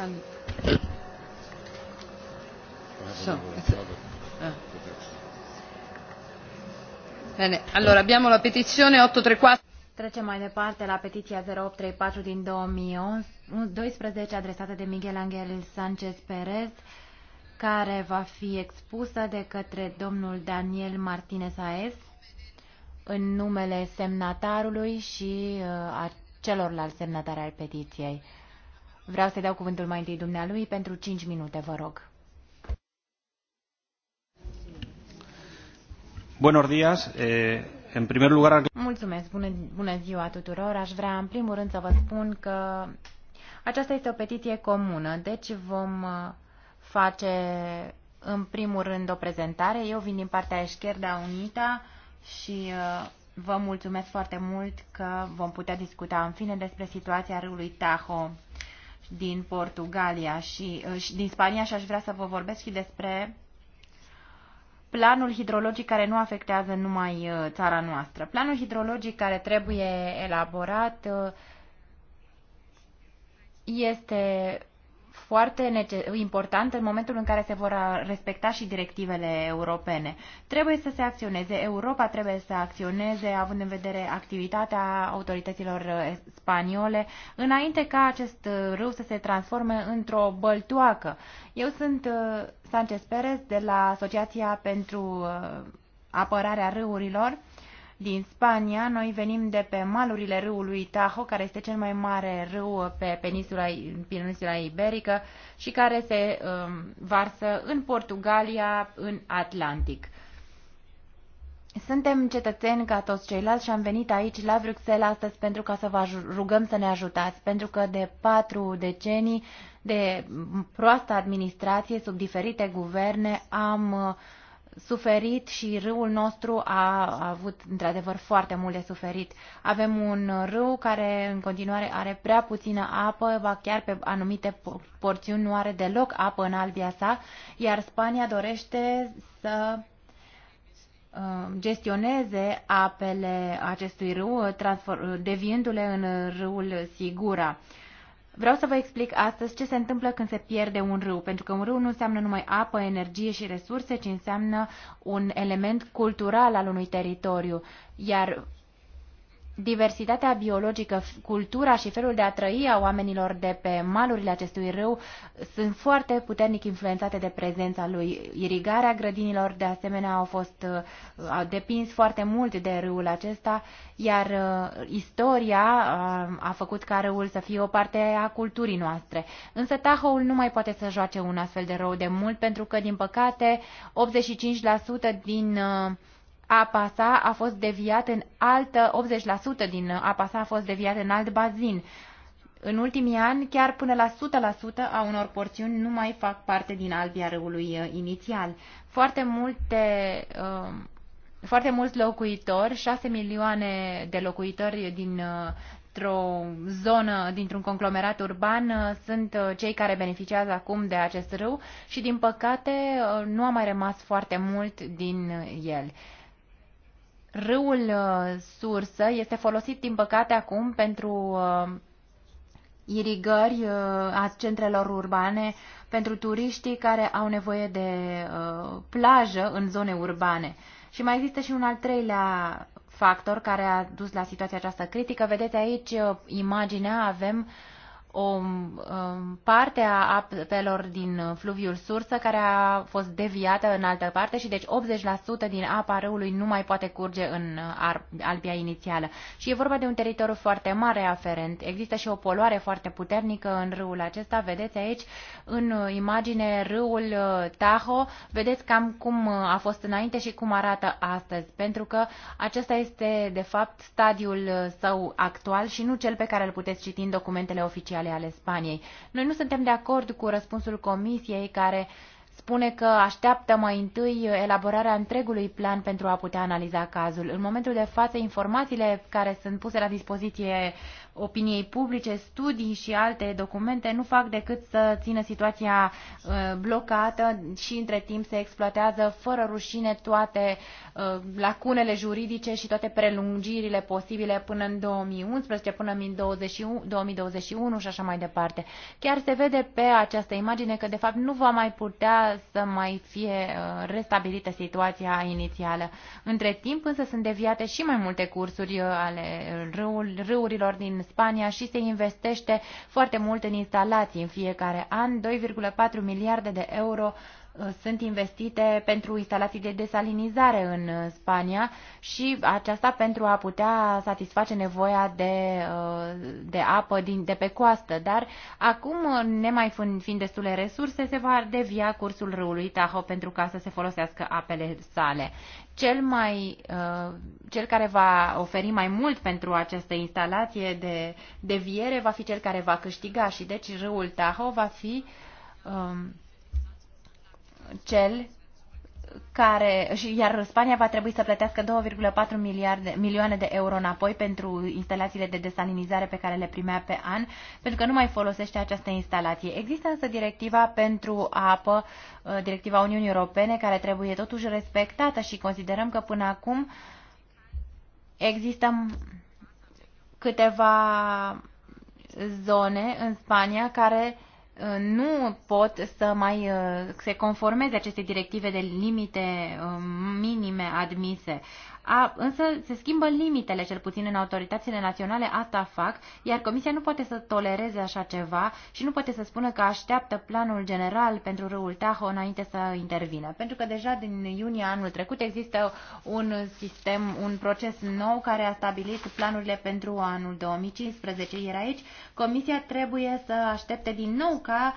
Um, so, ah. Bene, allora abbiamo la petizione 834. Trecem mai departe la petiția 0834 din 2012 adresată de Miguel Angel Sanchez Perez, care va fi expusă de către domnul Daniel Martinez Aes în numele semnatarului și uh, a celorlalți semnatari al petiției. Vreau să-i dau cuvântul mai întâi dumnealui pentru 5 minute, vă rog. Buenos días. Eh, în primer lugar... Mulțumesc. Bună, bună ziua tuturor. Aș vrea în primul rând să vă spun că aceasta este o petiție comună, deci vom uh, face în primul rând o prezentare. Eu vin din partea Eșcherda Unita și uh, vă mulțumesc foarte mult că vom putea discuta în fine despre situația râului Tahoe din Portugalia și, uh, și din Spania și aș vrea să vă vorbesc și despre planul hidrologic care nu afectează numai uh, țara noastră. Planul hidrologic care trebuie elaborat uh, este foarte important în momentul în care se vor respecta și directivele europene. Trebuie să se acționeze, Europa trebuie să acționeze având în vedere activitatea autorităților spaniole înainte ca acest râu să se transforme într-o băltoacă. Eu sunt uh, Sanchez Perez de la Asociația pentru uh, apărarea râurilor din Spania. Noi venim de pe malurile râului Tajo, care este cel mai mare râu pe peninsula, peninsula iberică și care se um, varsă în Portugalia, în Atlantic. Suntem cetățeni ca toți ceilalți și am venit aici la Bruxelles astăzi pentru ca să vă rugăm să ne ajutați, pentru că de patru decenii de proastă administrație sub diferite guverne am uh, suferit și râul nostru a avut într-adevăr foarte mult de suferit. Avem un râu care în continuare are prea puțină apă, va chiar pe anumite porțiuni nu are deloc apă în albia sa, iar Spania dorește să uh, gestioneze apele acestui râu, deviindu-le în râul Sigura. Vreau să vă explic astăzi ce se întâmplă când se pierde un râu, pentru că un râu nu înseamnă numai apă, energie și resurse, ci înseamnă un element cultural al unui teritoriu. Iar diversitatea biologică, cultura și felul de a trăi a oamenilor de pe malurile acestui râu sunt foarte puternic influențate de prezența lui. Irigarea grădinilor, de asemenea, au fost uh, au depins foarte mult de râul acesta, iar uh, istoria uh, a făcut ca râul să fie o parte a culturii noastre. Însă Tahoul nu mai poate să joace un astfel de rău de mult, pentru că, din păcate, 85% din uh, apa sa a fost deviat în altă, 80% din apa sa a fost deviat în alt bazin. În ultimii ani, chiar până la 100% a unor porțiuni nu mai fac parte din albia râului uh, inițial. Foarte multe uh, foarte mulți locuitori, 6 milioane de locuitori dintr-o uh, zonă, dintr-un conglomerat urban, sunt cei care beneficiază acum de acest râu și, din păcate, nu a mai rămas foarte mult din el. Râul uh, sursă este folosit, din păcate, acum pentru uh, irigări uh, a centrelor urbane, pentru turiștii care au nevoie de plajă în zone urbane. Și mai există și un al treilea factor care a dus la situația aceasta critică. Vedeți aici imaginea, avem uh, o um, um, parte a apelor din fluviul sursă care a fost deviată în altă parte și deci 80% din apa râului nu mai poate curge în uh, albia inițială. Și e vorba de un teritoriu foarte mare aferent. Există și o poluare foarte puternică în râul acesta. Vedeți aici în uh, imagine râul uh, Tahoe. Vedeți cam cum a fost înainte și cum arată astăzi. Pentru că acesta este de fapt stadiul său actual și nu cel pe care îl puteți citi în documentele oficiale sociale ale Spaniei. Noi nu suntem de acord cu răspunsul Comisiei care spune că așteaptă mai întâi elaborarea întregului plan pentru a putea analiza cazul. În momentul de față, informațiile care sunt puse la dispoziție opiniei publice, studii și alte documente nu fac decât să țină situația uh, blocată și între timp se exploatează fără rușine toate uh, lacunele juridice și toate prelungirile posibile până în 2011, până în 2021 și așa mai departe. Chiar se vede pe această imagine că de fapt nu va mai putea să mai fie uh, restabilită situația inițială. Între timp însă sunt deviate și mai multe cursuri ale râurilor din Spania și se investește foarte mult în instalații în fiecare an, 2,4 miliarde de euro Uh, sunt investite pentru instalații de desalinizare în uh, Spania și aceasta pentru a putea satisface nevoia de, uh, de apă din, de pe coastă. Dar acum, nemai fiind destule resurse, se va devia cursul râului Tahoe pentru ca să se folosească apele sale. Cel, mai, cel care va oferi mai mult pentru această instalație de deviere va fi cel care va câștiga și deci râul Tahoe va fi um, cel care, și, iar Spania va trebui să plătească 2,4 miliarde, milioane de euro înapoi pentru instalațiile de desalinizare pe care le primea pe an, pentru că nu mai folosește această instalație. Există însă directiva pentru apă, uh, directiva Uniunii Europene, care trebuie totuși respectată și considerăm că până acum există câteva zone în Spania care Uh, nu pot să mai uh, se conformeze aceste directive de limite uh, minime admise. A, însă se schimbă limitele, cel puțin în autoritățile naționale, asta fac, iar Comisia nu poate să tolereze așa ceva și nu poate să spună că așteaptă planul general pentru râul Tahoe înainte să intervină. Pentru că deja din iunie anul trecut există un sistem, un proces nou care a stabilit planurile pentru anul 2015, iar aici Comisia trebuie să aștepte din nou ca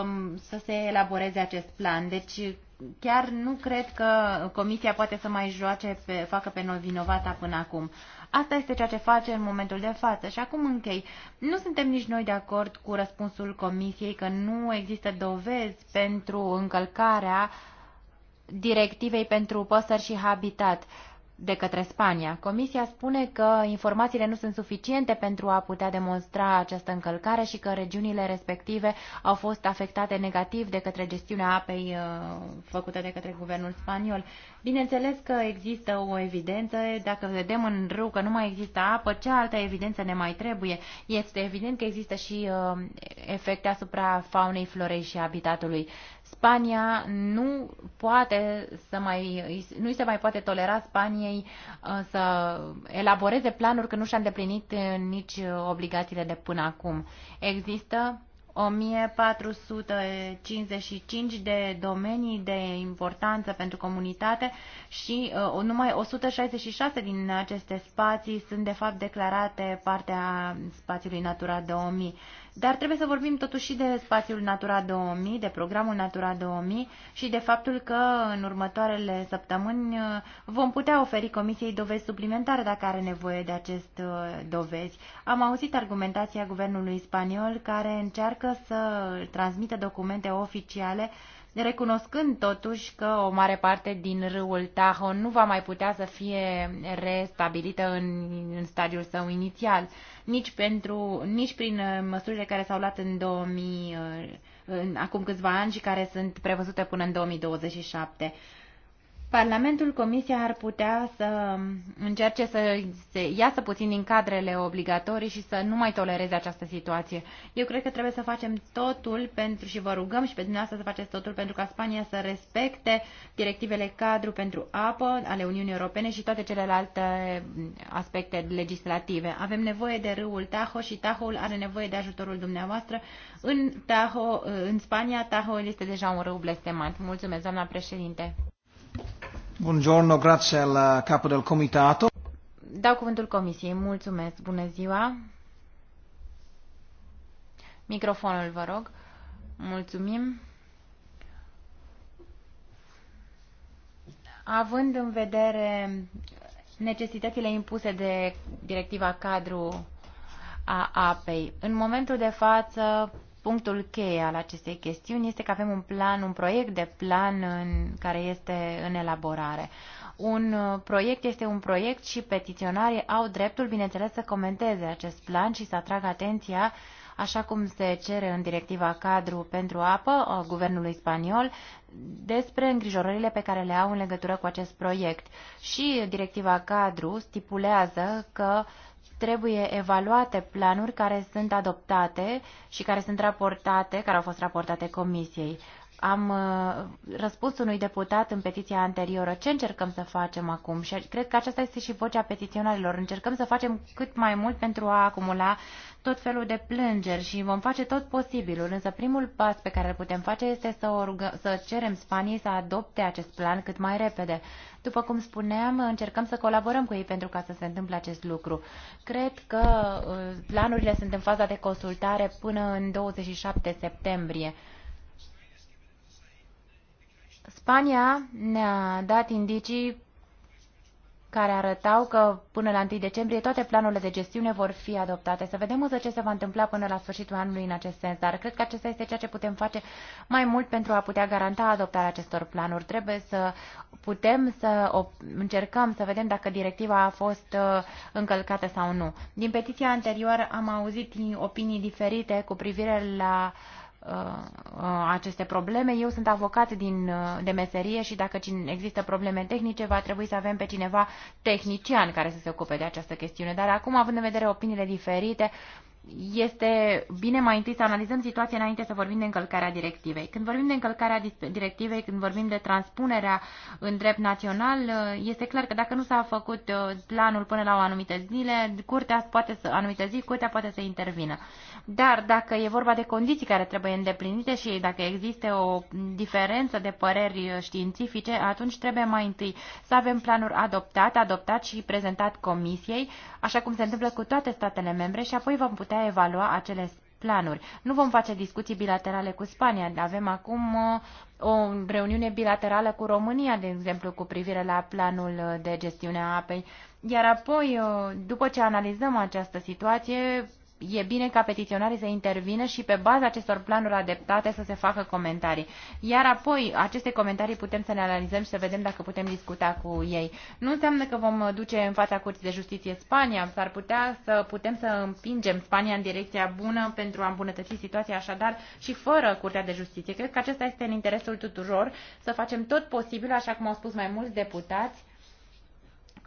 um, să se elaboreze acest plan. Deci chiar nu cred că Comisia poate să mai joace pe, facă pe noi vinovata până acum. Asta este ceea ce face în momentul de față. Și acum închei. Nu suntem nici noi de acord cu răspunsul Comisiei că nu există dovezi pentru încălcarea directivei pentru păsări și habitat. Uh, de către Spania. Comisia spune că informațiile nu sunt suficiente pentru a putea demonstra această încălcare și că regiunile respective au fost afectate negativ de către gestiunea apei uh, făcută de către guvernul spaniol. Bineînțeles că există o evidență, dacă vedem în râu că nu mai există apă, ce altă evidență ne mai trebuie? Este evident că există și uh, efecte asupra faunei, florei și habitatului. Spania nu poate să mai, nu se mai poate tolera Spaniei uh, să elaboreze planuri că nu și-a îndeplinit uh, nici obligațiile de până acum. Există 1455 de domenii de importanță pentru comunitate și uh, numai 166 din aceste spații sunt de fapt declarate partea spațiului Natura 2000. Dar trebuie să vorbim totuși și de spațiul Natura 2000, de programul Natura 2000 și de faptul că în următoarele săptămâni uh, vom putea oferi Comisiei dovezi suplimentare dacă are nevoie de acest uh, dovezi. Am auzit argumentația guvernului spaniol care încearcă să transmită documente oficiale uh, recunoscând totuși că o mare parte din râul Tahon nu va mai putea să fie restabilită în, în stadiul său inițial, nici, pentru, nici prin uh, măsurile care s-au luat în 2000, uh, în, acum câțiva ani și care sunt prevăzute până în 2027. Parlamentul, Comisia ar putea să încerce să se iasă puțin din cadrele obligatorii și să nu mai tolereze această situație. Eu cred că trebuie să facem totul pentru și vă rugăm și pe dumneavoastră să faceți totul pentru ca Spania să respecte directivele cadru pentru apă ale Uniunii Europene și toate celelalte aspecte legislative. Avem nevoie de râul Tahoe și Tahoe are nevoie de ajutorul dumneavoastră. În, Tahoe, în Spania, Tahoe este deja un râu blestemat. Mulțumesc, doamna președinte. Buongiorno, grazie al capo del comitato. Dau cuvântul comisiei. Mulțumesc. Bună ziua. Microfonul, vă rog. Mulțumim. Având în vedere necesitățile impuse de directiva cadru a apei, în momentul de față punctul cheie al acestei chestiuni este că avem un plan, un proiect de plan în, care este în elaborare. Un uh, proiect este un proiect și petiționarii au dreptul, bineînțeles, să comenteze acest plan și să atragă atenția așa cum se cere în directiva cadru pentru apă a uh, guvernului spaniol, despre îngrijorările pe care le au în legătură cu acest proiect. Și directiva cadru stipulează că trebuie evaluate planuri care sunt adoptate și care sunt raportate, care au fost raportate comisiei am uh, răspuns unui deputat în petiția anterioră ce încercăm să facem acum și cred că aceasta este și vocea petiționarilor. Încercăm să facem cât mai mult pentru a acumula tot felul de plângeri și vom face tot posibilul, însă primul pas pe care îl putem face este să, o rugă, să cerem Spaniei să adopte acest plan cât mai repede. După cum spuneam, încercăm să colaborăm cu ei pentru ca să se întâmple acest lucru. Cred că uh, planurile sunt în faza de consultare până în 27 septembrie. Spania ne-a dat indicii care arătau că până la 1 decembrie toate planurile de gestiune vor fi adoptate. Să vedem însă ce se va întâmpla până la sfârșitul anului în acest sens, dar cred că acesta este ceea ce putem face mai mult pentru a putea garanta adoptarea acestor planuri. Trebuie să putem să o încercăm să vedem dacă directiva a fost uh, încălcată sau nu. Din petiția anterioară am auzit opinii diferite cu privire la uh, Uh, uh, aceste probleme. Eu sunt avocat din, uh, de meserie și dacă există probleme tehnice, va trebui să avem pe cineva tehnician care să se ocupe de această chestiune. Dar acum, având în vedere opiniile diferite, este bine mai întâi să analizăm situația înainte să vorbim de încălcarea directivei. Când vorbim de încălcarea directivei, când vorbim de transpunerea în drept național, este clar că dacă nu s-a făcut planul până la o anumită zile, curtea poate să, anumită zi, curtea poate să intervină. Dar dacă e vorba de condiții care trebuie îndeplinite și dacă există o diferență de păreri științifice, atunci trebuie mai întâi să avem planuri adoptat, adoptat și prezentat comisiei, așa cum se întâmplă cu toate statele membre și apoi vom putea evalua acele planuri. Nu vom face discuții bilaterale cu Spania. Avem acum uh, o reuniune bilaterală cu România, de exemplu, cu privire la planul uh, de gestiune a apei. Iar apoi, uh, după ce analizăm această situație, e bine ca petiționarii să intervină și pe baza acestor planuri adaptate să se facă comentarii. Iar apoi aceste comentarii putem să le analizăm și să vedem dacă putem discuta cu ei. Nu înseamnă că vom duce în fața Curții de Justiție Spania, s-ar putea să putem să împingem Spania în direcția bună pentru a îmbunătăți situația așadar și fără Curtea de Justiție. Cred că acesta este în interesul tuturor să facem tot posibil, așa cum au spus mai mulți deputați,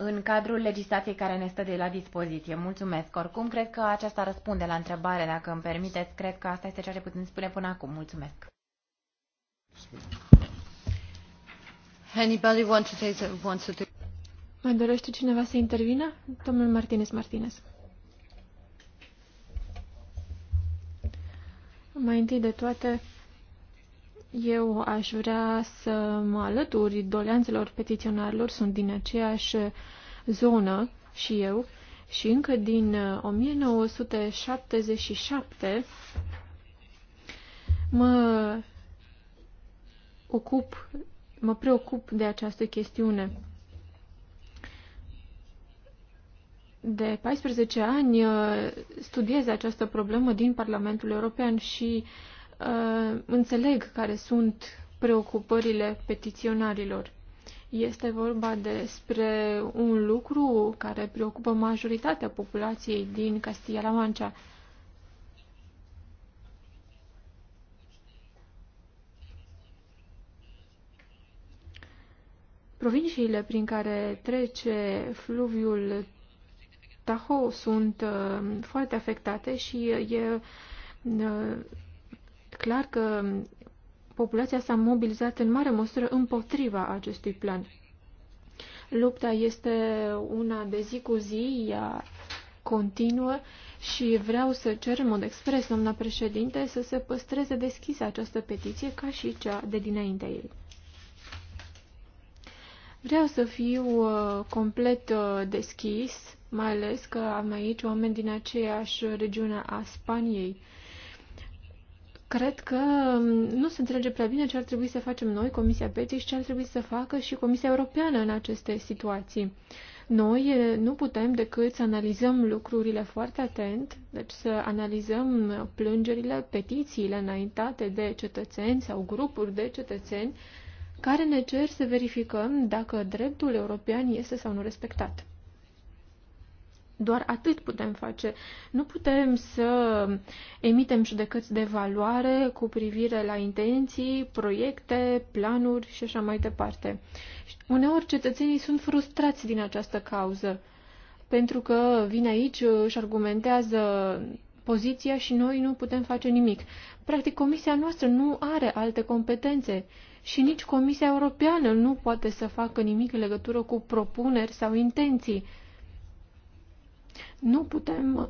în cadrul legislației care ne stă de la dispoziție. Mulțumesc. Oricum, cred că aceasta răspunde la întrebare, dacă îmi permiteți. Cred că asta este ceea ce putem spune până acum. Mulțumesc. Anybody want to take, wants to Mai dorește cineva să intervină? Domnul Martinez Martinez. Mai întâi de toate, eu aș vrea să mă alături doleanțelor petiționarilor, sunt din aceeași zonă și eu și încă din 1977 uh, mă ocup, mă preocup de această chestiune. De 14 ani uh, studiez această problemă din Parlamentul European și uh, Uh, înțeleg care sunt preocupările petiționarilor. Este vorba despre un lucru care preocupă majoritatea populației din Castilla-La Mancha. Provinciile prin care trece fluviul Tahoe sunt uh, foarte afectate și uh, e clar că populația s-a mobilizat în mare măsură împotriva acestui plan. Lupta este una de zi cu zi, ea continuă și vreau să cer în mod expres, doamna președinte, să se păstreze deschisă această petiție ca și cea de dinaintea ei. Vreau să fiu uh, complet uh, deschis, mai ales că am aici oameni din aceeași regiune a Spaniei. Uh, cred că um, nu se înțelege prea bine ce ar trebui să facem noi, Comisia PETI, și ce ar trebui să facă și Comisia Europeană în aceste situații. Noi nu putem decât să analizăm lucrurile foarte atent, deci să analizăm plângerile, petițiile înaintate de cetățeni sau grupuri de cetățeni care ne cer să verificăm dacă dreptul european este sau nu respectat. Doar atât putem face. Nu putem să emitem judecăți de valoare cu privire la intenții, proiecte, planuri și așa mai departe. Uneori cetățenii sunt frustrați din această cauză, pentru că vine aici, își argumentează poziția și noi nu putem face nimic. Practic, comisia noastră nu are alte competențe și nici Comisia Europeană nu poate să facă nimic în legătură cu propuneri sau intenții nu putem,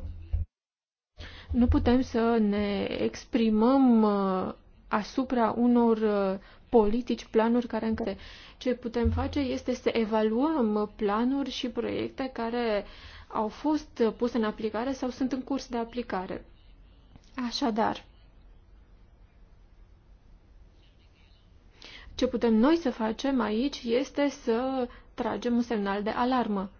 nu putem să ne exprimăm uh, asupra unor uh, politici, planuri care încă... Ce putem face este să evaluăm planuri și proiecte care au fost puse în aplicare sau sunt în curs de aplicare. Așadar, ce putem noi să facem aici este să tragem un semnal de alarmă.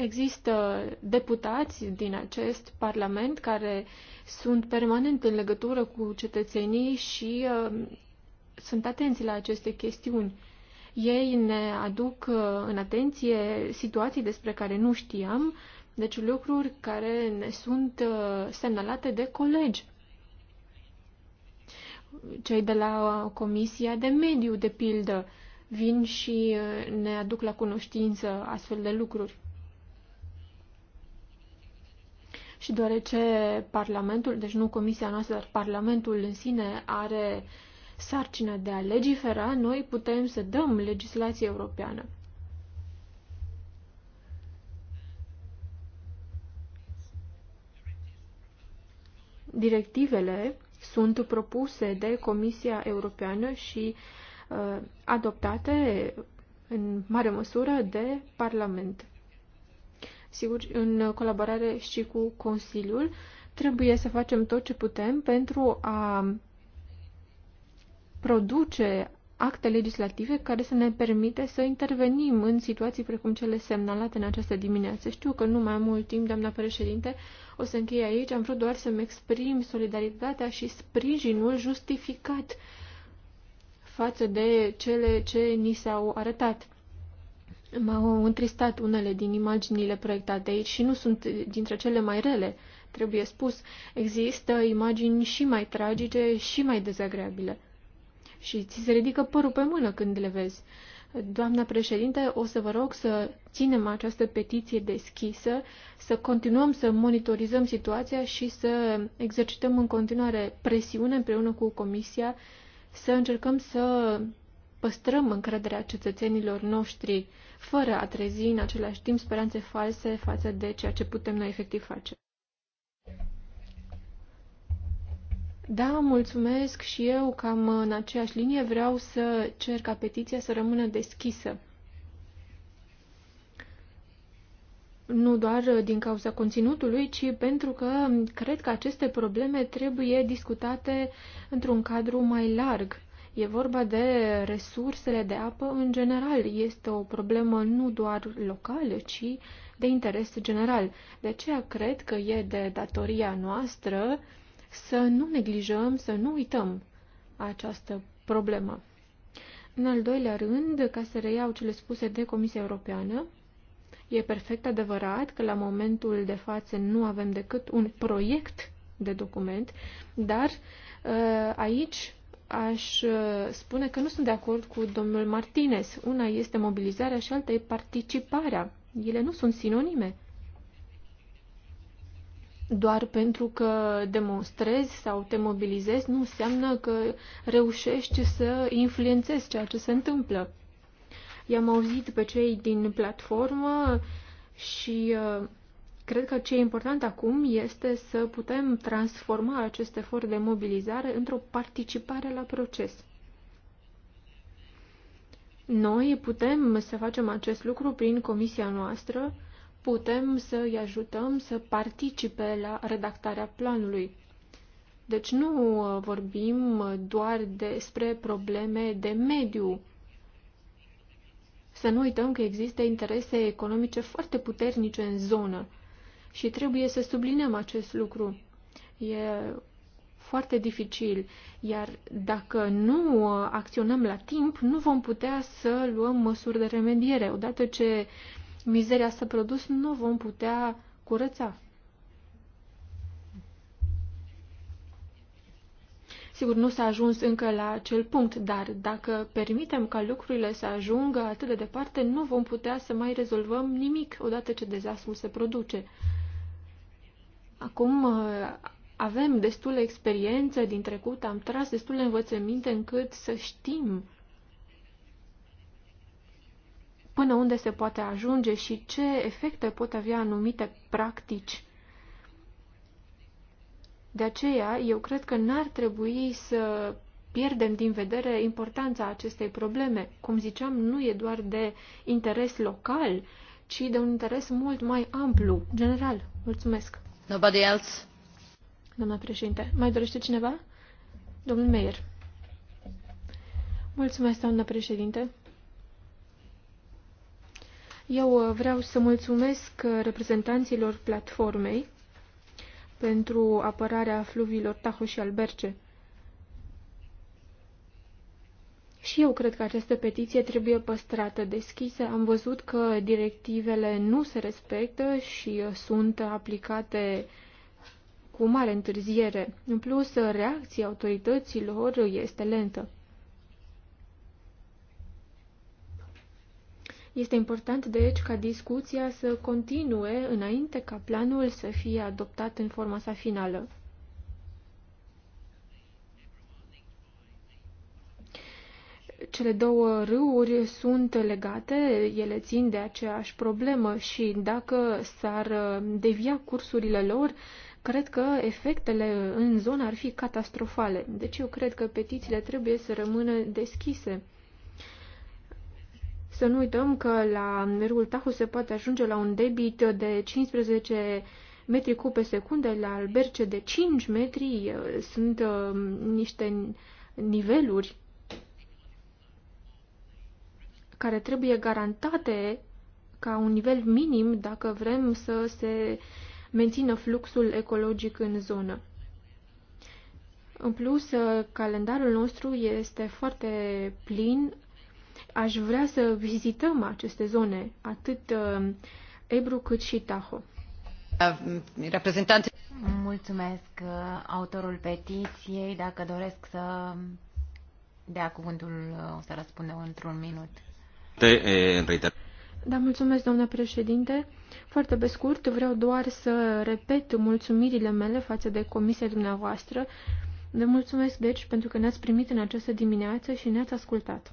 Există deputați din acest Parlament care sunt permanent în legătură cu cetățenii și uh, sunt atenți la aceste chestiuni. Ei ne aduc uh, în atenție situații despre care nu știam, deci lucruri care ne sunt uh, semnalate de colegi. Cei de la uh, Comisia de Mediu, de pildă, vin și uh, ne aduc la cunoștință astfel de lucruri. și deoarece Parlamentul, deci nu Comisia noastră, dar Parlamentul în sine are sarcina de a legifera, noi putem să dăm legislație europeană. Directivele sunt propuse de Comisia Europeană și uh, adoptate în mare măsură de Parlament sigur, în colaborare și cu Consiliul. Trebuie să facem tot ce putem pentru a produce acte legislative care să ne permite să intervenim în situații precum cele semnalate în această dimineață. Știu că nu mai am mult timp, doamna președinte, o să închei aici. Am vrut doar să-mi exprim solidaritatea și sprijinul justificat față de cele ce ni s-au arătat. M-au întristat unele din imaginile proiectate aici și nu sunt dintre cele mai rele, trebuie spus. Există imagini și mai tragice și mai dezagreabile. Și ți se ridică părul pe mână când le vezi. Doamna președinte, o să vă rog să ținem această petiție deschisă, să continuăm să monitorizăm situația și să exercităm în continuare presiune împreună cu Comisia, să încercăm să păstrăm încrederea cetățenilor noștri fără a trezi în același timp speranțe false față de ceea ce putem noi efectiv face. Da, mulțumesc și eu cam în aceeași linie vreau să cer ca petiția să rămână deschisă. Nu doar din cauza conținutului, ci pentru că cred că aceste probleme trebuie discutate într-un cadru mai larg E vorba de resursele de apă în general. Este o problemă nu doar locală, ci de interes general. De aceea cred că e de datoria noastră să nu neglijăm, să nu uităm această problemă. În al doilea rând, ca să reiau cele spuse de Comisia Europeană, e perfect adevărat că la momentul de față nu avem decât un proiect de document, dar uh, aici aș uh, spune că nu sunt de acord cu domnul Martinez. Una este mobilizarea și alta e participarea. Ele nu sunt sinonime. Doar pentru că demonstrezi sau te mobilizezi nu înseamnă că reușești să influențezi ceea ce se întâmplă. I-am auzit pe cei din platformă și uh, Cred că ce e important acum este să putem transforma acest efort de mobilizare într-o participare la proces. Noi putem să facem acest lucru prin comisia noastră, putem să îi ajutăm să participe la redactarea planului. Deci nu uh, vorbim doar despre probleme de mediu. Să nu uităm că există interese economice foarte puternice în zonă și trebuie să subliniem acest lucru. E foarte dificil, iar dacă nu acționăm la timp, nu vom putea să luăm măsuri de remediere. Odată ce mizeria s-a produs, nu vom putea curăța. Sigur, nu s-a ajuns încă la acel punct, dar dacă permitem ca lucrurile să ajungă atât de departe, nu vom putea să mai rezolvăm nimic odată ce dezastrul se produce. Acum uh, avem destule experiențe din trecut, am tras destule învățăminte încât să știm până unde se poate ajunge și ce efecte pot avea anumite practici. De aceea, eu cred că n-ar trebui să pierdem din vedere importanța acestei probleme. Cum ziceam, nu e doar de interes local, ci de un interes mult mai amplu, general. Mulțumesc! Nobody else? Doamna președinte, mai dorește cineva? Domnul Meier. Mulțumesc, doamna președinte. Eu uh, vreau să mulțumesc uh, reprezentanților platformei pentru apărarea fluviilor Tahoe și Alberce. Și eu cred că această petiție trebuie păstrată deschisă. Am văzut că directivele nu se respectă și uh, sunt aplicate cu mare întârziere. În plus, uh, reacția autorităților este lentă. Este important, deci, ca discuția să continue înainte ca planul să fie adoptat în forma sa finală. cele două râuri sunt legate, ele țin de aceeași problemă și dacă s-ar uh, devia cursurile lor, cred că efectele în zonă ar fi catastrofale. Deci eu cred că petițiile trebuie să rămână deschise. Să nu uităm că la râul Tahu se poate ajunge la un debit de 15 metri cu pe secundă, la alberce de 5 metri uh, sunt uh, niște niveluri care trebuie garantate ca un nivel minim dacă vrem să se mențină fluxul ecologic în zonă. În plus, calendarul nostru este foarte plin. Aș vrea să vizităm aceste zone, atât uh, Ebru cât și Tahoe. Uh, reprezentanții. Mulțumesc uh, autorul petiției. Dacă doresc să dea cuvântul, o să răspundă într-un minut. Da, mulțumesc, domnule președinte. Foarte pe scurt, vreau doar să repet mulțumirile mele față de comisia dumneavoastră. Vă mulțumesc, deci, pentru că ne-ați primit în această dimineață și ne-ați ascultat.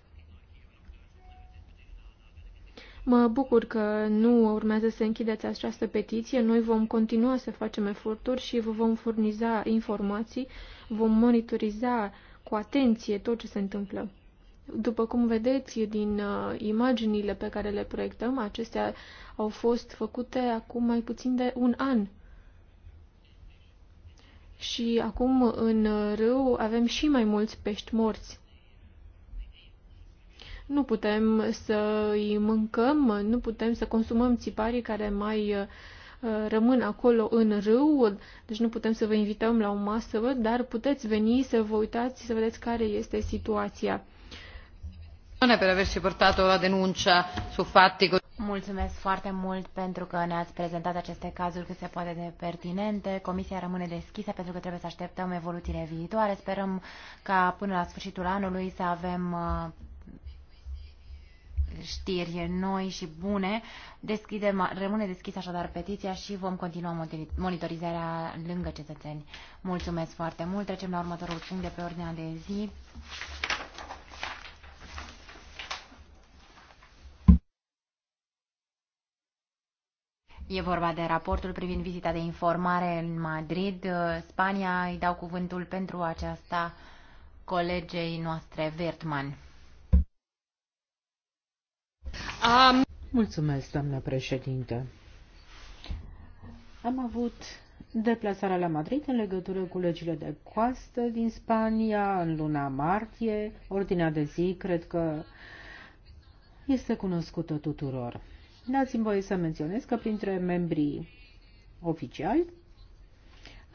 Mă bucur că nu urmează să închideți această petiție. Noi vom continua să facem eforturi și vă vom furniza informații, vom monitoriza cu atenție tot ce se întâmplă. După cum vedeți din uh, imaginile pe care le proiectăm, acestea au fost făcute acum mai puțin de un an. Și acum în uh, râu avem și mai mulți pești morți. Nu putem să îi mâncăm, nu putem să consumăm țiparii care mai uh, rămân acolo în râu, deci nu putem să vă invităm la o masă, dar puteți veni să vă uitați, și să vedeți care este situația per portato la denuncia su fatti Mulțumesc foarte mult pentru că ne-ați prezentat aceste cazuri cât se poate de pertinente. Comisia rămâne deschisă pentru că trebuie să așteptăm evoluțiile viitoare. Sperăm ca până la sfârșitul anului să avem uh, știri noi și bune. Deschidem, rămâne deschisă așadar petiția și vom continua monitorizarea lângă cetățeni. Mulțumesc foarte mult. Trecem la următorul punct de pe ordinea de zi. E vorba de raportul privind vizita de informare în Madrid. Uh, Spania îi dau cuvântul pentru aceasta colegei noastre, Vertman. Um... Mulțumesc, doamnă președinte. Am avut deplasarea la Madrid în legătură cu legile de coastă din Spania în luna martie. Ordinea de zi, cred că este cunoscută tuturor. Dați-mi voie să menționez că printre membrii oficiali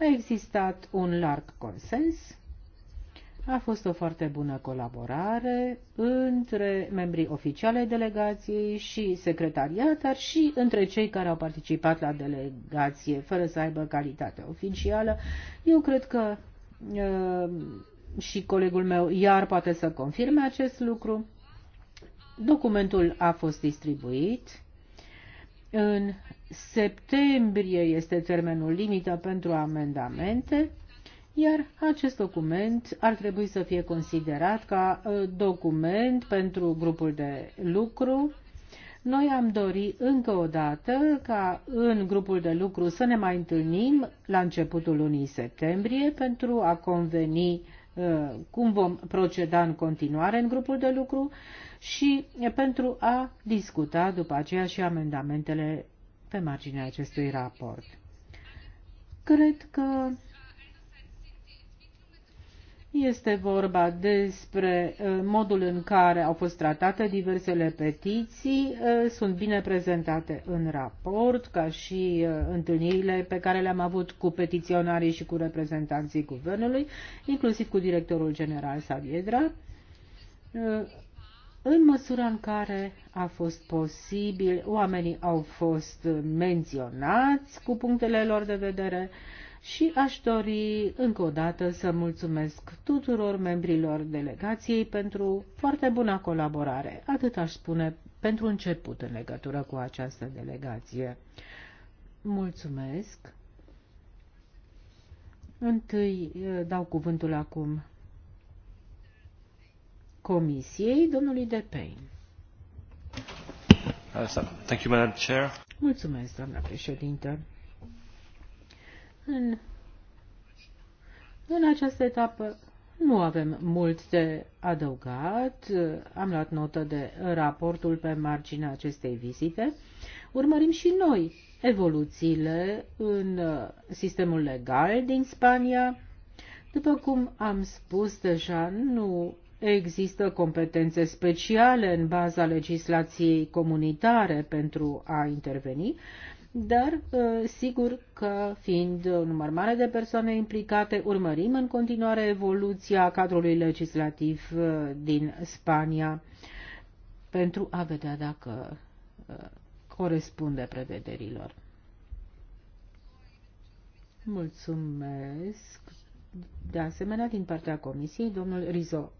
a existat un larg consens, a fost o foarte bună colaborare între membrii oficiale delegației și secretariat, dar și între cei care au participat la delegație fără să aibă calitate oficială. Eu cred că uh, și colegul meu iar poate să confirme acest lucru. Documentul a fost distribuit în septembrie este termenul limită pentru amendamente, iar acest document ar trebui să fie considerat ca ă, document pentru grupul de lucru. Noi am dori încă o dată ca în grupul de lucru să ne mai întâlnim la începutul lunii septembrie pentru a conveni ă, cum vom proceda în continuare în grupul de lucru și pentru a discuta după aceea și amendamentele pe marginea acestui raport. Cred că este vorba despre uh, modul în care au fost tratate diversele petiții, uh, sunt bine prezentate în raport, ca și uh, întâlnirile pe care le-am avut cu petiționarii și cu reprezentanții guvernului, inclusiv cu directorul general Saviedra. În măsura în care a fost posibil, oamenii au fost menționați cu punctele lor de vedere și aș dori încă o dată să mulțumesc tuturor membrilor delegației pentru foarte buna colaborare. Atât aș spune pentru început în legătură cu această delegație. Mulțumesc! Întâi eh, dau cuvântul acum Comisiei, domnului Depein. Thank you, Madam Chair. Mulțumesc, doamna președintă. În, în această etapă nu avem mult de adăugat. Am luat notă de raportul pe marginea acestei vizite. Urmărim și noi evoluțiile în uh, sistemul legal din Spania. După cum am spus deja, nu Există competențe speciale în baza legislației comunitare pentru a interveni, dar uh, sigur că fiind un număr mare de persoane implicate, urmărim în continuare evoluția cadrului legislativ uh, din Spania pentru a vedea dacă uh, corespunde prevederilor. Mulțumesc. De asemenea, din partea Comisiei, domnul Rizo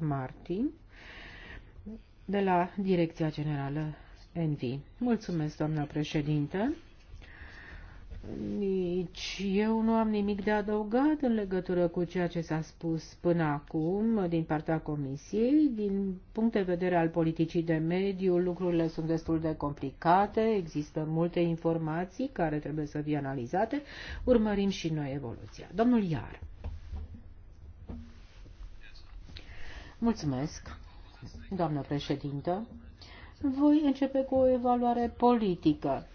Martin de la Direcția Generală Envi. Mulțumesc, doamnă președinte. Nici eu nu am nimic de adăugat în legătură cu ceea ce s-a spus până acum din partea Comisiei. Din punct de vedere al politicii de mediu, lucrurile sunt destul de complicate, există multe informații care trebuie să fie analizate. Urmărim și noi evoluția. Domnul Iar. Mulțumesc, doamnă președintă. Voi începe cu o evaluare politică.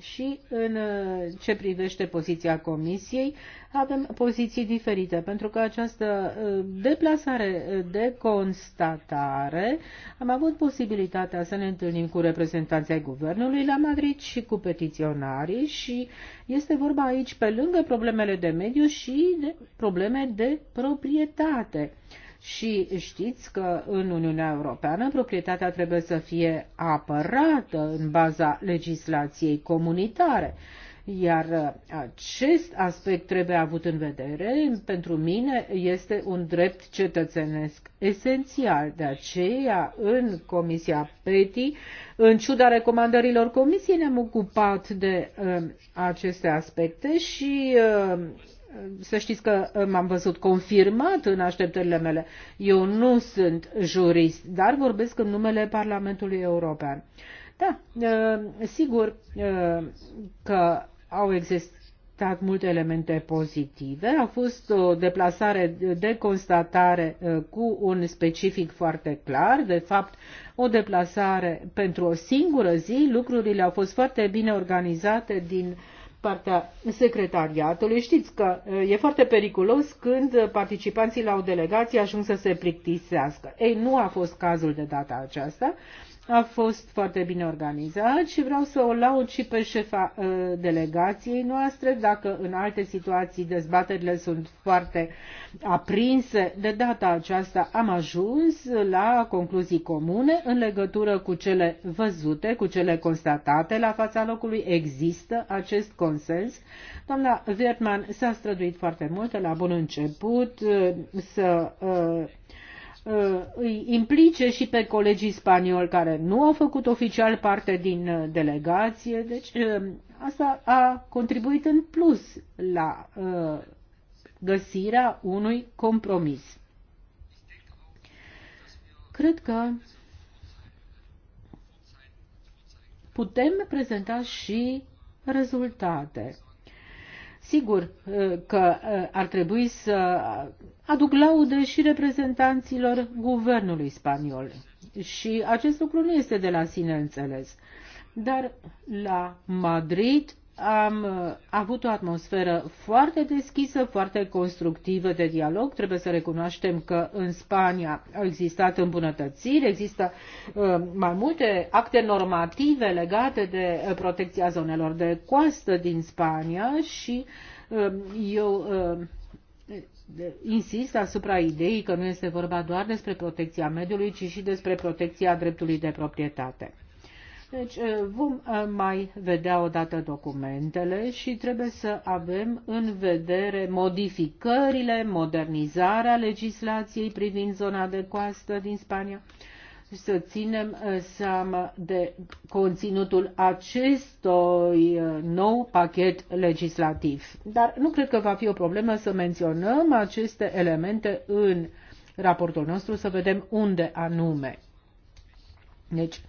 Și în uh, ce privește poziția Comisiei, avem poziții diferite, pentru că această uh, deplasare uh, de constatare, am avut posibilitatea să ne întâlnim cu reprezentanții ai Guvernului la Madrid și cu petiționarii și este vorba aici, pe lângă problemele de mediu, și de probleme de proprietate. Și știți că în Uniunea Europeană proprietatea trebuie să fie apărată în baza legislației comunitare. Iar uh, acest aspect trebuie avut în vedere, pentru mine este un drept cetățenesc esențial. De aceea, în Comisia PETI, în ciuda recomandărilor Comisiei, ne-am ocupat de uh, aceste aspecte și uh, să știți că uh, m-am văzut confirmat în așteptările mele. Eu nu sunt jurist, dar vorbesc în numele Parlamentului European. Da, uh, sigur uh, că au existat multe elemente pozitive. A fost o deplasare de constatare cu un specific foarte clar. De fapt, o deplasare pentru o singură zi. Lucrurile au fost foarte bine organizate din uh, partea secretariatului. Știți că e foarte periculos când participanții la o delegație ajung să se plictisească. Ei, nu a fost cazul de data aceasta a fost foarte bine organizat și vreau să o laud și pe șefa uh, delegației noastre, dacă în alte situații dezbaterile sunt foarte aprinse. De data aceasta am ajuns la concluzii comune în legătură cu cele văzute, cu cele constatate la fața locului. Există acest consens. Doamna Wertmann s-a străduit foarte mult la bun început uh, să uh, Uh, îi implice și pe colegii spanioli care nu au făcut oficial parte din uh, delegație. Deci uh, asta a contribuit în plus la găsirea unui compromis. Cred că putem prezenta și rezultate. Sigur uh, că uh, ar trebui să aduc laude și reprezentanților guvernului spaniol. Și acest lucru nu este de la sine înțeles. Dar la Madrid am uh, avut o atmosferă foarte deschisă, foarte constructivă de dialog. Trebuie să recunoaștem că în Spania au existat îmbunătățiri, există uh, mai multe acte normative legate de uh, protecția zonelor de coastă din Spania și eu insist asupra ideii că nu este vorba doar despre protecția mediului, ci și despre protecția dreptului de proprietate. Deci uh, vom uh, mai vedea odată documentele și trebuie să avem în vedere modificările, modernizarea legislației privind zona de coastă din Spania să ținem uh, seama de conținutul acestui nou pachet legislativ. Dar nu cred că va fi o problemă să menționăm aceste elemente în raportul nostru, să vedem unde anume. Deci,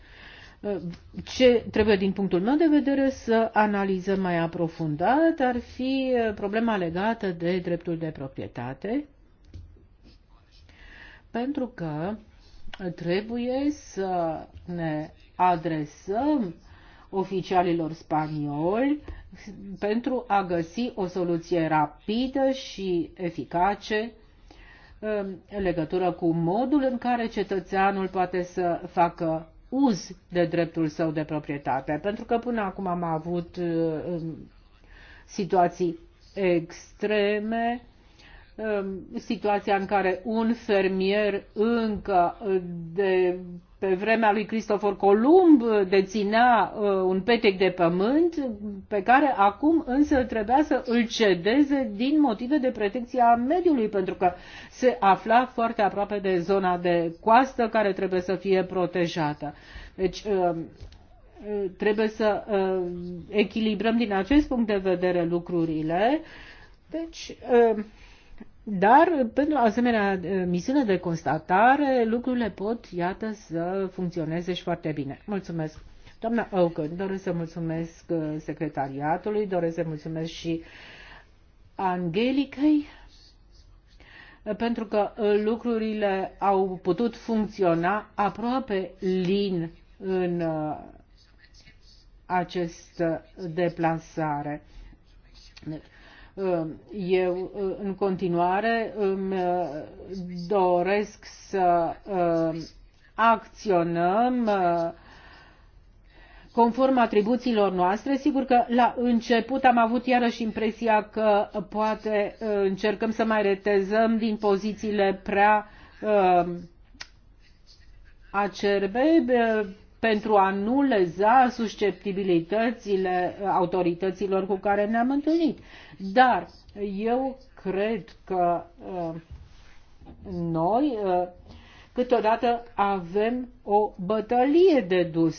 ce trebuie din punctul meu de vedere să analizăm mai aprofundat ar fi problema legată de dreptul de proprietate, pentru că trebuie să ne adresăm oficialilor spanioli pentru a găsi o soluție rapidă și eficace um, în legătură cu modul în care cetățeanul poate să facă uz de dreptul său de proprietate, pentru că până acum am avut uh, situații extreme Um, situația în care un fermier încă de pe vremea lui Cristofor Columb deținea uh, un petec de pământ pe care acum însă trebuia să îl cedeze din motive de protecție a mediului pentru că se afla foarte aproape de zona de coastă care trebuie să fie protejată. Deci um, trebuie să uh, echilibrăm din acest punct de vedere lucrurile. Deci um, dar pentru asemenea misiune de constatare, lucrurile pot, iată, să funcționeze și foarte bine. Mulțumesc! Doamna Oaken, doresc să mulțumesc secretariatului, doresc să mulțumesc și Angelicăi, pentru că lucrurile au putut funcționa aproape lin în această deplasare. Eu în continuare îmi uh, doresc să uh, acționăm uh, conform atribuțiilor noastre. Sigur că la început am avut iarăși impresia că poate încercăm să mai retezăm din pozițiile prea acerbe pentru a nu leza susceptibilitățile autorităților cu care ne-am întâlnit. Dar eu cred că uh, noi uh, câteodată avem o bătălie de dus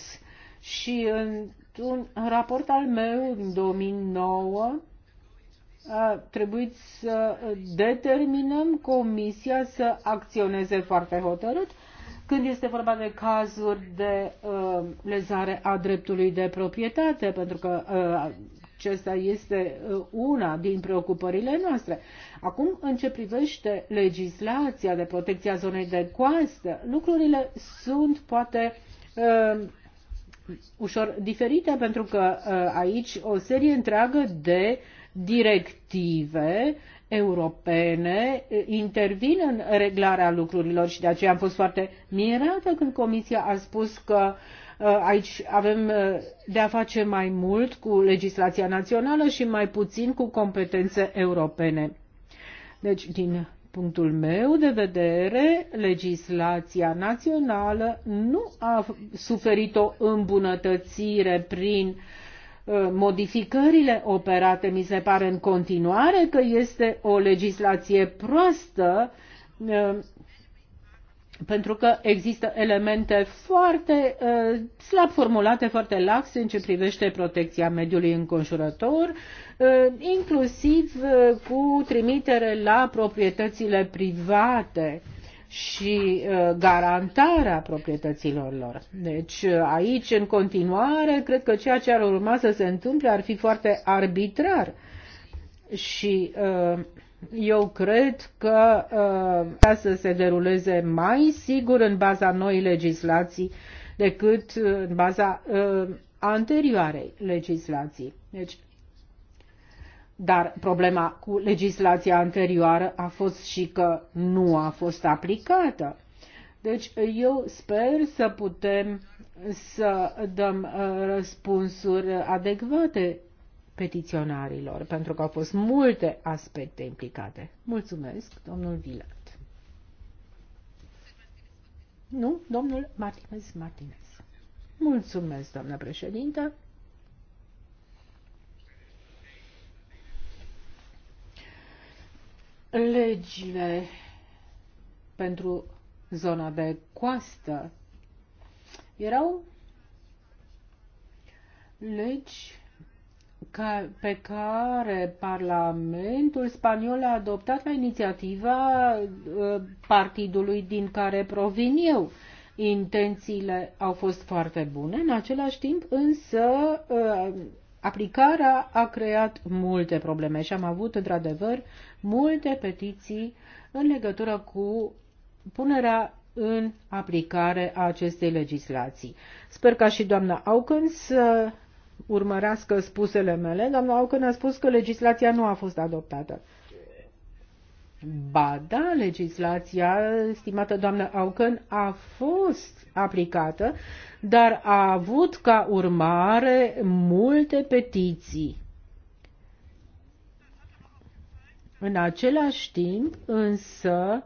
și în un raport al meu în 2009 a trebuit să determinăm comisia să acționeze foarte hotărât când este vorba de cazuri de uh, lezare a dreptului de proprietate, pentru că uh, acesta este uh, una din preocupările noastre. Acum, în ce privește legislația de protecție a zonei de coastă, lucrurile sunt poate uh, ușor diferite, pentru că uh, aici o serie întreagă de directive europene intervin în reglarea lucrurilor și de aceea am fost foarte mirată când Comisia a spus că aici avem de a face mai mult cu legislația națională și mai puțin cu competențe europene. Deci, din punctul meu de vedere, legislația națională nu a suferit o îmbunătățire prin uh, Uh, modificările operate, mi se pare în continuare că este o legislație proastă, uh, pentru că există elemente foarte uh, slab formulate, foarte laxe în ce privește protecția mediului înconjurător, inclusiv cu trimitere la proprietățile private și uh, garantarea proprietăților lor. Deci uh, aici, în continuare, cred că ceea ce ar urma să se întâmple ar fi foarte arbitrar. Și uh, eu cred că uh, să se deruleze mai sigur în baza noii legislații decât în baza anterioarei legislații. Deci dar problema cu legislația anterioară a fost și că nu a fost aplicată. Deci eu sper să putem să dăm uh, răspunsuri adecvate petiționarilor, pentru că au fost multe aspecte implicate. Mulțumesc, domnul Vilat. Nu, domnul Martinez Martinez. Mulțumesc, doamnă președintă. legile pentru zona de coastă erau legi ca, pe care Parlamentul spaniol a adoptat la inițiativa ă, partidului din care provin eu. Intențiile au fost foarte bune, în același timp însă ă, aplicarea a creat multe probleme și am avut într-adevăr multe petiții în legătură cu punerea în aplicare a acestei legislații. Sper ca și doamna Auken să urmărească spusele mele. Doamna Auken a spus că legislația nu a fost adoptată. Ba da, legislația, stimată doamnă Auken, a fost aplicată, dar a avut ca urmare multe petiții. În același timp, însă,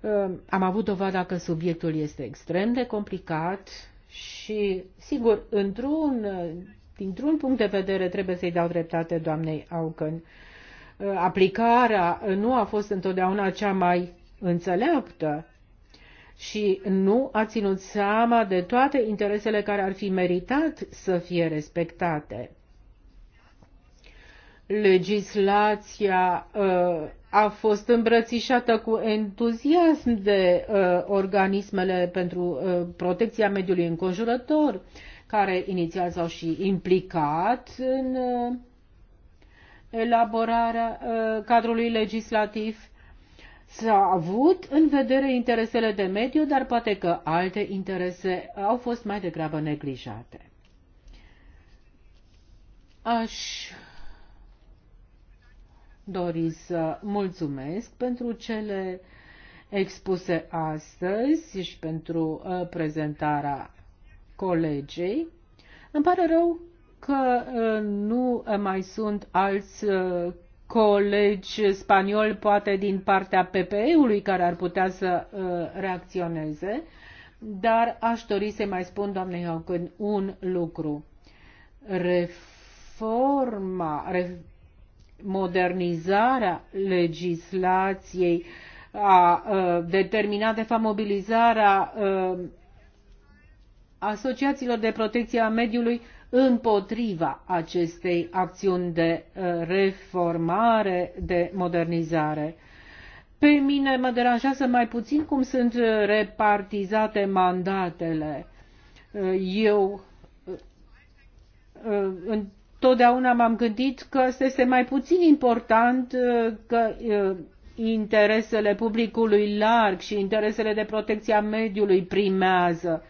um, am avut dovada că subiectul este extrem de complicat și, sigur, într-un, dintr-un punct de vedere trebuie să-i dau dreptate doamnei Aucăn. Uh, aplicarea nu a fost întotdeauna cea mai înțeleaptă și nu a ținut seama de toate interesele care ar fi meritat să fie respectate legislația uh, a fost îmbrățișată cu entuziasm de uh, organismele pentru uh, protecția mediului înconjurător, care inițial s-au și implicat în elaborarea cadrului legislativ. S-a avut în vedere interesele de mediu, dar poate că alte interese au fost mai degrabă neglijate. Aș dori să mulțumesc pentru cele expuse astăzi și pentru uh, prezentarea colegei. Îmi pare rău că uh, nu mai sunt alți uh, colegi spanioli, poate din partea PPE-ului, care ar putea să reacționeze, dar aș dori să mai spun, doamne Hocken, un lucru. Reforma, modernizarea legislației a determinat de fapt mobilizarea asociațiilor de protecție a mediului împotriva acestei acțiuni de reformare, de modernizare. Pe mine mă deranjează mai puțin cum sunt repartizate mandatele. Eu totdeauna m-am gândit că este mai puțin important uh, că uh, interesele publicului larg și interesele de protecție a mediului primează.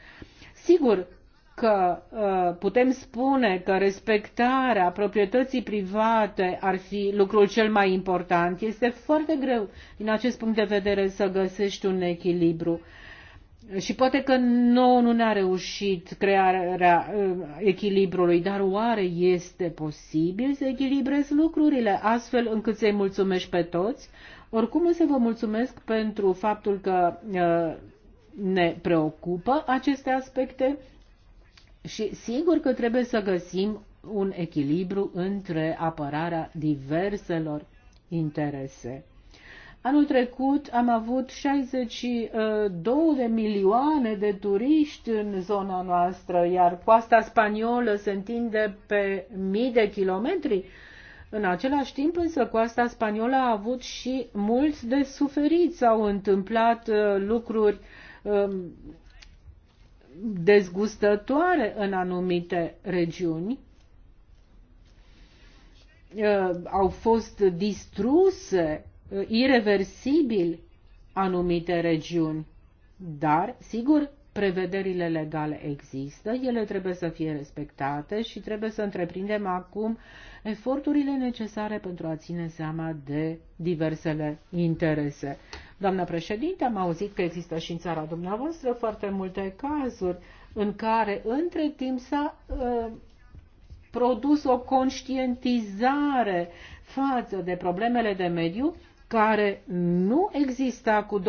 Sigur că uh, putem spune că respectarea proprietății private ar fi lucrul cel mai important. Este foarte greu din acest punct de vedere să găsești un echilibru și poate că nouă nu ne-a reușit crearea uh, echilibrului, dar oare este posibil să echilibrezi lucrurile astfel încât să-i mulțumești pe toți? Oricum să vă mulțumesc pentru faptul că uh, ne preocupă aceste aspecte și sigur că trebuie să găsim un echilibru între apărarea diverselor interese. Anul trecut am avut 62 uh, de milioane de turiști în zona noastră, iar coasta spaniolă se întinde pe mii de kilometri. În același timp însă coasta spaniolă a avut și mulți de suferit, s-au întâmplat uh, lucruri um, dezgustătoare în anumite regiuni uh, au fost distruse Uh, ireversibil anumite regiuni, dar, sigur, prevederile legale există, ele trebuie să fie respectate și trebuie să întreprindem acum eforturile necesare pentru a ține seama de diversele interese. Doamna președinte, am auzit că există și în țara dumneavoastră foarte multe cazuri în care între timp s-a uh, produs o conștientizare față de problemele de mediu care nu exista cu 20-30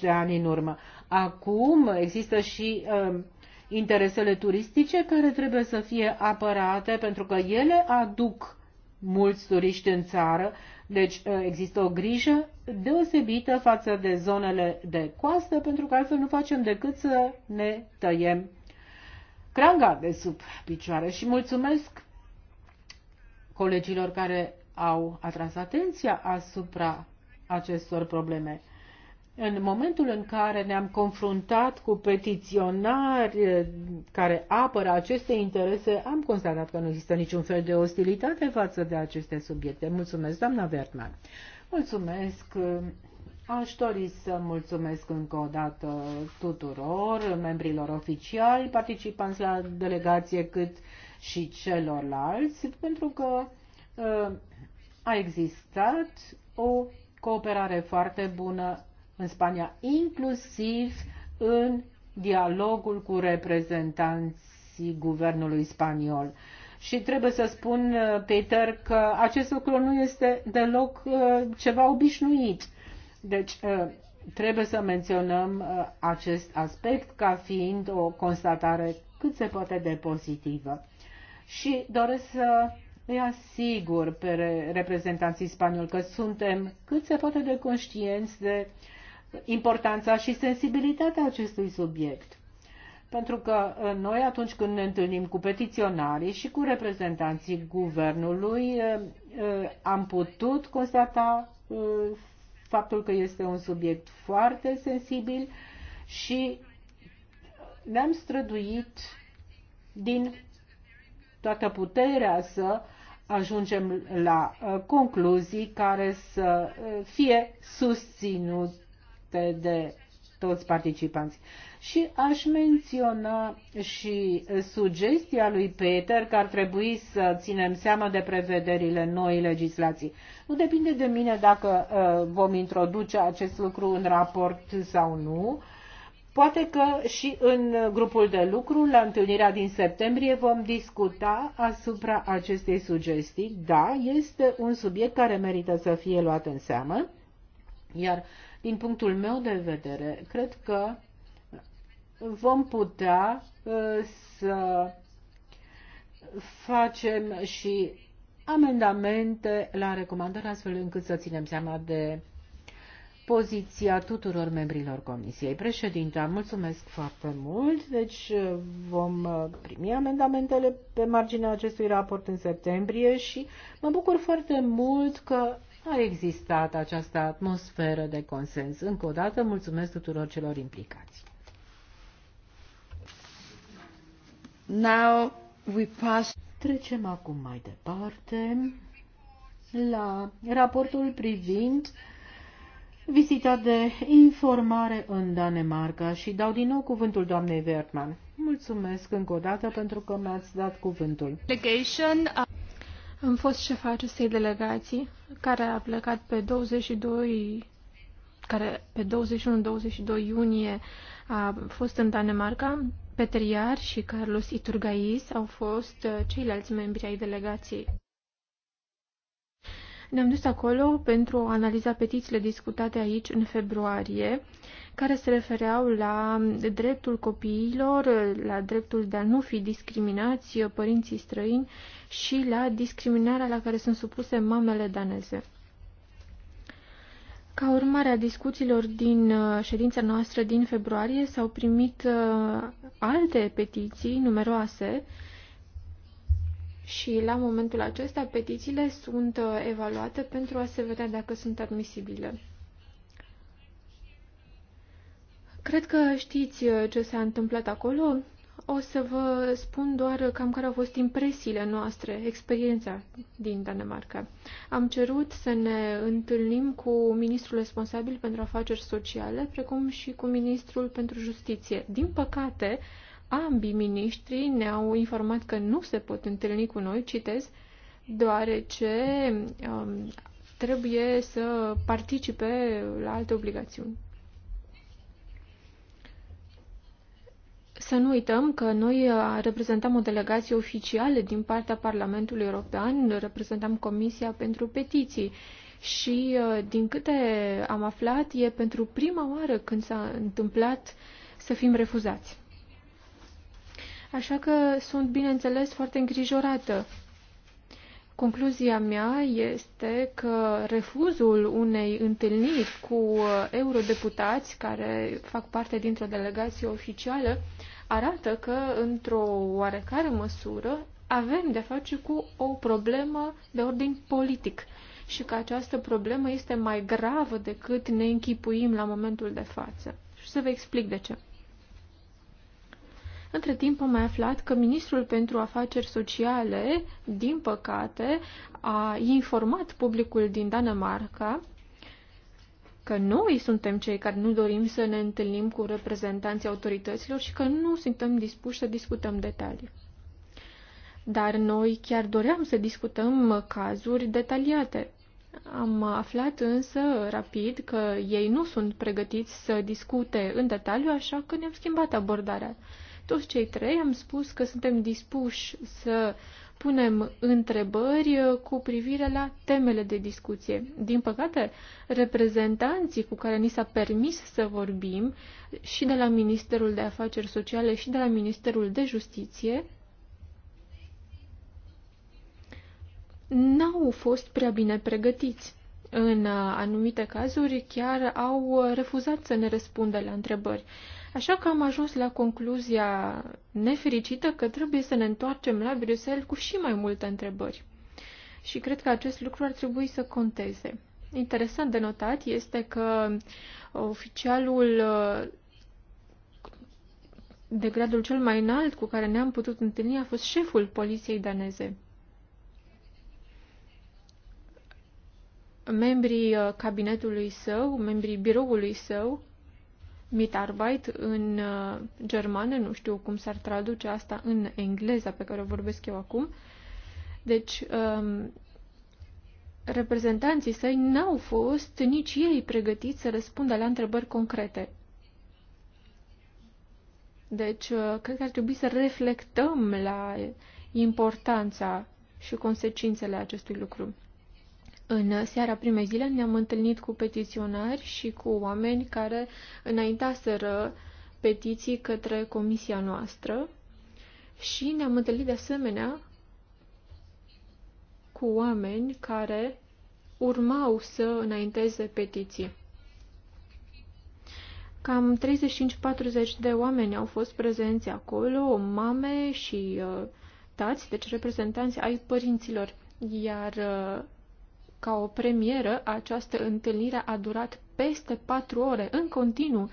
de ani în urmă. Acum există și uh, interesele turistice care trebuie să fie apărate pentru că ele aduc mulți turiști în țară, deci uh, există o grijă deosebită față de zonele de coastă, pentru că altfel nu facem decât să ne tăiem cranga de sub picioare. Și mulțumesc colegilor care au atras atenția asupra acestor probleme. În momentul în care ne-am confruntat cu petiționari eh, care apără aceste interese, am constatat că nu există niciun fel de ostilitate față de aceste subiecte. Mulțumesc, doamna Vertman. Mulțumesc. Aș dori să mulțumesc încă o dată tuturor membrilor oficiali, participanți la delegație, cât și celorlalți, pentru că eh, a existat o cooperare foarte bună în Spania, inclusiv în dialogul cu reprezentanții guvernului spaniol. Și trebuie să spun, Peter, că acest lucru nu este deloc uh, ceva obișnuit. Deci, uh, trebuie să menționăm uh, acest aspect ca fiind o constatare cât se poate de pozitivă. Și doresc să îi asigur pe reprezentanții spanioli că suntem cât se poate de conștienți de importanța și sensibilitatea acestui subiect. Pentru că uh, noi atunci când ne întâlnim cu petiționarii și cu reprezentanții guvernului, uh, uh, am putut constata faptul că este un subiect foarte sensibil și ne-am străduit din toată puterea să ajungem la uh, concluzii care să uh, fie susținute de toți participanții. Și aș menționa și sugestia lui Peter că ar trebui să ținem seama de prevederile noi legislații. Nu depinde de mine dacă uh, vom introduce acest lucru în raport sau nu, Poate că și în grupul de lucru, la întâlnirea din septembrie, vom discuta asupra acestei sugestii. Da, este un subiect care merită să fie luat în seamă, iar din punctul meu de vedere, cred că vom putea uh, să facem și amendamente la recomandări astfel încât să ținem seama de poziția tuturor membrilor Comisiei. Președinte, mulțumesc foarte mult. Deci uh, vom uh, primi amendamentele pe marginea acestui raport în septembrie și mă bucur foarte mult că a existat această atmosferă de consens. Încă o dată mulțumesc tuturor celor implicați. Now we pass... Trecem acum mai departe la raportul privind vizita de informare în Danemarca și dau din nou cuvântul doamnei Wertmann. Mulțumesc încă o dată pentru că mi-ați dat cuvântul. Delegation. Uh, Am fost șefa acestei delegații care a plecat pe 22 care pe 21-22 iunie a fost în Danemarca. Peter Iar și Carlos Iturgais au fost uh, ceilalți membri ai delegației. Ne-am dus acolo pentru a analiza petițiile discutate aici în februarie, care se refereau la dreptul copiilor, la dreptul de a nu fi discriminați părinții străini și la discriminarea la care sunt supuse mamele daneze. Ca urmare a discuțiilor din uh, ședința noastră din februarie s-au primit uh, alte petiții numeroase și la momentul acesta petițiile sunt uh, evaluate pentru a se vedea dacă sunt admisibile. Cred că știți uh, ce s-a întâmplat acolo. O să vă spun doar cam care au fost impresiile noastre, experiența din Danemarca. Am cerut să ne întâlnim cu ministrul responsabil pentru afaceri sociale, precum și cu ministrul pentru justiție. Din păcate, uh, Ambii miniștri ne-au informat că nu se pot întâlni cu noi, citez, deoarece um, trebuie să participe la alte obligațiuni. Să nu uităm că noi uh, reprezentam o delegație oficială din partea Parlamentului European, reprezentam Comisia pentru Petiții și, uh, din câte am aflat, e pentru prima oară când s-a întâmplat să fim refuzați așa că sunt, bineînțeles, foarte îngrijorată. Concluzia mea este că refuzul unei întâlniri cu eurodeputați care fac parte dintr-o delegație oficială arată că, într-o oarecare măsură, avem de face cu o problemă de ordin politic și că această problemă este mai gravă decât ne închipuim la momentul de față. Și să vă explic de ce. Între timp am mai aflat că Ministrul pentru Afaceri Sociale, din păcate, a informat publicul din Danemarca că noi suntem cei care nu dorim să ne întâlnim cu reprezentanții autorităților și că nu suntem dispuși să discutăm detalii. Dar noi chiar doream să discutăm cazuri detaliate. Am aflat însă rapid că ei nu sunt pregătiți să discute în detaliu, așa că ne-am schimbat abordarea. Toți cei trei am spus că suntem dispuși să punem întrebări cu privire la temele de discuție. Din păcate, reprezentanții cu care ni s-a permis să vorbim și de la Ministerul de Afaceri Sociale și de la Ministerul de Justiție n-au fost prea bine pregătiți. În anumite cazuri chiar au refuzat să ne răspundă la întrebări. Așa că am ajuns la concluzia nefericită că trebuie să ne întoarcem la Bruxelles cu și mai multe întrebări. Și cred că acest lucru ar trebui să conteze. Interesant de notat este că uh, oficialul uh, de gradul cel mai înalt cu care ne-am putut întâlni a fost șeful poliției daneze. Membrii uh, cabinetului său, membrii biroului său, Mitarbeit în uh, germană, nu știu cum s-ar traduce asta în engleza pe care o vorbesc eu acum. Deci, um, reprezentanții săi n-au fost nici ei pregătiți să răspundă la întrebări concrete. Deci, uh, cred că ar trebui să reflectăm la importanța și consecințele acestui lucru. În seara primei zile ne-am întâlnit cu petiționari și cu oameni care înaintaseră petiții către comisia noastră și ne-am întâlnit de asemenea cu oameni care urmau să înainteze petiții. Cam 35-40 de oameni au fost prezenți acolo, mame și uh, tați, deci reprezentanți ai părinților, iar uh, ca o premieră, această întâlnire a durat peste patru ore, în continuu.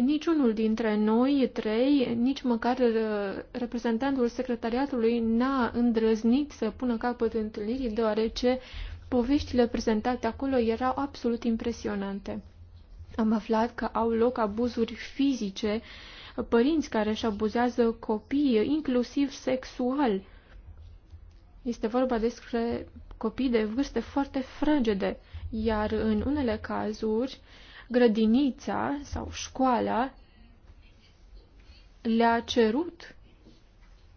Niciunul dintre noi trei, nici măcar uh, reprezentantul secretariatului, n-a îndrăznit să pună capăt întâlnirii, deoarece poveștile prezentate acolo erau absolut impresionante. Am aflat că au loc abuzuri fizice, părinți care își abuzează copiii, inclusiv sexual. Este vorba despre copii de vârste foarte fragede, iar în unele cazuri grădinița sau școala le-a cerut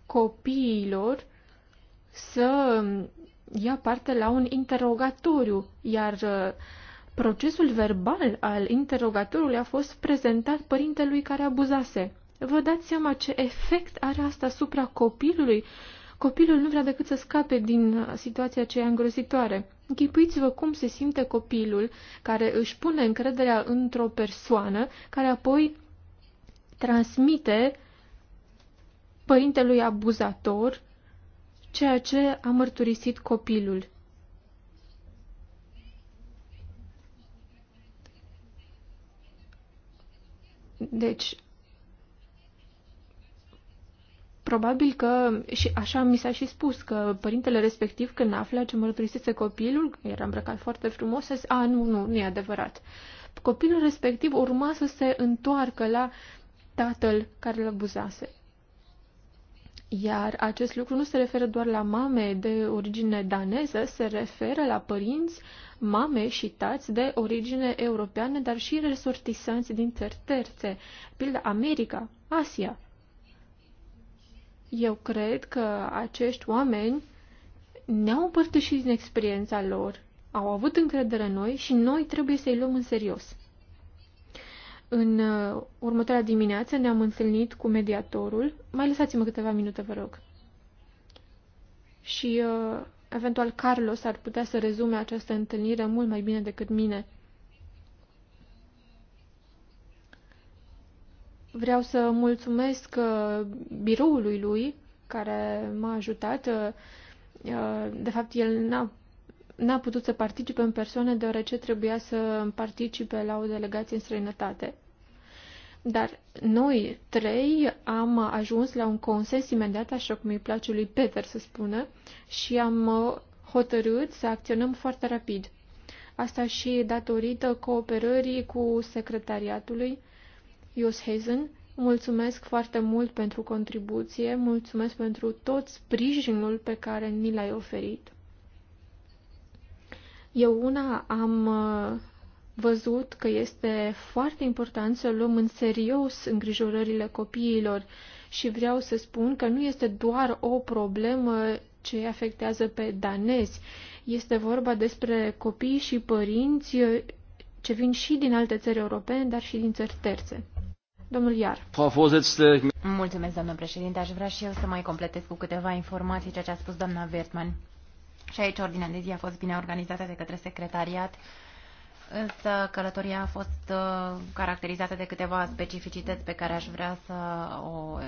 copiilor să ia parte la un interogatoriu, iar uh, procesul verbal al interogatoriului a fost prezentat părintelui care abuzase. Vă dați seama ce efect are asta asupra copilului Copilul nu vrea decât să scape din situația aceea îngrozitoare. Închipuiți-vă cum se simte copilul care își pune încrederea într-o persoană, care apoi transmite părintelui abuzator ceea ce a mărturisit copilul. Deci, Probabil că, și așa mi s-a și spus, că părintele respectiv, când afla ce mărturisese copilul, era îmbrăcat foarte frumos, a zis, a, nu, nu, nu e adevărat. Copilul respectiv urma să se întoarcă la tatăl care îl abuzase. Iar acest lucru nu se referă doar la mame de origine daneză, se referă la părinți, mame și tați de origine europeană, dar și resortisanți din țări terțe, pildă America, Asia, eu cred că acești oameni ne-au împărtășit din experiența lor, au avut încredere în noi și noi trebuie să-i luăm în serios. În uh, următoarea dimineață ne-am întâlnit cu mediatorul. Mai lăsați-mă câteva minute, vă rog. Și, uh, eventual, Carlos ar putea să rezume această întâlnire mult mai bine decât mine. Vreau să mulțumesc uh, biroului lui care m-a ajutat. Uh, uh, de fapt, el n-a, n-a putut să participe în persoană deoarece trebuia să participe la o delegație în străinătate. Dar noi trei am ajuns la un consens imediat, așa cum îi place lui Peter să spună, și am hotărât să acționăm foarte rapid. Asta și datorită cooperării cu secretariatului, Hazen. Mulțumesc foarte mult pentru contribuție, mulțumesc pentru tot sprijinul pe care ni l-ai oferit. Eu una am uh, văzut că este foarte important să luăm în serios îngrijorările copiilor și vreau să spun că nu este doar o problemă ce afectează pe danezi. Este vorba despre copii și părinți ce vin și din alte țări europene, dar și din țări terțe. Domnul Iar. Mulțumesc, domnul președinte. Aș vrea și eu să mai completez cu câteva informații ceea ce a spus doamna Wertmann. Și aici ordinea de zi a fost bine organizată de către secretariat, însă călătoria a fost uh, caracterizată de câteva specificități pe care aș vrea să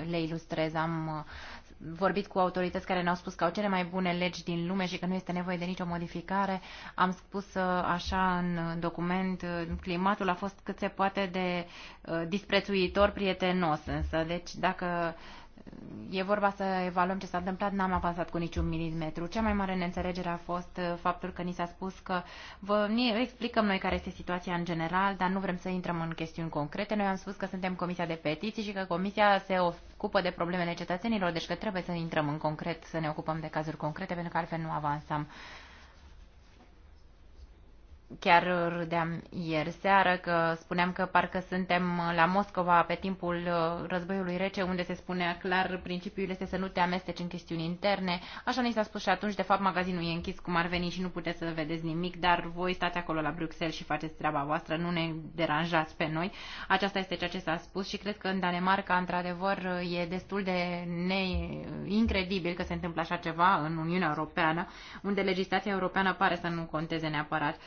le ilustrez. Am uh, vorbit cu autorități care ne-au spus că au cele mai bune legi din lume și că nu este nevoie de nicio modificare. Am spus uh, așa în document, uh, climatul a fost cât se poate de uh, disprețuitor, prietenos însă. Deci dacă uh, e vorba să evaluăm ce s-a întâmplat, n-am avansat cu niciun milimetru. Cea mai mare neînțelegere a fost uh, faptul că ni s-a spus că vă ni, explicăm noi care este situația în general, dar nu vrem să intrăm în chestiuni concrete. Noi am spus că suntem Comisia de Petiții și că Comisia se ocupă de problemele cetățenilor, deci că trebuie să intrăm în concret, să ne ocupăm de cazuri concrete, pentru că altfel nu avansam chiar râdeam ieri seară că spuneam că parcă suntem la Moscova pe timpul uh, războiului rece, unde se spunea clar principiul este să nu te amesteci în chestiuni interne. Așa ni s-a spus și atunci, de fapt magazinul e închis cum ar veni și nu puteți să vedeți nimic, dar voi stați acolo la Bruxelles și faceți treaba voastră, nu ne deranjați pe noi. Aceasta este ceea ce s-a spus și cred că în Danemarca, într-adevăr, e destul de ne... incredibil că se întâmplă așa ceva în Uniunea Europeană, unde legislația europeană pare să nu conteze neapărat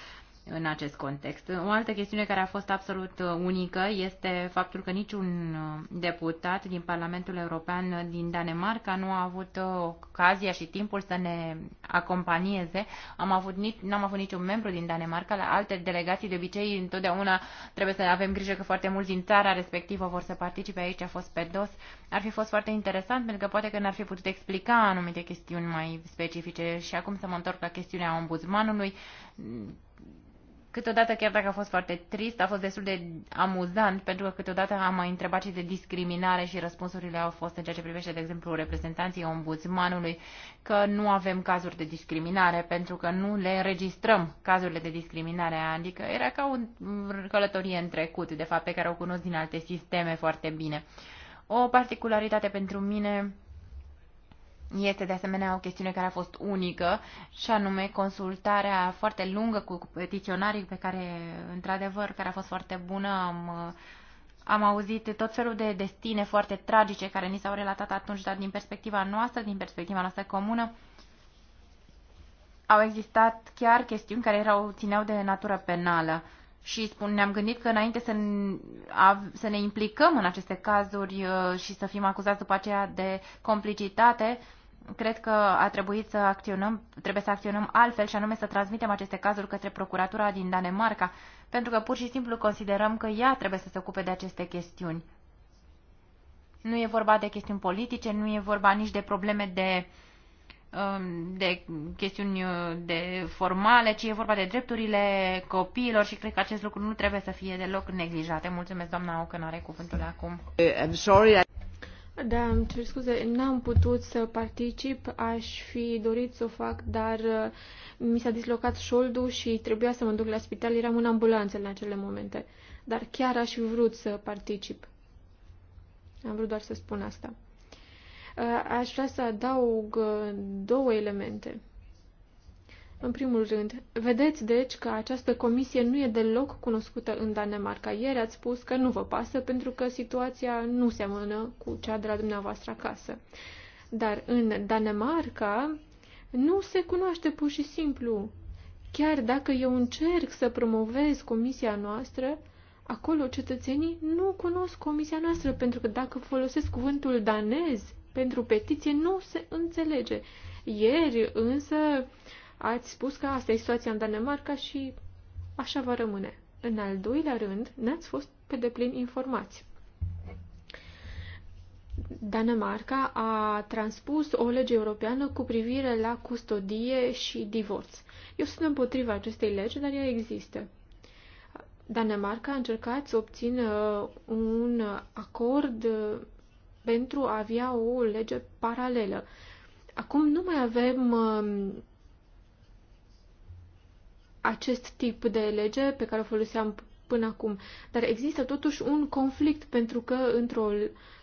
în acest context. O altă chestiune care a fost absolut uh, unică este faptul că niciun uh, deputat din Parlamentul European uh, din Danemarca nu a avut ocazia și timpul să ne acompanieze. Am avut, n-am avut niciun membru din Danemarca. La alte delegații, de obicei, întotdeauna trebuie să avem grijă că foarte mulți din țara respectivă vor să participe. Aici a fost pe dos. Ar fi fost foarte interesant pentru că poate că n-ar fi putut explica anumite chestiuni mai specifice. Și acum să mă întorc la chestiunea ombudsmanului Câteodată, chiar dacă a fost foarte trist, a fost destul de amuzant, pentru că câteodată am mai întrebat și de discriminare și răspunsurile au fost în ceea ce privește, de exemplu, reprezentanții ombudsmanului, că nu avem cazuri de discriminare, pentru că nu le înregistrăm cazurile de discriminare, adică era ca o călătorie în trecut, de fapt, pe care o cunosc din alte sisteme foarte bine. O particularitate pentru mine este de asemenea o chestiune care a fost unică și anume consultarea foarte lungă cu petiționarii pe care, într-adevăr, care a fost foarte bună. Am, am auzit tot felul de destine foarte tragice care ni s-au relatat atunci, dar din perspectiva noastră, din perspectiva noastră comună, au existat chiar chestiuni care erau, țineau de natură penală. Și spun, ne-am gândit că înainte să, să ne implicăm în aceste cazuri uh, și să fim acuzați după aceea de complicitate, cred că a trebuit să acționăm, trebuie să acționăm altfel și anume să transmitem aceste cazuri către procuratura din Danemarca, pentru că pur și simplu considerăm că ea trebuie să se ocupe de aceste chestiuni. Nu e vorba de chestiuni politice, nu e vorba nici de probleme de, um, de chestiuni uh, de formale, ci e vorba de drepturile copiilor și cred că acest lucru nu trebuie să fie deloc neglijat. Mulțumesc, doamna Ocă, are cuvântul acum. Eh, I'm sorry, I... Da, îmi cer scuze, n-am putut să particip, aș fi dorit să o fac, dar uh, mi s-a dislocat șoldul și trebuia să mă duc la spital, eram în ambulanță în acele momente. Dar chiar aș fi vrut să particip. Am vrut doar să spun asta. Uh, aș vrea să adaug uh, două elemente. În primul rând, vedeți deci că această comisie nu e deloc cunoscută în Danemarca. Ieri ați spus că nu vă pasă pentru că situația nu seamănă cu cea de la dumneavoastră acasă. Dar în Danemarca nu se cunoaște pur și simplu. Chiar dacă eu încerc să promovez comisia noastră, acolo cetățenii nu cunosc comisia noastră, pentru că dacă folosesc cuvântul danez pentru petiție, nu se înțelege. Ieri însă Ați spus că asta e situația în Danemarca și așa va rămâne. În al doilea rând, n-ați fost pe deplin informați. Danemarca a transpus o lege europeană cu privire la custodie și divorț. Eu sunt împotriva acestei legi, dar ea există. Danemarca a încercat să obțină uh, un acord uh, pentru a avea o lege paralelă. Acum nu mai avem um, acest tip de lege pe care o foloseam până acum. Dar există totuși un conflict pentru că într-o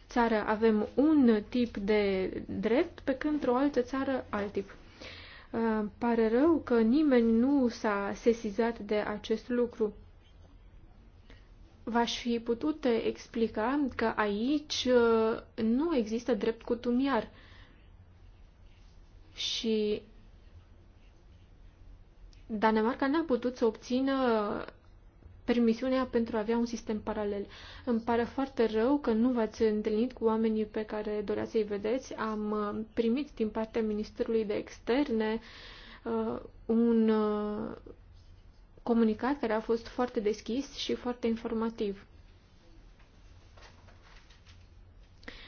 țară avem un tip de drept, pe când într-o altă țară alt tip. Uh, pare rău că nimeni nu s-a sesizat de acest lucru. V-aș fi putut explica că aici uh, nu există drept cutumiar și Danemarca n-a putut să obțină permisiunea pentru a avea un sistem paralel. Îmi pare foarte rău că nu v-ați întâlnit cu oamenii pe care doreați să-i vedeți. Am uh, primit din partea Ministerului de Externe uh, un uh, comunicat care a fost foarte deschis și foarte informativ.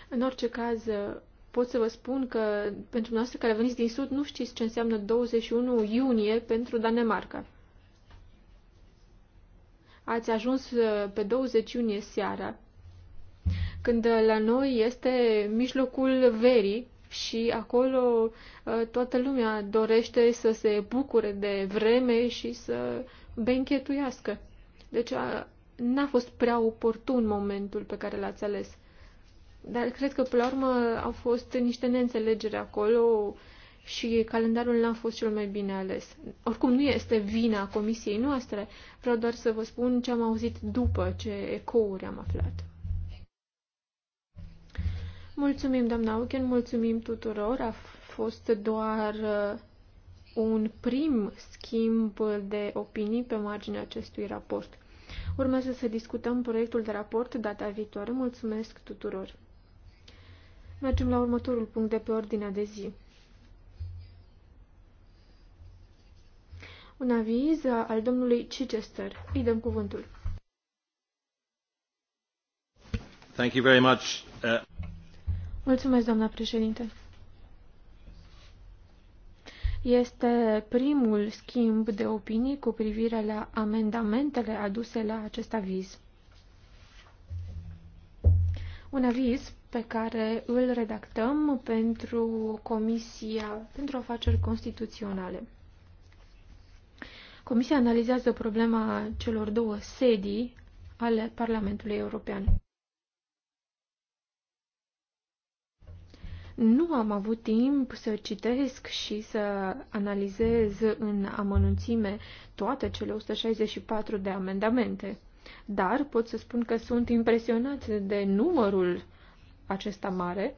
În orice caz, uh, pot să vă spun că pentru noastre care veniți din sud nu știți ce înseamnă 21 iunie pentru Danemarca. Ați ajuns uh, pe 20 iunie seara, când uh, la noi este mijlocul verii și acolo uh, toată lumea dorește să se bucure de vreme și să benchetuiască. Deci n-a fost prea oportun momentul pe care l-ați ales. Dar cred că, până la urmă, au fost niște neînțelegeri acolo și calendarul n-a fost cel mai bine ales. Oricum, nu este vina comisiei noastre, vreau doar să vă spun ce am auzit după ce ecouri am aflat. Mulțumim, doamna Auken, mulțumim tuturor. A fost doar uh, un prim schimb de opinii pe marginea acestui raport. Urmează să discutăm proiectul de raport data viitoare. Mulțumesc tuturor! Mergem la următorul punct de pe ordinea de zi. Un aviz al domnului Chichester. Îi dăm cuvântul. Thank you very much. Uh... Mulțumesc, doamna președinte. Este primul schimb de opinii cu privire la amendamentele aduse la acest aviz. Un aviz pe care îl redactăm pentru Comisia pentru Afaceri Constituționale. Comisia analizează problema celor două sedii ale Parlamentului European. Nu am avut timp să citesc și să analizez în amănunțime toate cele 164 de amendamente, dar pot să spun că sunt impresionat de numărul acesta mare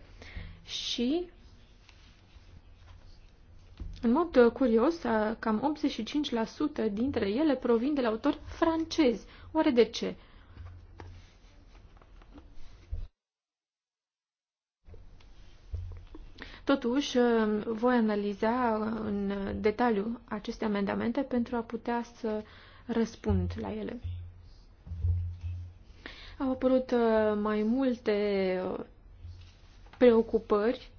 și, în mod curios, cam 85% dintre ele provin de la autori francezi. Oare de ce? Totuși, voi analiza în detaliu aceste amendamente pentru a putea să răspund la ele. Au apărut mai multe preocupări.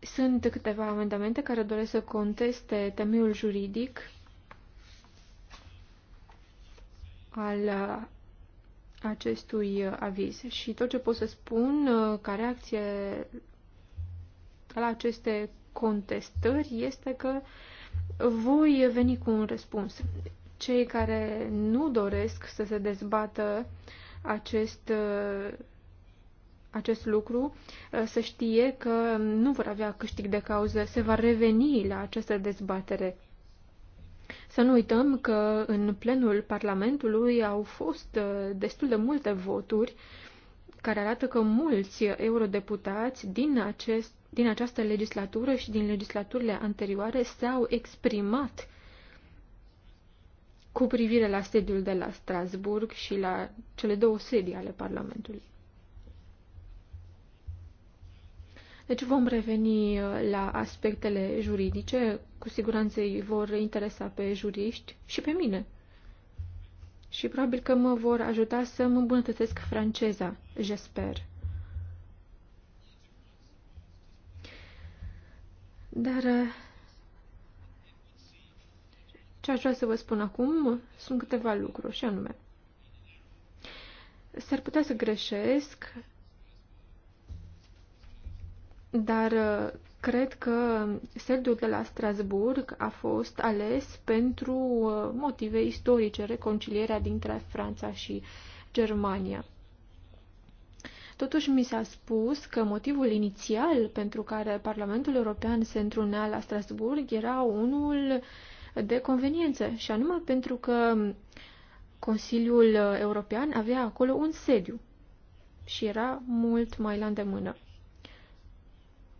Sunt câteva amendamente care doresc să conteste temiul juridic al uh, acestui uh, aviz. Și tot ce pot să spun uh, ca reacție la aceste contestări este că voi veni cu un răspuns. Cei care nu doresc să se dezbată acest acest lucru, uh, să știe că nu vor avea câștig de cauză, se va reveni la această dezbatere. Să nu uităm că în plenul Parlamentului au fost uh, destul de multe voturi care arată că mulți eurodeputați din, acest, din această legislatură și din legislaturile anterioare s-au exprimat cu privire la sediul de la Strasburg și la cele două sedii ale Parlamentului. Deci vom reveni uh, la aspectele juridice, cu siguranță îi vor interesa pe juriști și pe mine. Și probabil că mă vor ajuta să mă îmbunătățesc franceza, j'espère. Dar uh, ce aș vrea să vă spun acum sunt câteva lucruri, și anume. S-ar putea să greșesc, dar uh, cred că Sergiu de la Strasburg a fost ales pentru uh, motive istorice, reconcilierea dintre Franța și Germania. Totuși mi s-a spus că motivul inițial pentru care Parlamentul European se întrunea la Strasburg era unul de conveniență, și anume pentru că Consiliul European avea acolo un sediu și era mult mai la îndemână.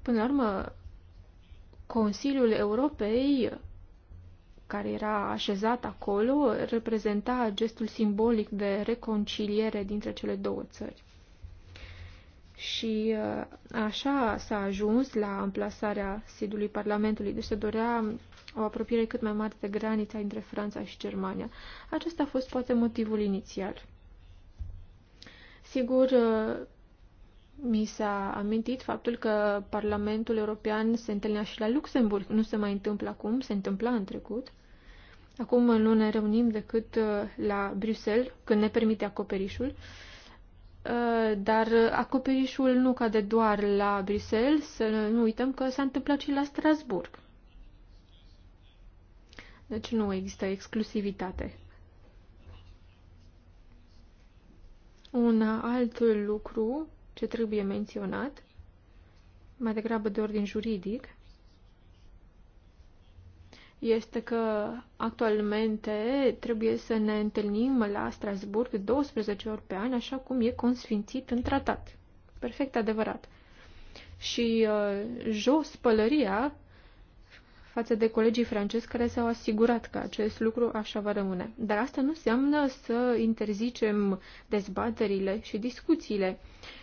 Până la urmă, Consiliul Europei, care era așezat acolo, reprezenta gestul simbolic de reconciliere dintre cele două țări. Și uh, așa s-a ajuns la amplasarea sediului Parlamentului. Deci se dorea o apropiere cât mai mare de granița între Franța și Germania. Acesta a fost poate motivul inițial. Sigur, uh, mi s-a amintit faptul că Parlamentul European se întâlnea și la Luxemburg. Nu se mai întâmplă acum, se întâmpla în trecut. Acum nu ne reunim decât uh, la Bruxelles, când ne permite acoperișul. Uh, dar acoperișul nu cade doar la Bruxelles, să nu uităm că s-a întâmplat și la Strasburg. Deci nu există exclusivitate. Un alt lucru ce trebuie menționat, mai degrabă de ordin juridic, este că actualmente trebuie să ne întâlnim la Strasburg 12 ori pe an, așa cum e consfințit în tratat. Perfect adevărat. Și uh, jos pălăria față de colegii francezi care s-au asigurat că acest lucru așa va rămâne. Dar asta nu înseamnă să interzicem dezbaterile și discuțiile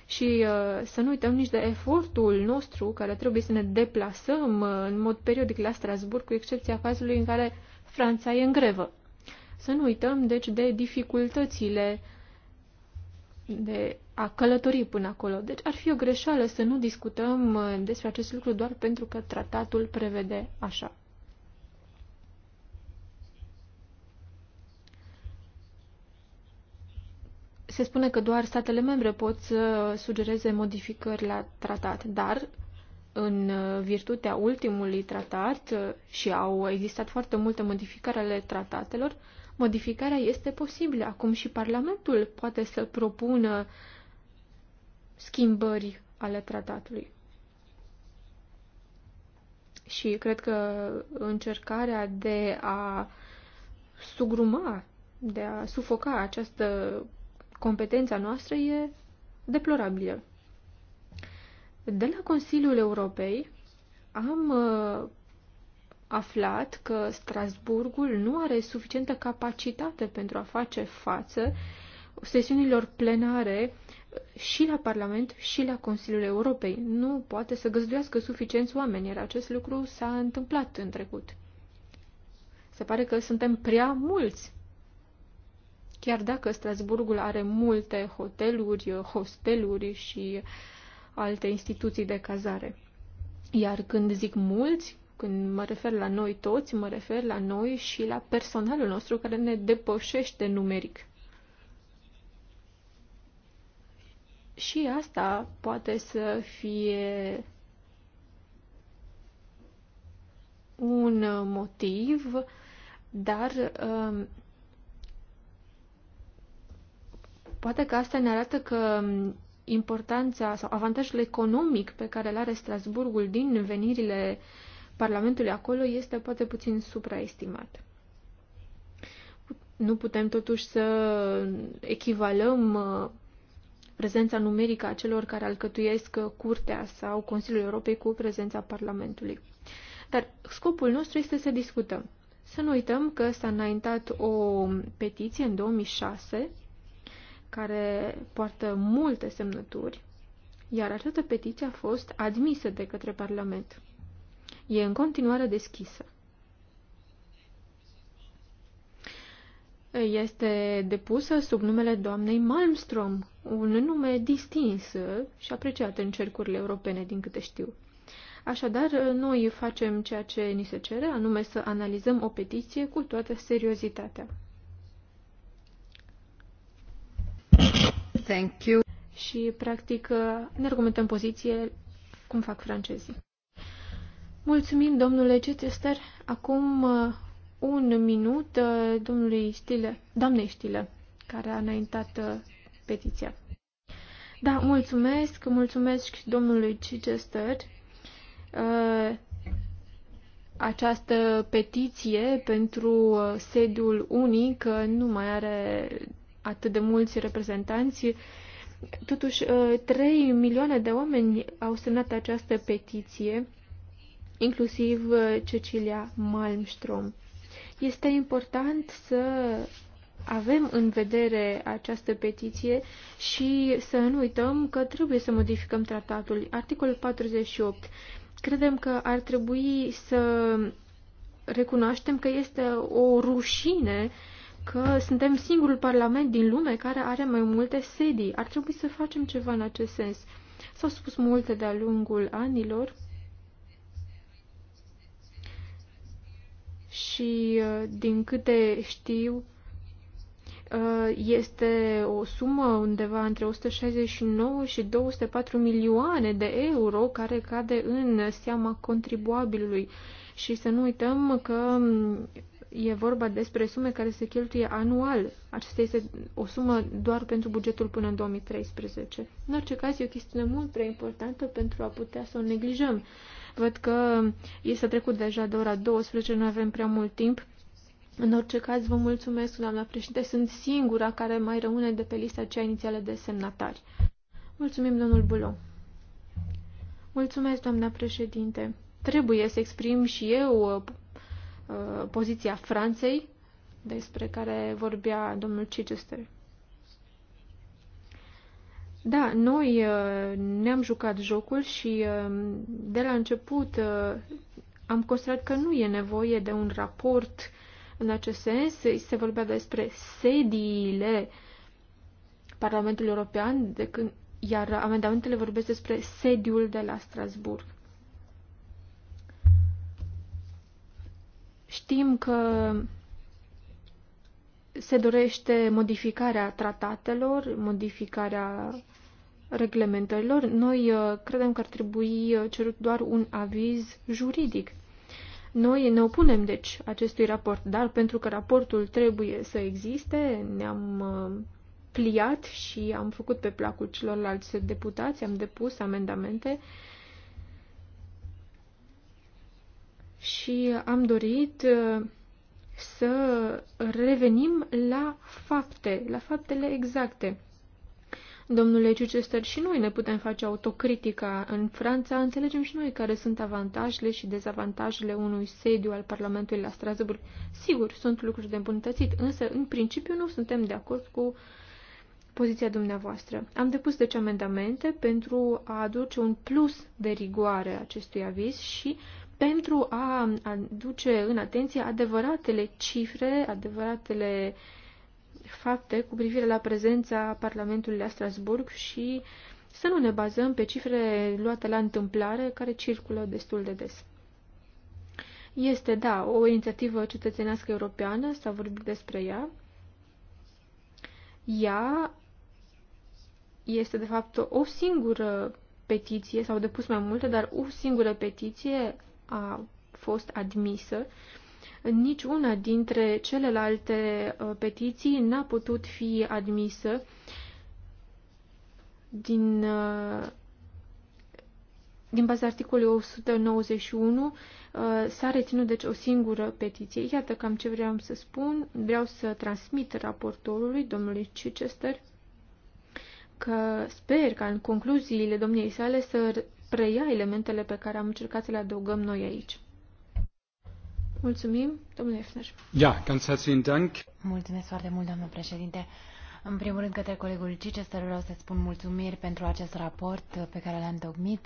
și uh, să nu uităm nici de efortul nostru care trebuie să ne deplasăm uh, în mod periodic la Strasburg, cu excepția cazului în care Franța e în grevă. Să nu uităm, deci, de dificultățile de a călători până acolo. Deci ar fi o greșeală să nu discutăm uh, despre acest lucru doar pentru că tratatul prevede așa. Se spune că doar statele membre pot să sugereze modificări la tratat, dar în uh, virtutea ultimului tratat uh, și au existat foarte multe modificări ale tratatelor, modificarea este posibilă. Acum și Parlamentul poate să propună schimbări ale tratatului. Și cred că încercarea de a sugruma, de a sufoca această competență noastră e deplorabilă. De la Consiliul Europei am uh, aflat că Strasburgul nu are suficientă capacitate pentru a face față sesiunilor plenare și la Parlament și la Consiliul Europei. Nu poate să găzduiască suficienți oameni, iar acest lucru s-a întâmplat în trecut. Se pare că suntem prea mulți. Chiar dacă Strasburgul are multe hoteluri, hosteluri și alte instituții de cazare. Iar când zic mulți, când mă refer la noi toți, mă refer la noi și la personalul nostru care ne depășește numeric. Și asta poate să fie un motiv, dar um, poate că asta ne arată că um, importanța sau avantajul economic pe care îl are Strasburgul din venirile Parlamentul acolo este poate puțin supraestimat. Nu putem totuși să echivalăm uh, prezența numerică a celor care alcătuiesc uh, Curtea sau Consiliul Europei cu prezența Parlamentului. Dar scopul nostru este să discutăm. Să nu uităm că s-a înaintat o petiție în 2006 care poartă multe semnături, iar această petiție a fost admisă de către Parlament e în continuare deschisă. Este depusă sub numele doamnei Malmström, un nume distins și apreciat în cercurile europene, din câte știu. Așadar, noi facem ceea ce ni se cere, anume să analizăm o petiție cu toată seriozitatea. Thank you. Și, practic, ne argumentăm poziție cum fac francezii. Mulțumim, domnule Cetester. Acum uh, un minut uh, domnului Stile, doamnei Stile, care a înaintat uh, petiția. Da, mulțumesc, mulțumesc domnului Uh, Această petiție pentru sediul unic nu mai are atât de mulți reprezentanți. Totuși, 3 milioane de oameni au semnat această petiție inclusiv uh, Cecilia Malmström. Este important să avem în vedere această petiție și să nu uităm că trebuie să modificăm tratatul. Articolul 48. Credem că ar trebui să recunoaștem că este o rușine că suntem singurul parlament din lume care are mai multe sedii. Ar trebui să facem ceva în acest sens. S-au spus multe de-a lungul anilor și uh, din câte știu uh, este o sumă undeva între 169 și 204 milioane de euro care cade în seama contribuabilului. Și să nu uităm că um, e vorba despre sume care se cheltuie anual. Aceasta este o sumă doar pentru bugetul până în 2013. În orice caz, e o chestiune mult prea importantă pentru a putea să o neglijăm. Văd că este trecut deja de ora 12, nu avem prea mult timp. În orice caz, vă mulțumesc, doamna președinte. Sunt singura care mai rămâne de pe lista cea inițială de semnatari. Mulțumim, domnul Bulo. Mulțumesc, doamna președinte. Trebuie să exprim și eu uh, uh, poziția Franței, despre care vorbea domnul Chichester. Da, noi uh, ne-am jucat jocul și uh, de la început uh, am considerat că nu e nevoie de un raport în acest sens. Se vorbea despre sediile Parlamentului European, de când, iar amendamentele vorbesc despre sediul de la Strasburg. Știm că se dorește modificarea tratatelor, modificarea reglementărilor. Noi uh, credem că ar trebui uh, cerut doar un aviz juridic. Noi ne opunem, deci, acestui raport, dar pentru că raportul trebuie să existe, ne-am uh, pliat și am făcut pe placul celorlalți deputați, am depus amendamente și am dorit să revenim la fapte, la faptele exacte. Domnule Chichester, și noi ne putem face autocritica. În Franța înțelegem și noi care sunt avantajele și dezavantajele unui sediu al Parlamentului la Strasbourg. Sigur, sunt lucruri de îmbunătățit, însă, în principiu, nu suntem de acord cu poziția dumneavoastră. Am depus deci amendamente pentru a aduce un plus de rigoare acestui aviz și uh, pentru a aduce în atenție adevăratele cifre, adevăratele fapte cu privire la prezența Parlamentului la Strasburg și să nu ne bazăm pe cifre luate la întâmplare care circulă destul de des. Este, da, o inițiativă cetățenească europeană, s-a vorbit despre ea. Ea este, de fapt, o singură petiție, s-au depus mai multe, dar o singură petiție a fost admisă, niciuna dintre celelalte uh, petiții n-a putut fi admisă din, uh, din baza articolului 191 uh, s-a reținut deci o singură petiție. Iată cam ce vreau să spun. Vreau să transmit raportorului, domnului Chichester, că sper ca în concluziile domniei sale să preia elementele pe care am încercat să le adăugăm noi aici. Mulțumim, domnule Efner. Ja, ganz herzlichen Dank. Mulțumesc foarte mult, domnul președinte. În primul rând, către colegul Cicester, vreau să spun mulțumiri pentru acest raport pe care l-am tocmit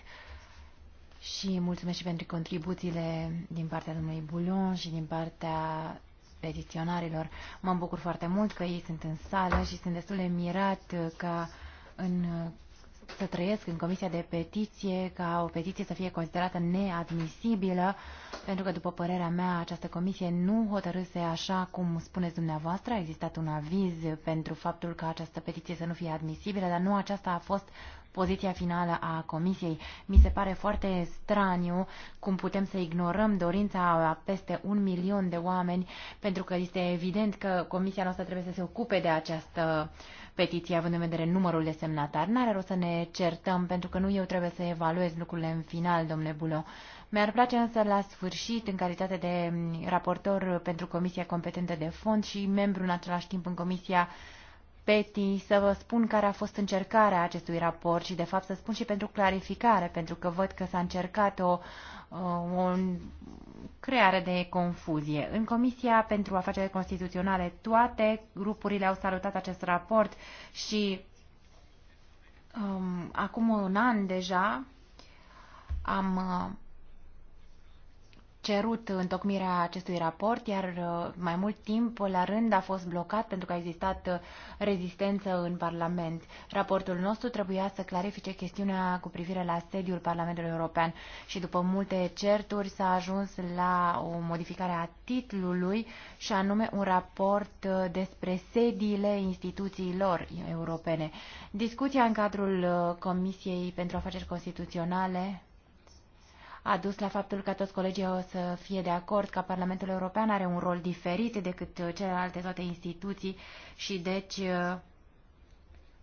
și mulțumesc și pentru contribuțiile din partea domnului Bulon și din partea petiționarilor. Mă bucur foarte mult că ei sunt în sală și sunt destul de mirat ca în să trăiesc în Comisia de Petiție ca o petiție să fie considerată neadmisibilă, pentru că, după părerea mea, această comisie nu hotărâse așa cum spuneți dumneavoastră. A existat un aviz pentru faptul că această petiție să nu fie admisibilă, dar nu aceasta a fost poziția finală a Comisiei. Mi se pare foarte straniu cum putem să ignorăm dorința a peste un milion de oameni, pentru că este evident că Comisia noastră trebuie să se ocupe de această petiție, având în vedere numărul de semnatari. N-are rost să ne certăm, pentru că nu eu trebuie să evaluez lucrurile în final, domnule Bulo. Mi-ar place însă la sfârșit, în calitate de raportor pentru Comisia Competentă de Fond și membru în același timp în Comisia PETI să vă spun care a fost încercarea acestui raport și, de fapt, să spun și pentru clarificare, pentru că văd că s-a încercat o, uh, o creare de confuzie. În Comisia pentru Afaceri Constituționale, toate grupurile au salutat acest raport și um, acum un an deja am uh, cerut întocmirea acestui raport, iar uh, mai mult timp la rând a fost blocat pentru că a existat uh, rezistență în Parlament. Raportul nostru trebuia să clarifice chestiunea cu privire la sediul Parlamentului European și după multe certuri s-a ajuns la o modificare a titlului și anume un raport uh, despre sediile instituțiilor europene. Discuția în cadrul Comisiei pentru Afaceri Constituționale a dus la faptul că toți colegii o să fie de acord că Parlamentul European are un rol diferit decât celelalte toate instituții și deci uh,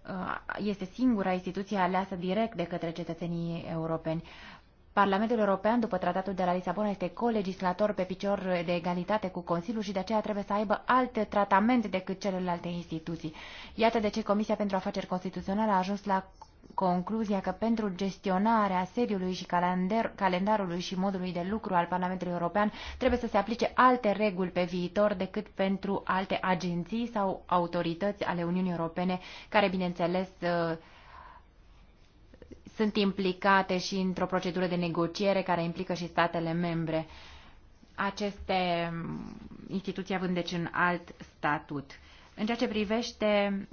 uh, este singura instituție aleasă direct de către cetățenii europeni. Parlamentul European, după tratatul de la Lisabona, este colegislator pe picior de egalitate cu Consiliul și de aceea trebuie să aibă alt tratament decât celelalte instituții. Iată de ce Comisia pentru Afaceri Constituționale a ajuns la concluzia că pentru gestionarea sediului și calendar, calendarului și modului de lucru al Parlamentului European trebuie să se aplice alte reguli pe viitor decât pentru alte agenții sau autorități ale Uniunii Europene, care, bineînțeles, uh, sunt implicate și într-o procedură de negociere care implică și statele membre. Aceste um, instituții având deci un alt statut. În ceea ce privește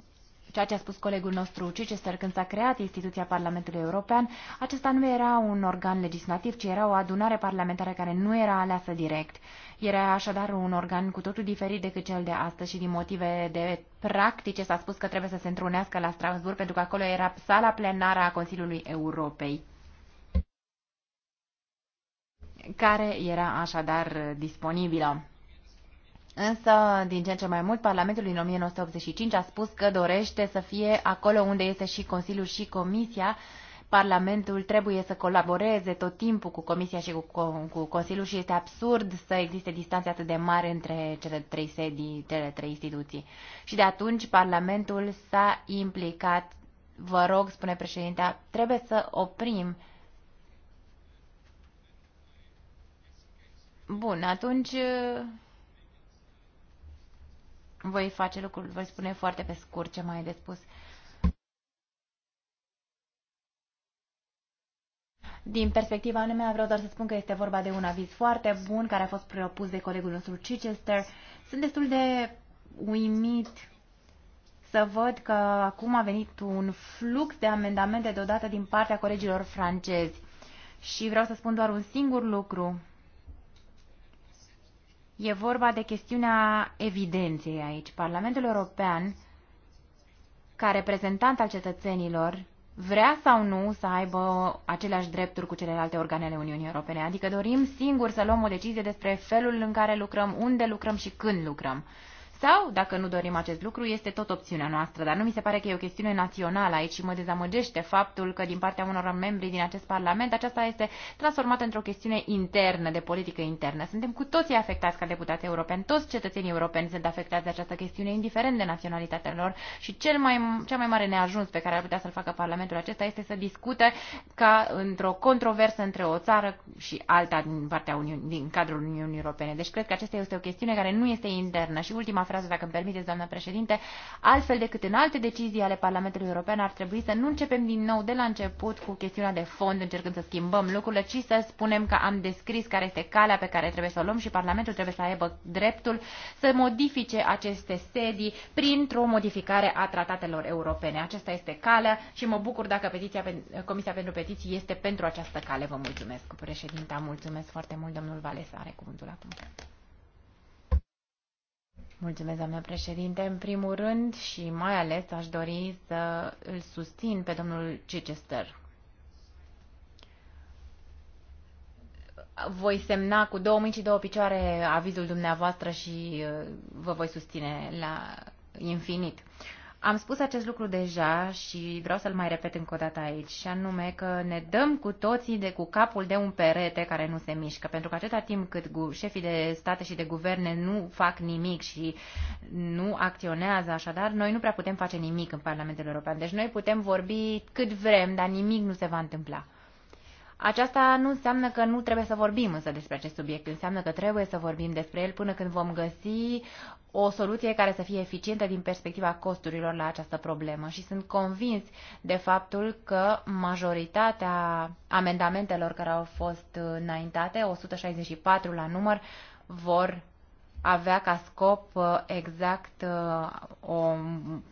ceea ce a spus colegul nostru Cicester când s-a creat instituția Parlamentului European, acesta nu era un organ legislativ, ci era o adunare parlamentară care nu era aleasă direct. Era așadar un organ cu totul diferit decât cel de astăzi și din motive de practice s-a spus că trebuie să se întrunească la Strasbourg, pentru că acolo era sala plenară a Consiliului Europei care era așadar disponibilă. Însă, din ce în ce mai mult, Parlamentul din 1985 a spus că dorește să fie acolo unde este și Consiliul și Comisia. Parlamentul trebuie să colaboreze tot timpul cu Comisia și cu, cu Consiliul și este absurd să existe distanțe atât de mari între cele trei sedii, cele trei instituții. Și de atunci Parlamentul s-a implicat. Vă rog, spune președinta, trebuie să oprim Bun, atunci voi face lucrul, voi spune foarte pe scurt ce mai ai de spus. Din perspectiva mea vreau doar să spun că este vorba de un aviz foarte bun care a fost propus de colegul nostru Chichester. Sunt destul de uimit să văd că acum a venit un flux de amendamente deodată din partea colegilor francezi. Și vreau să spun doar un singur lucru. E vorba de chestiunea evidenței aici. Parlamentul European, ca reprezentant al cetățenilor, vrea sau nu să aibă aceleași drepturi cu celelalte organe ale Uniunii Europene. Adică dorim singur să luăm o decizie despre felul în care lucrăm, unde lucrăm și când lucrăm. Sau, dacă nu dorim acest lucru, este tot opțiunea noastră, dar nu mi se pare că e o chestiune națională aici și mă dezamăgește faptul că din partea unor membri din acest Parlament aceasta este transformată într-o chestiune internă, de politică internă. Suntem cu toții afectați ca deputați europeni, toți cetățenii europeni sunt afectați de această chestiune, indiferent de naționalitatea lor și cel mai, cea mai mare neajuns pe care ar putea să-l facă Parlamentul acesta este să discute ca într-o controversă între o țară și alta din partea Uniunii, din cadrul Uniunii Europene. Deci cred că aceasta este o chestiune care nu este internă și ultima parafrază, dacă îmi permiteți, doamna președinte, altfel decât în alte decizii ale Parlamentului European, ar trebui să nu începem din nou de la început cu chestiunea de fond, încercând să schimbăm lucrurile, ci să spunem că am descris care este calea pe care trebuie să o luăm și Parlamentul trebuie să aibă dreptul să modifice aceste sedii printr-o modificare a tratatelor europene. Aceasta este calea și mă bucur dacă petiția, Comisia pentru Petiții este pentru această cale. Vă mulțumesc, președinte. Mulțumesc foarte mult, domnul Vales are cuvântul acum. Mulțumesc, doamnă președinte. În primul rând și mai ales aș dori să îl susțin pe domnul Chichester. Voi semna cu două mâini și două picioare avizul dumneavoastră și uh, vă voi susține la infinit. Am spus acest lucru deja și vreau să-l mai repet încă o dată aici, și anume că ne dăm cu toții de cu capul de un perete care nu se mișcă, pentru că atâta timp cât șefii de state și de guverne nu fac nimic și nu acționează așadar, noi nu prea putem face nimic în Parlamentul European. Deci noi putem vorbi cât vrem, dar nimic nu se va întâmpla. Aceasta nu înseamnă că nu trebuie să vorbim însă despre acest subiect, înseamnă că trebuie să vorbim despre el până când vom găsi o soluție care să fie eficientă din perspectiva costurilor la această problemă și sunt convins de faptul că majoritatea amendamentelor care au fost înaintate, 164 la număr, vor avea ca scop uh, exact uh, o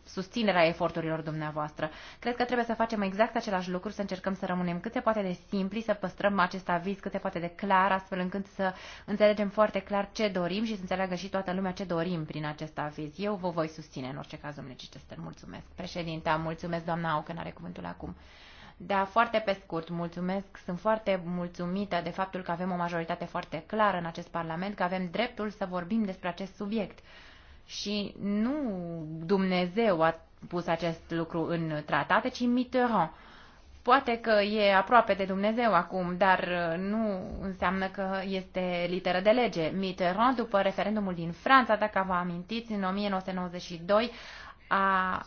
susținere a eforturilor dumneavoastră. Cred că trebuie să facem exact același lucru, să încercăm să rămânem cât se poate de simpli, să păstrăm acest aviz cât se poate de clar, astfel încât să înțelegem foarte clar ce dorim și să înțeleagă și toată lumea ce dorim prin acest aviz. Eu vă voi susține în orice caz, domnule Cicester. Mulțumesc. Președinte, mulțumesc, doamna Aucă, are cuvântul acum. Da, foarte pe scurt, mulțumesc. Sunt foarte mulțumită de faptul că avem o majoritate foarte clară în acest Parlament, că avem dreptul să vorbim despre acest subiect. Și nu Dumnezeu a pus acest lucru în tratate, ci Mitterrand. Poate că e aproape de Dumnezeu acum, dar uh, nu înseamnă că este literă de lege. Mitterrand, după referendumul din Franța, dacă vă amintiți, în 1992 a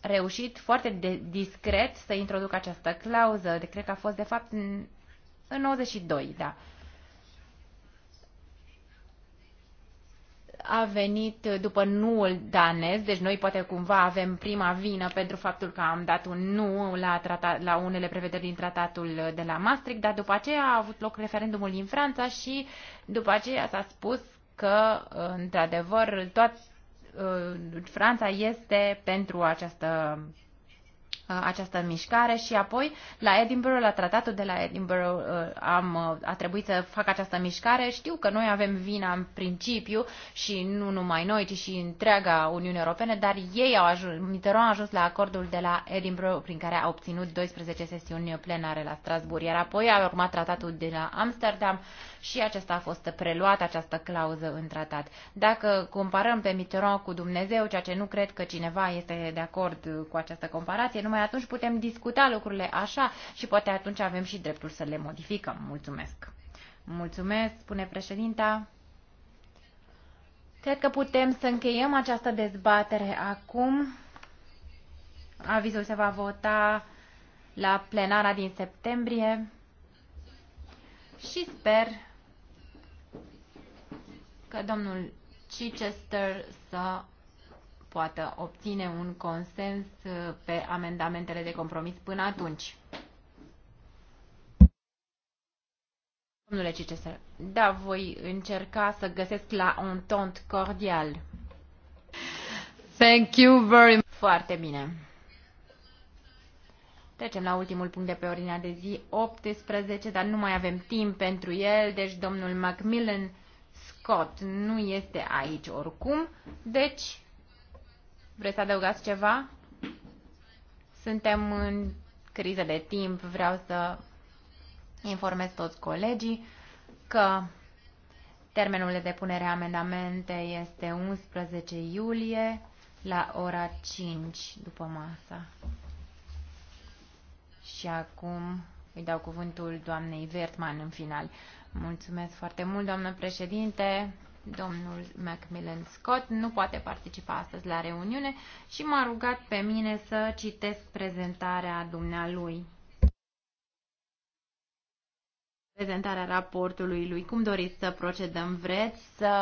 reușit foarte de discret să introducă această clauză. De, cred că a fost, de fapt, în, în 92, da. A venit după nuul danez, deci noi poate cumva avem prima vină pentru faptul că am dat un nu la, tratat, la unele prevederi din tratatul de la Maastricht, dar după aceea a avut loc referendumul din Franța și după aceea s-a spus că, într-adevăr, toate Uh, Franța este pentru această uh, această mișcare și apoi la Edinburgh, la tratatul de la Edinburgh uh, am, a trebuit să fac această mișcare. Știu că noi avem vina în principiu și nu numai noi, ci și întreaga Uniune Europene, dar ei au ajuns, Mitterrand a ajuns la acordul de la Edinburgh prin care a obținut 12 sesiuni plenare la Strasbourg, iar apoi a urmat tratatul de la Amsterdam și acesta a fost preluat, această clauză în tratat. Dacă comparăm pe Mitterrand cu Dumnezeu, ceea ce nu cred că cineva este de acord cu această comparație, numai atunci putem discuta lucrurile așa și poate atunci avem și dreptul să le modificăm. Mulțumesc! Mulțumesc, spune președinta. Cred că putem să încheiem această dezbatere acum. Avizul se va vota la plenara din septembrie și sper că domnul Chichester să poată obține un consens uh, pe amendamentele de compromis până atunci. Domnule Chichester, da, voi încerca să găsesc la un tont cordial. Thank you very much. Foarte bine. Trecem la ultimul punct de pe ordinea de zi, 18, dar nu mai avem timp pentru el, deci domnul Macmillan Scott nu este aici oricum, deci vreți să adăugați ceva? Suntem în criză de timp, vreau să informez toți colegii că termenul de depunere a amendamente este 11 iulie la ora 5 după masa. Și acum îi dau cuvântul doamnei Vertman în final. Mulțumesc foarte mult, doamnă președinte. Domnul Macmillan Scott nu poate participa astăzi la reuniune și m-a rugat pe mine să citesc prezentarea dumnealui. Prezentarea raportului lui. Cum doriți să procedăm? Vreți să...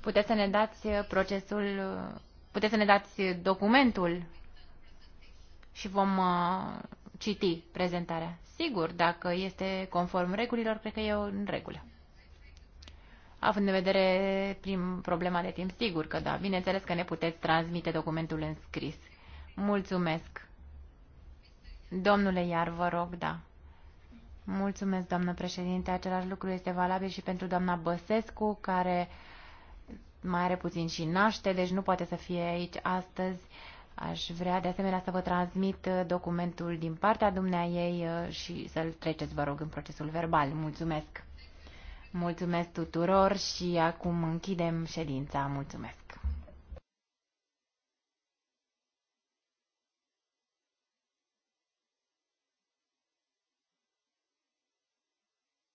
Puteți să ne dați procesul... Puteți să ne dați documentul și vom uh, citi prezentarea. Sigur, dacă este conform regulilor, cred că e în regulă. Având în vedere prim, problema de timp, sigur că da. Bineînțeles că ne puteți transmite documentul în scris. Mulțumesc. Domnule Iar, vă rog, da. Mulțumesc, doamnă președinte. Același lucru este valabil și pentru doamna Băsescu, care mai are puțin și naște, deci nu poate să fie aici astăzi. Aș vrea de asemenea să vă transmit uh, documentul din partea dumnea ei uh, și să-l treceți, vă rog, în procesul verbal. Mulțumesc! Mulțumesc tuturor și acum închidem ședința. Mulțumesc!